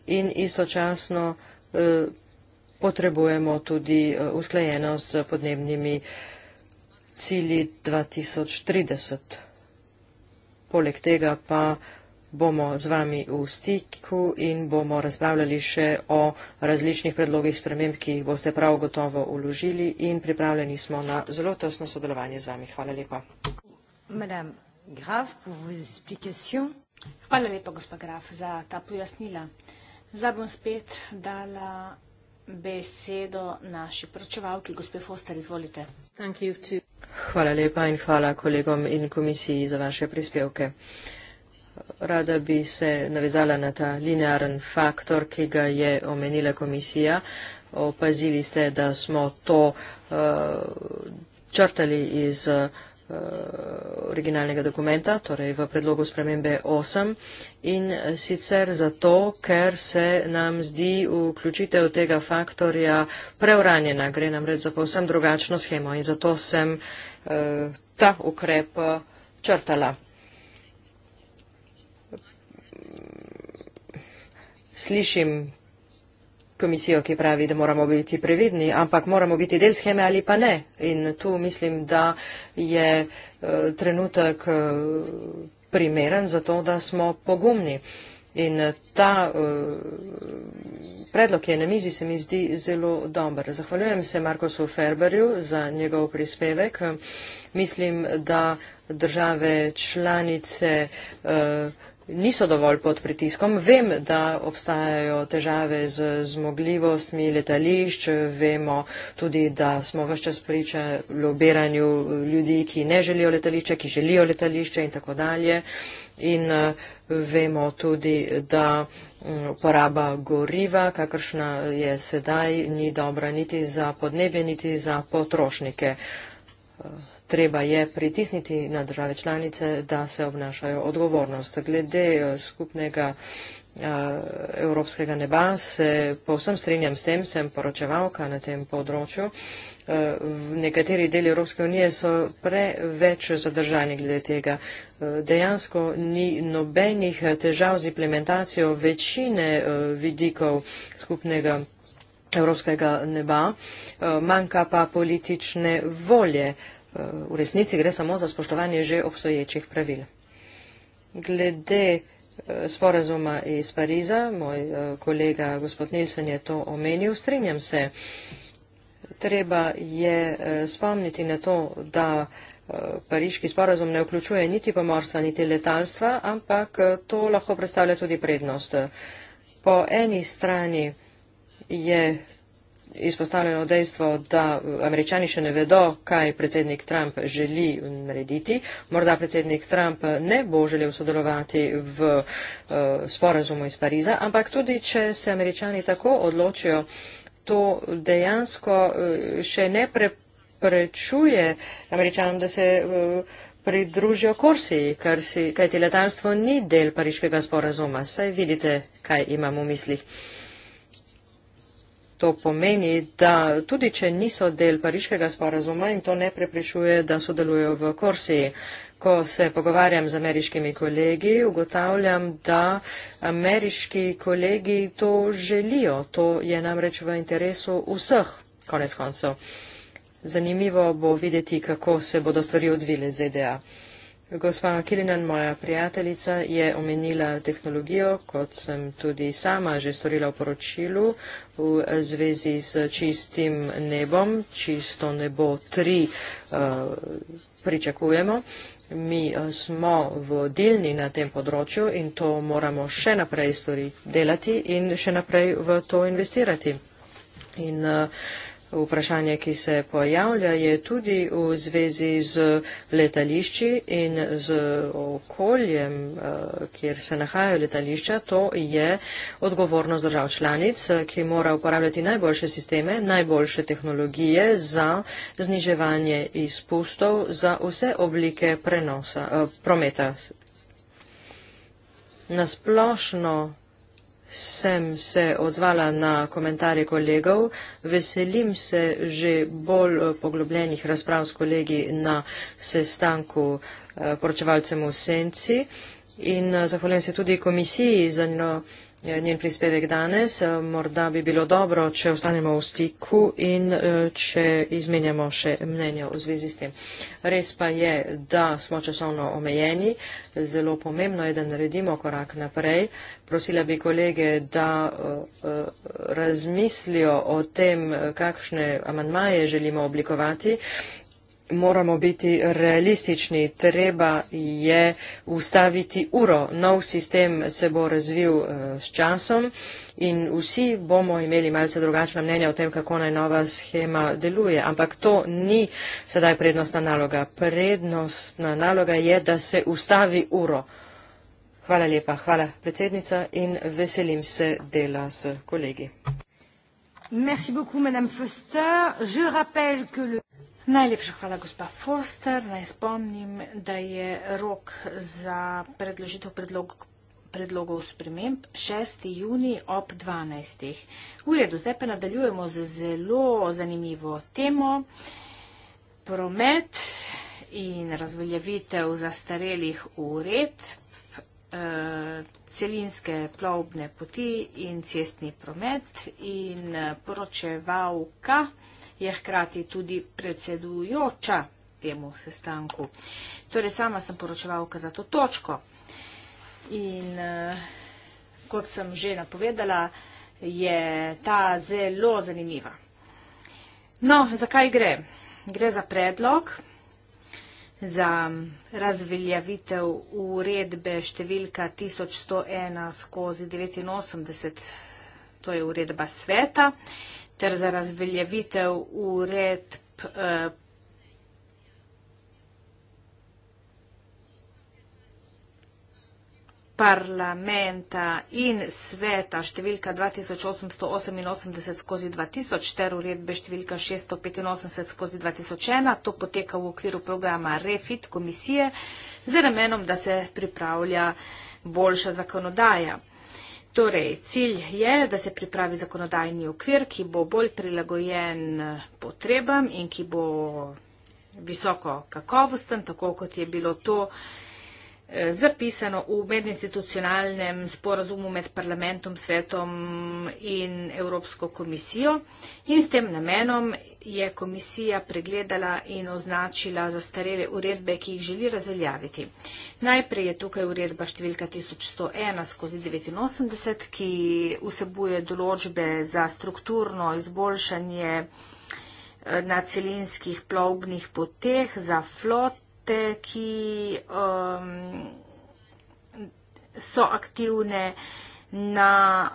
in istočasno eh, potrebujemo tudi eh, usklajenost z podnebnimi cilji 2030. Poleg tega pa bomo z vami v stiku in bomo razpravljali še o različnih predlogih sprememb, ki jih boste prav gotovo uložili in pripravljeni smo na zelo tesno sodelovanje z vami. Hvala lepa. Madame Graf, po explication. Hvala lepa, gospa Graf, za ta pojasnila. Zdaj bom spet dala besedo naši pročevalki, gospe Foster, izvolite. Hvala lepa in hvala kolegom in komisiji za vaše prispevke. Rada bi se navezala na ta linearen faktor, ki ga je omenila komisija. Opazili ste, da smo to uh, črtali iz uh, originalnega dokumenta, torej v predlogu spremembe 8. In sicer zato, ker se nam zdi vključitev tega faktorja preuranjena. Gre nam reč za povsem drugačno schemo in zato sem uh, ta ukrep črtala. slišim komisijo, ki pravi, da moramo biti previdni, ampak moramo biti del scheme ali pa ne. In tu mislim, da je eh, trenutek eh, primeren za to, da smo pogumni. In eh, ta predlog, ki je na mizi, se mi zdi zelo dober. Zahvaljujem se Markosu Ferberju za njegov prispevek. Mislim, da države članice niso dovolj pod pritiskom. Vem, da obstajajo težave z zmogljivostmi letališč, vemo tudi, da smo vse čas priča lobiranju ljudi, ki ne želijo letališče, ki želijo letališče in tako dalje. In eh, vemo tudi, da mm, poraba goriva, kakršna je sedaj, ni dobra niti za podnebje, niti za potrošnike. Eh, Treba je pritisniti na države članice, da se obnašajo odgovornost. Glede eh, skupnega eh, evropskega neba se povsem strinjam s tem, sem poročevalka na tem področju. Eh, nekateri deli Evropske unije so preveč zadržani glede tega. Dejansko ni nobenih težav z implementacijo večine vidikov skupnega evropskega neba, manjka pa politične volje v resnici gre samo za spoštovanje že obstoječih pravil. Glede eh, sporazuma iz Pariza, moj eh, kolega gospod Nilsen je to omenil, strinjam se. Treba je eh, spomniti na to, da pariški sporazum ne vključuje niti pomorstva, niti letalstva, ampak to lahko predstavlja tudi prednost. Po eni strani je izpostavljeno dejstvo, da američani še ne vedo, kaj predsednik Trump želi narediti. Morda predsednik Trump ne bo želel sodelovati v eh, sporazumu iz Pariza, ampak tudi, če se američani tako odločijo, to dejansko eh, še ne preprečuje američanom, da se eh, pridružijo Korsiji, kajti letalstvo ni del pariškega sporazuma. Saj vidite, kaj imam v mislih. To pomeni, da tudi če niso del pariškega sporazuma in to ne preprečuje, da sodelujo v Korsiji. Ko se pogovarjam z ameriškimi kolegi, ugotavljam, da ameriški kolegi to želijo. To je namreč v interesu vseh, konec koncev. Zanimivo bo videti, kako se bodo stvari odvile z EDA. Gospa Kirinan, moja prijateljica, je omenila tehnologijo, kot sem tudi sama že storila v poročilu, v zvezi s čistim nebom, čisto nebo tri eh, pričakujemo. Mi eh, smo vodilni na tem področju in to moramo še naprej storiti, delati in še naprej v to investirati. In, uh, Vprašanje, ki se pojavlja, je tudi v zvezi z letališči in z okoljem, eh, kjer se nahajajo letališča. To je odgovornost držav članic, eh, ki mora uporabljati najboljše sisteme, najboljše tehnologije za zniževanje izpustov za vse oblike prenosa, eh, prometa. Nasplošno sem se odzvala na komentarje kolegov. Veselim se že bolj eh, poglobljenih razprav s kolegi na sestanku eh, poročevalcem v Senci in eh, zahvaljujem se tudi komisiji za njeno njen prispevek danes. Eh, morda bi bilo dobro, če ostanemo v stiku in eh, če izmenjamo še mnenje v zvezi s tem. Res pa je, da smo časovno omejeni. Zelo pomembno je, da naredimo korak naprej. Prosila bi kolege, da eh, razmislijo o tem, kakšne amandmaje želimo oblikovati moramo biti realistični, treba je ustaviti uro. Nov sistem se bo razvil eh, s časom in vsi bomo imeli malce drugačna mnenja o tem, kako naj nova schema deluje. Ampak to ni sedaj prednostna naloga. Prednostna naloga je, da se ustavi uro. Hvala lepa, hvala predsednica in veselim se dela s kolegi. Merci beaucoup, Madame Foster. Je rappelle que le... Najlepša hvala, gospa Foster. Naj spomnim, da je rok za predložitev predlog, predlogov sprememb 6. juni ob 12. V redu, zdaj pa nadaljujemo z zelo zanimivo temo. Promet in razveljavitev zastarelih uredb, eh, celinske plovbne poti in cestni promet in eh, poročevalka je hkrati tudi predsedujoča temu sestanku. Torej, sama sem poročevalka za to točko. In eh, kot sem že napovedala, je ta zelo zanimiva. No, zakaj gre? Gre za predlog za razveljavitev uredbe številka 1101 skozi 89, to je uredba sveta, ter za razveljavitev uredb eh, parlamenta in sveta številka 2888 skozi 2000 ter uredbe številka 685 skozi 2001. To poteka v okviru programa REFIT komisije z namenom, da se pripravlja boljša zakonodaja. Torej, cilj je, da se pripravi zakonodajni okvir, ki bo bolj prilagojen potrebam in ki bo visoko kakovosten, tako kot je bilo to Eh, zapisano v medinstitucionalnem sporazumu med parlamentom, svetom in Evropsko komisijo. In s tem namenom je komisija pregledala in označila zastarele uredbe, ki jih želi razveljaviti. Najprej je tukaj uredba številka 1101 skozi 89, ki vsebuje določbe za strukturno izboljšanje eh, na celinskih plovbnih poteh za flot te, ki um, so aktivne na uh,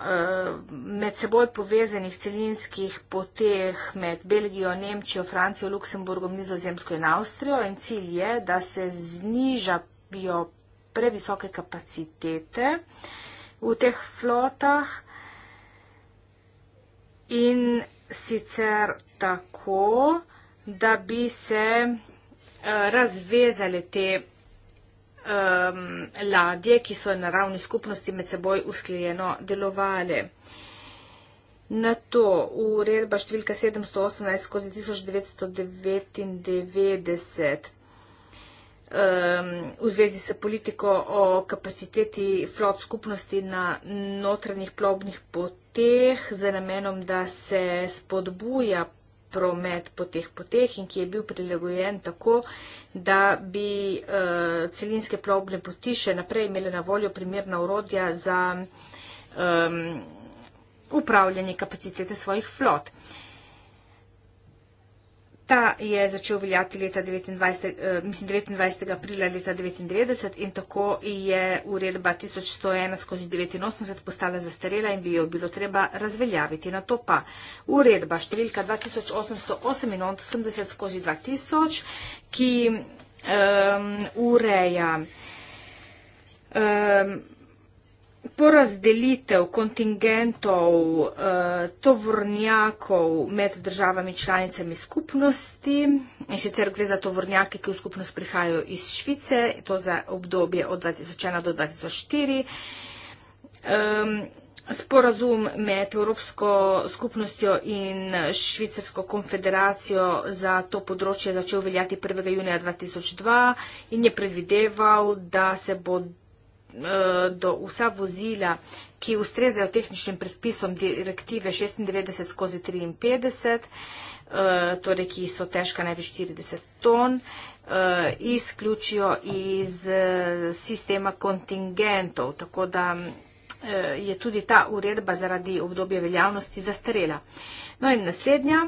med seboj povezanih celinskih poteh med Belgijo, Nemčijo, Francijo, Luksemburgom, Nizozemsko in Avstrijo in cilj je, da se znižajo previsoke kapacitete v teh flotah in sicer tako, da bi se Eh, razvezali te um, ladje, ki so na ravni skupnosti med seboj usklejeno delovali. Na to uredba številka 718 skozi 1999 um, v zvezi s politiko o kapaciteti flot skupnosti na notranjih plovbnih poteh z namenom, da se spodbuja promet po teh poteh in ki je bil prilagojen tako, da bi uh, celinske plovne poti še naprej imele na voljo primerna urodja za um, upravljanje kapacitete svojih flot. Uh, Ta je začel veljati leta 29, eh, mislim, 29. aprila leta 1999 in tako je uredba 1101 skozi 89 postala zastarela in bi jo bilo treba razveljaviti. Na to pa uredba številka 2888 skozi 2000, ki eh, ureja. Eh, Porazdelitev kontingentov eh, tovornjakov med državami članicami skupnosti, in sicer gre za tovornjake, ki v skupnost prihajajo iz Švice, to za obdobje od 2001 do 2004. Eh, sporazum med Evropsko skupnostjo in Švicarsko konfederacijo za to področje začel veljati 1. junija 2002 in je predvideval, da se bo Eh, do vsa vozila, ki ustrezajo tehničnim predpisom direktive 96 skozi 53, eh, torej ki so težka največ 40 ton, eh, izključijo iz sistema kontingentov, tako da je tudi ta uredba zaradi obdobja veljavnosti zastarela. No in naslednja.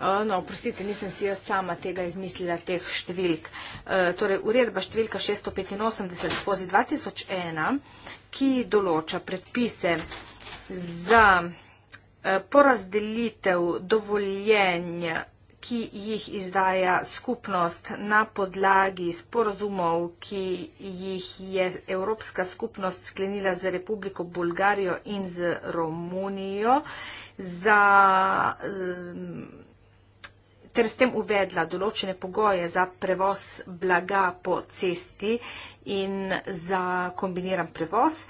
Eh, no, prostite, nisem si jaz sama tega izmislila, teh številk. Eh, torej, uredba številka 685 skozi 2001, ki določa predpise za eh, porazdelitev dovoljenj, ki jih izdaja skupnost na podlagi sporozumov, ki jih je Evropska skupnost sklenila z Republiko Bulgarijo in z Romunijo za ter s tem uvedla določene pogoje za prevoz blaga po cesti in za kombiniran prevoz.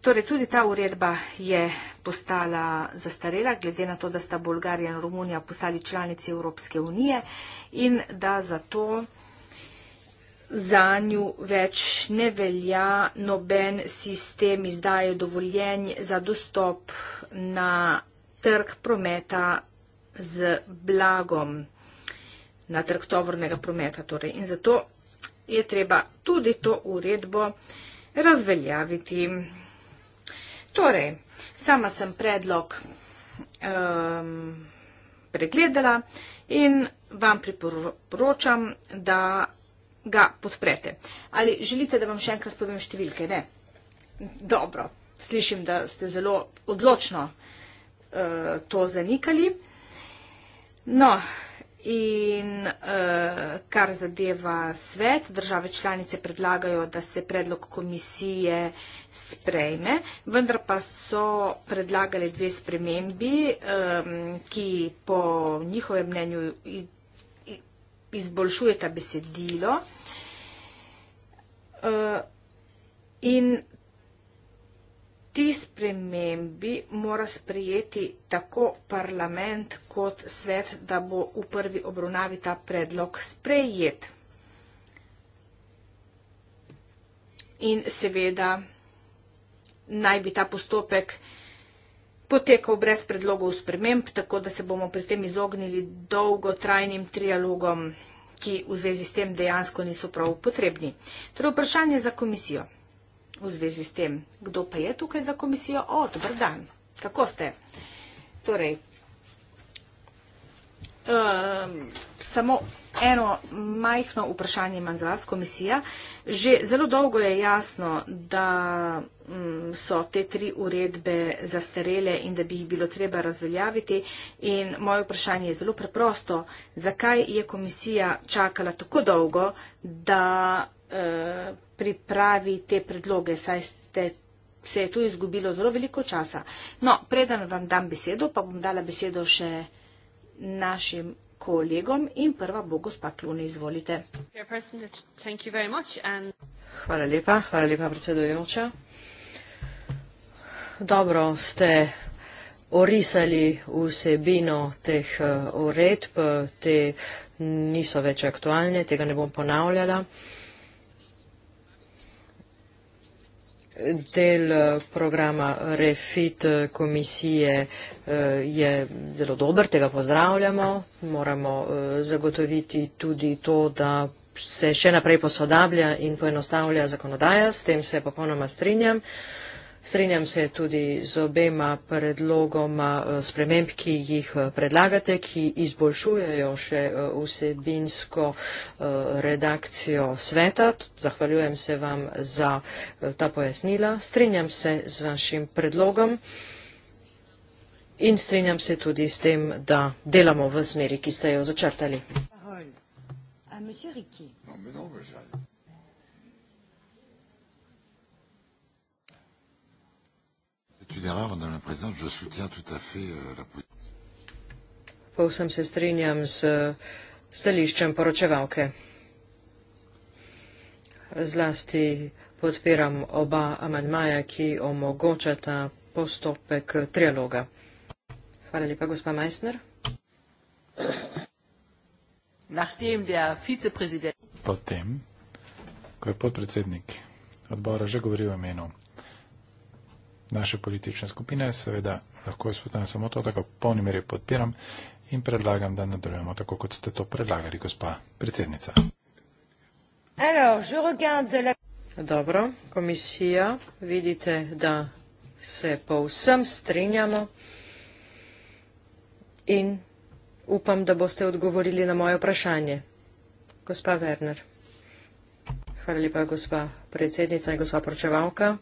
Torej, tudi ta uredba je postala zastarela, glede na to, da sta Bolgarija in Romunija postali članici Evropske unije in da zato za njo več ne velja noben sistem izdaje dovoljenj za dostop na trg prometa z blagom na trg tovornega prometa. Torej. In zato je treba tudi to uredbo razveljaviti. Torej, sama sem predlog um, pregledala in vam priporočam, da ga podprete. Ali želite, da vam še enkrat povem številke? Ne. Dobro, slišim, da ste zelo odločno uh, to zanikali. No, in uh, kar zadeva svet, države članice predlagajo, da se predlog komisije sprejme, vendar pa so predlagali dve spremembi, um, ki po njihovem mnenju izboljšujeta besedilo. Uh, in ti spremembi mora sprejeti tako parlament kot svet, da bo v prvi obravnavi ta predlog sprejet. In seveda naj bi ta postopek potekal brez predlogov sprememb, tako da se bomo pri tem izognili dolgotrajnim trialogom, ki v zvezi s tem dejansko niso prav potrebni. Torej vprašanje za komisijo v zvezi s tem. Kdo pa je tukaj za komisijo? O, dobr dan. Kako ste? Torej, um, samo eno majhno vprašanje imam za vas, komisija. Že zelo dolgo je jasno, da mm, so te tri uredbe zastarele in da bi jih bilo treba razveljaviti. In moje vprašanje je zelo preprosto. Zakaj je komisija čakala tako dolgo, da eh, pripravi te predloge, saj ste, se je tu izgubilo zelo veliko časa. No, preden vam dam besedo, pa bom dala besedo še našim kolegom in prva bo gospa Klune, izvolite. Hvala lepa, hvala lepa predsedujoča. Dobro ste orisali vsebino teh eh, uredb, te niso več aktualne, tega ne bom ponavljala. del eh, programa REFIT eh, komisije eh, je zelo dober, tega pozdravljamo. Moramo zagotoviti tudi to, da se še naprej posodablja in poenostavlja zakonodaja, s tem se popolnoma strinjam. Strenjam se tudi z obema predlogoma eh, sprememb, ki jih eh, predlagate, ki izboljšujejo še eh, vsebinsko redakcijo sveta. Zahvaljujem se vam za ta pojasnila. Strenjam se z vašim predlogom. In strenjam se tudi s tem, da delamo v smeri, ki ste jo začrtali. Parole. A monsieur Ricky. Non, mais non, mais une erreur, Madame la Présidente. Je soutiens tout à fait euh, la position. Povsem se strinjam s stališčem poročevalke. Zlasti podpiram oba amadmaja, ki omogočata postopek trialoga. Hvala lepa, gospa Meissner. Potem, ko je podpredsednik odbora že govoril o imenu naše politične skupine, seveda lahko izpostavim samo to, da ga v polni meri podpiram in predlagam, da nadaljujemo tako, kot ste to predlagali, gospa predsednica. Dobro, komisija, vidite, da se povsem strinjamo in upam, da boste odgovorili na moje vprašanje. Gospa Werner. Hvala lepa, gospa predsednica in gospa pročevalka.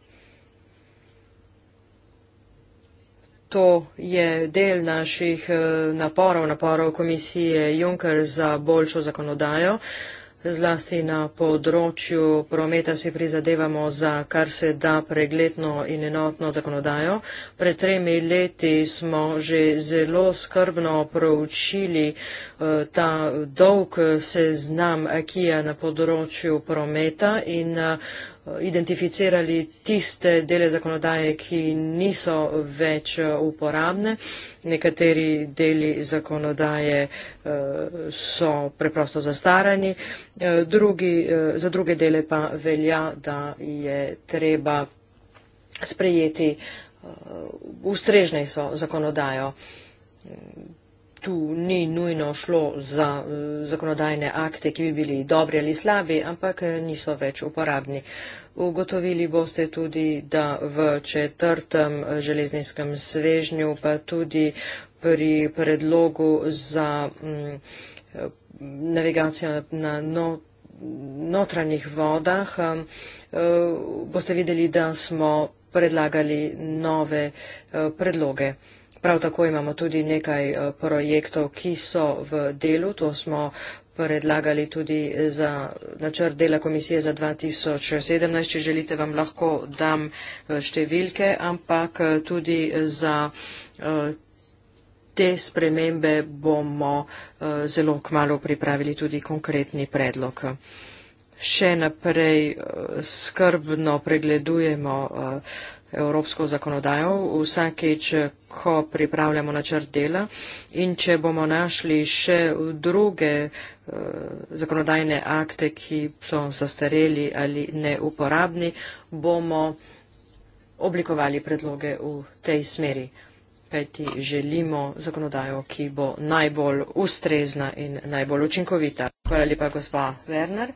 to je del naših eh, naporov, naporov komisije Juncker za boljšo zakonodajo. Zlasti na področju prometa si prizadevamo za kar se da pregledno in enotno zakonodajo. Pred tremi leti smo že zelo skrbno proučili eh, ta dolg seznam, eh, ki je na področju prometa in identificirali tiste dele zakonodaje, ki niso več eh, uporabne. Nekateri deli zakonodaje eh, so preprosto zastarani, eh, drugi, za druge dele pa velja, da je treba sprejeti ustrežnejšo zakonodajo tu ni nujno šlo za eh, zakonodajne akte, ki bi bili dobri ali slabi, ampak eh, niso več uporabni. Ugotovili boste tudi, da v četrtem eh, železninskem svežnju, pa tudi pri predlogu za mm, navigacijo na no-, notranjih vodah, boste videli, da smo predlagali nove predloge. Prav tako imamo tudi nekaj eh, projektov, ki so v delu. To smo predlagali tudi za načrt dela komisije za 2017. Če želite, vam lahko dam eh, številke, ampak eh, tudi za. Te spremembe bomo zelo kmalo pripravili tudi konkretni predlog. Še naprej skrbno pregledujemo evropsko zakonodajo, vsakeč, ko pripravljamo načrt dela in če bomo našli še druge eh, zakonodajne akte, ki so zastareli ali neuporabni, bomo oblikovali predloge v tej smeri, kajti želimo zakonodajo, ki bo najbolj ustrezna in najbolj učinkovita. Hvala lepa, gospa Werner.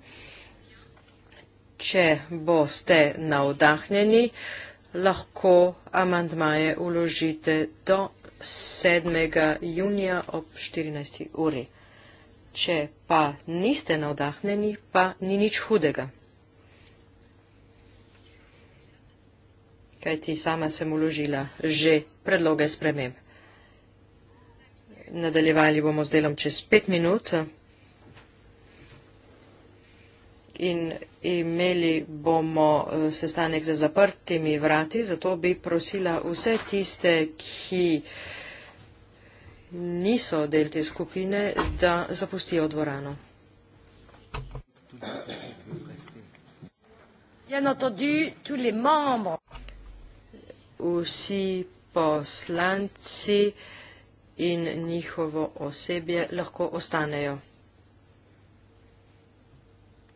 Če boste navdahnjeni, lahko amandmaje uložite do 7. junija ob 14. uri. Če pa niste navdahneni, pa ni nič hudega. Kaj ti sama sem uložila že predloge sprememb. Nadaljevali bomo z delom čez pet minut in imeli bomo eh, sestanek za zaprtimi vrati, zato bi prosila vse tiste, ki niso del te skupine, da zapustijo dvorano. Vsi poslanci in njihovo osebje lahko ostanejo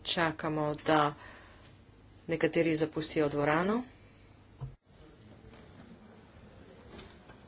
čakamo, da nekateri zapustijo dvorano.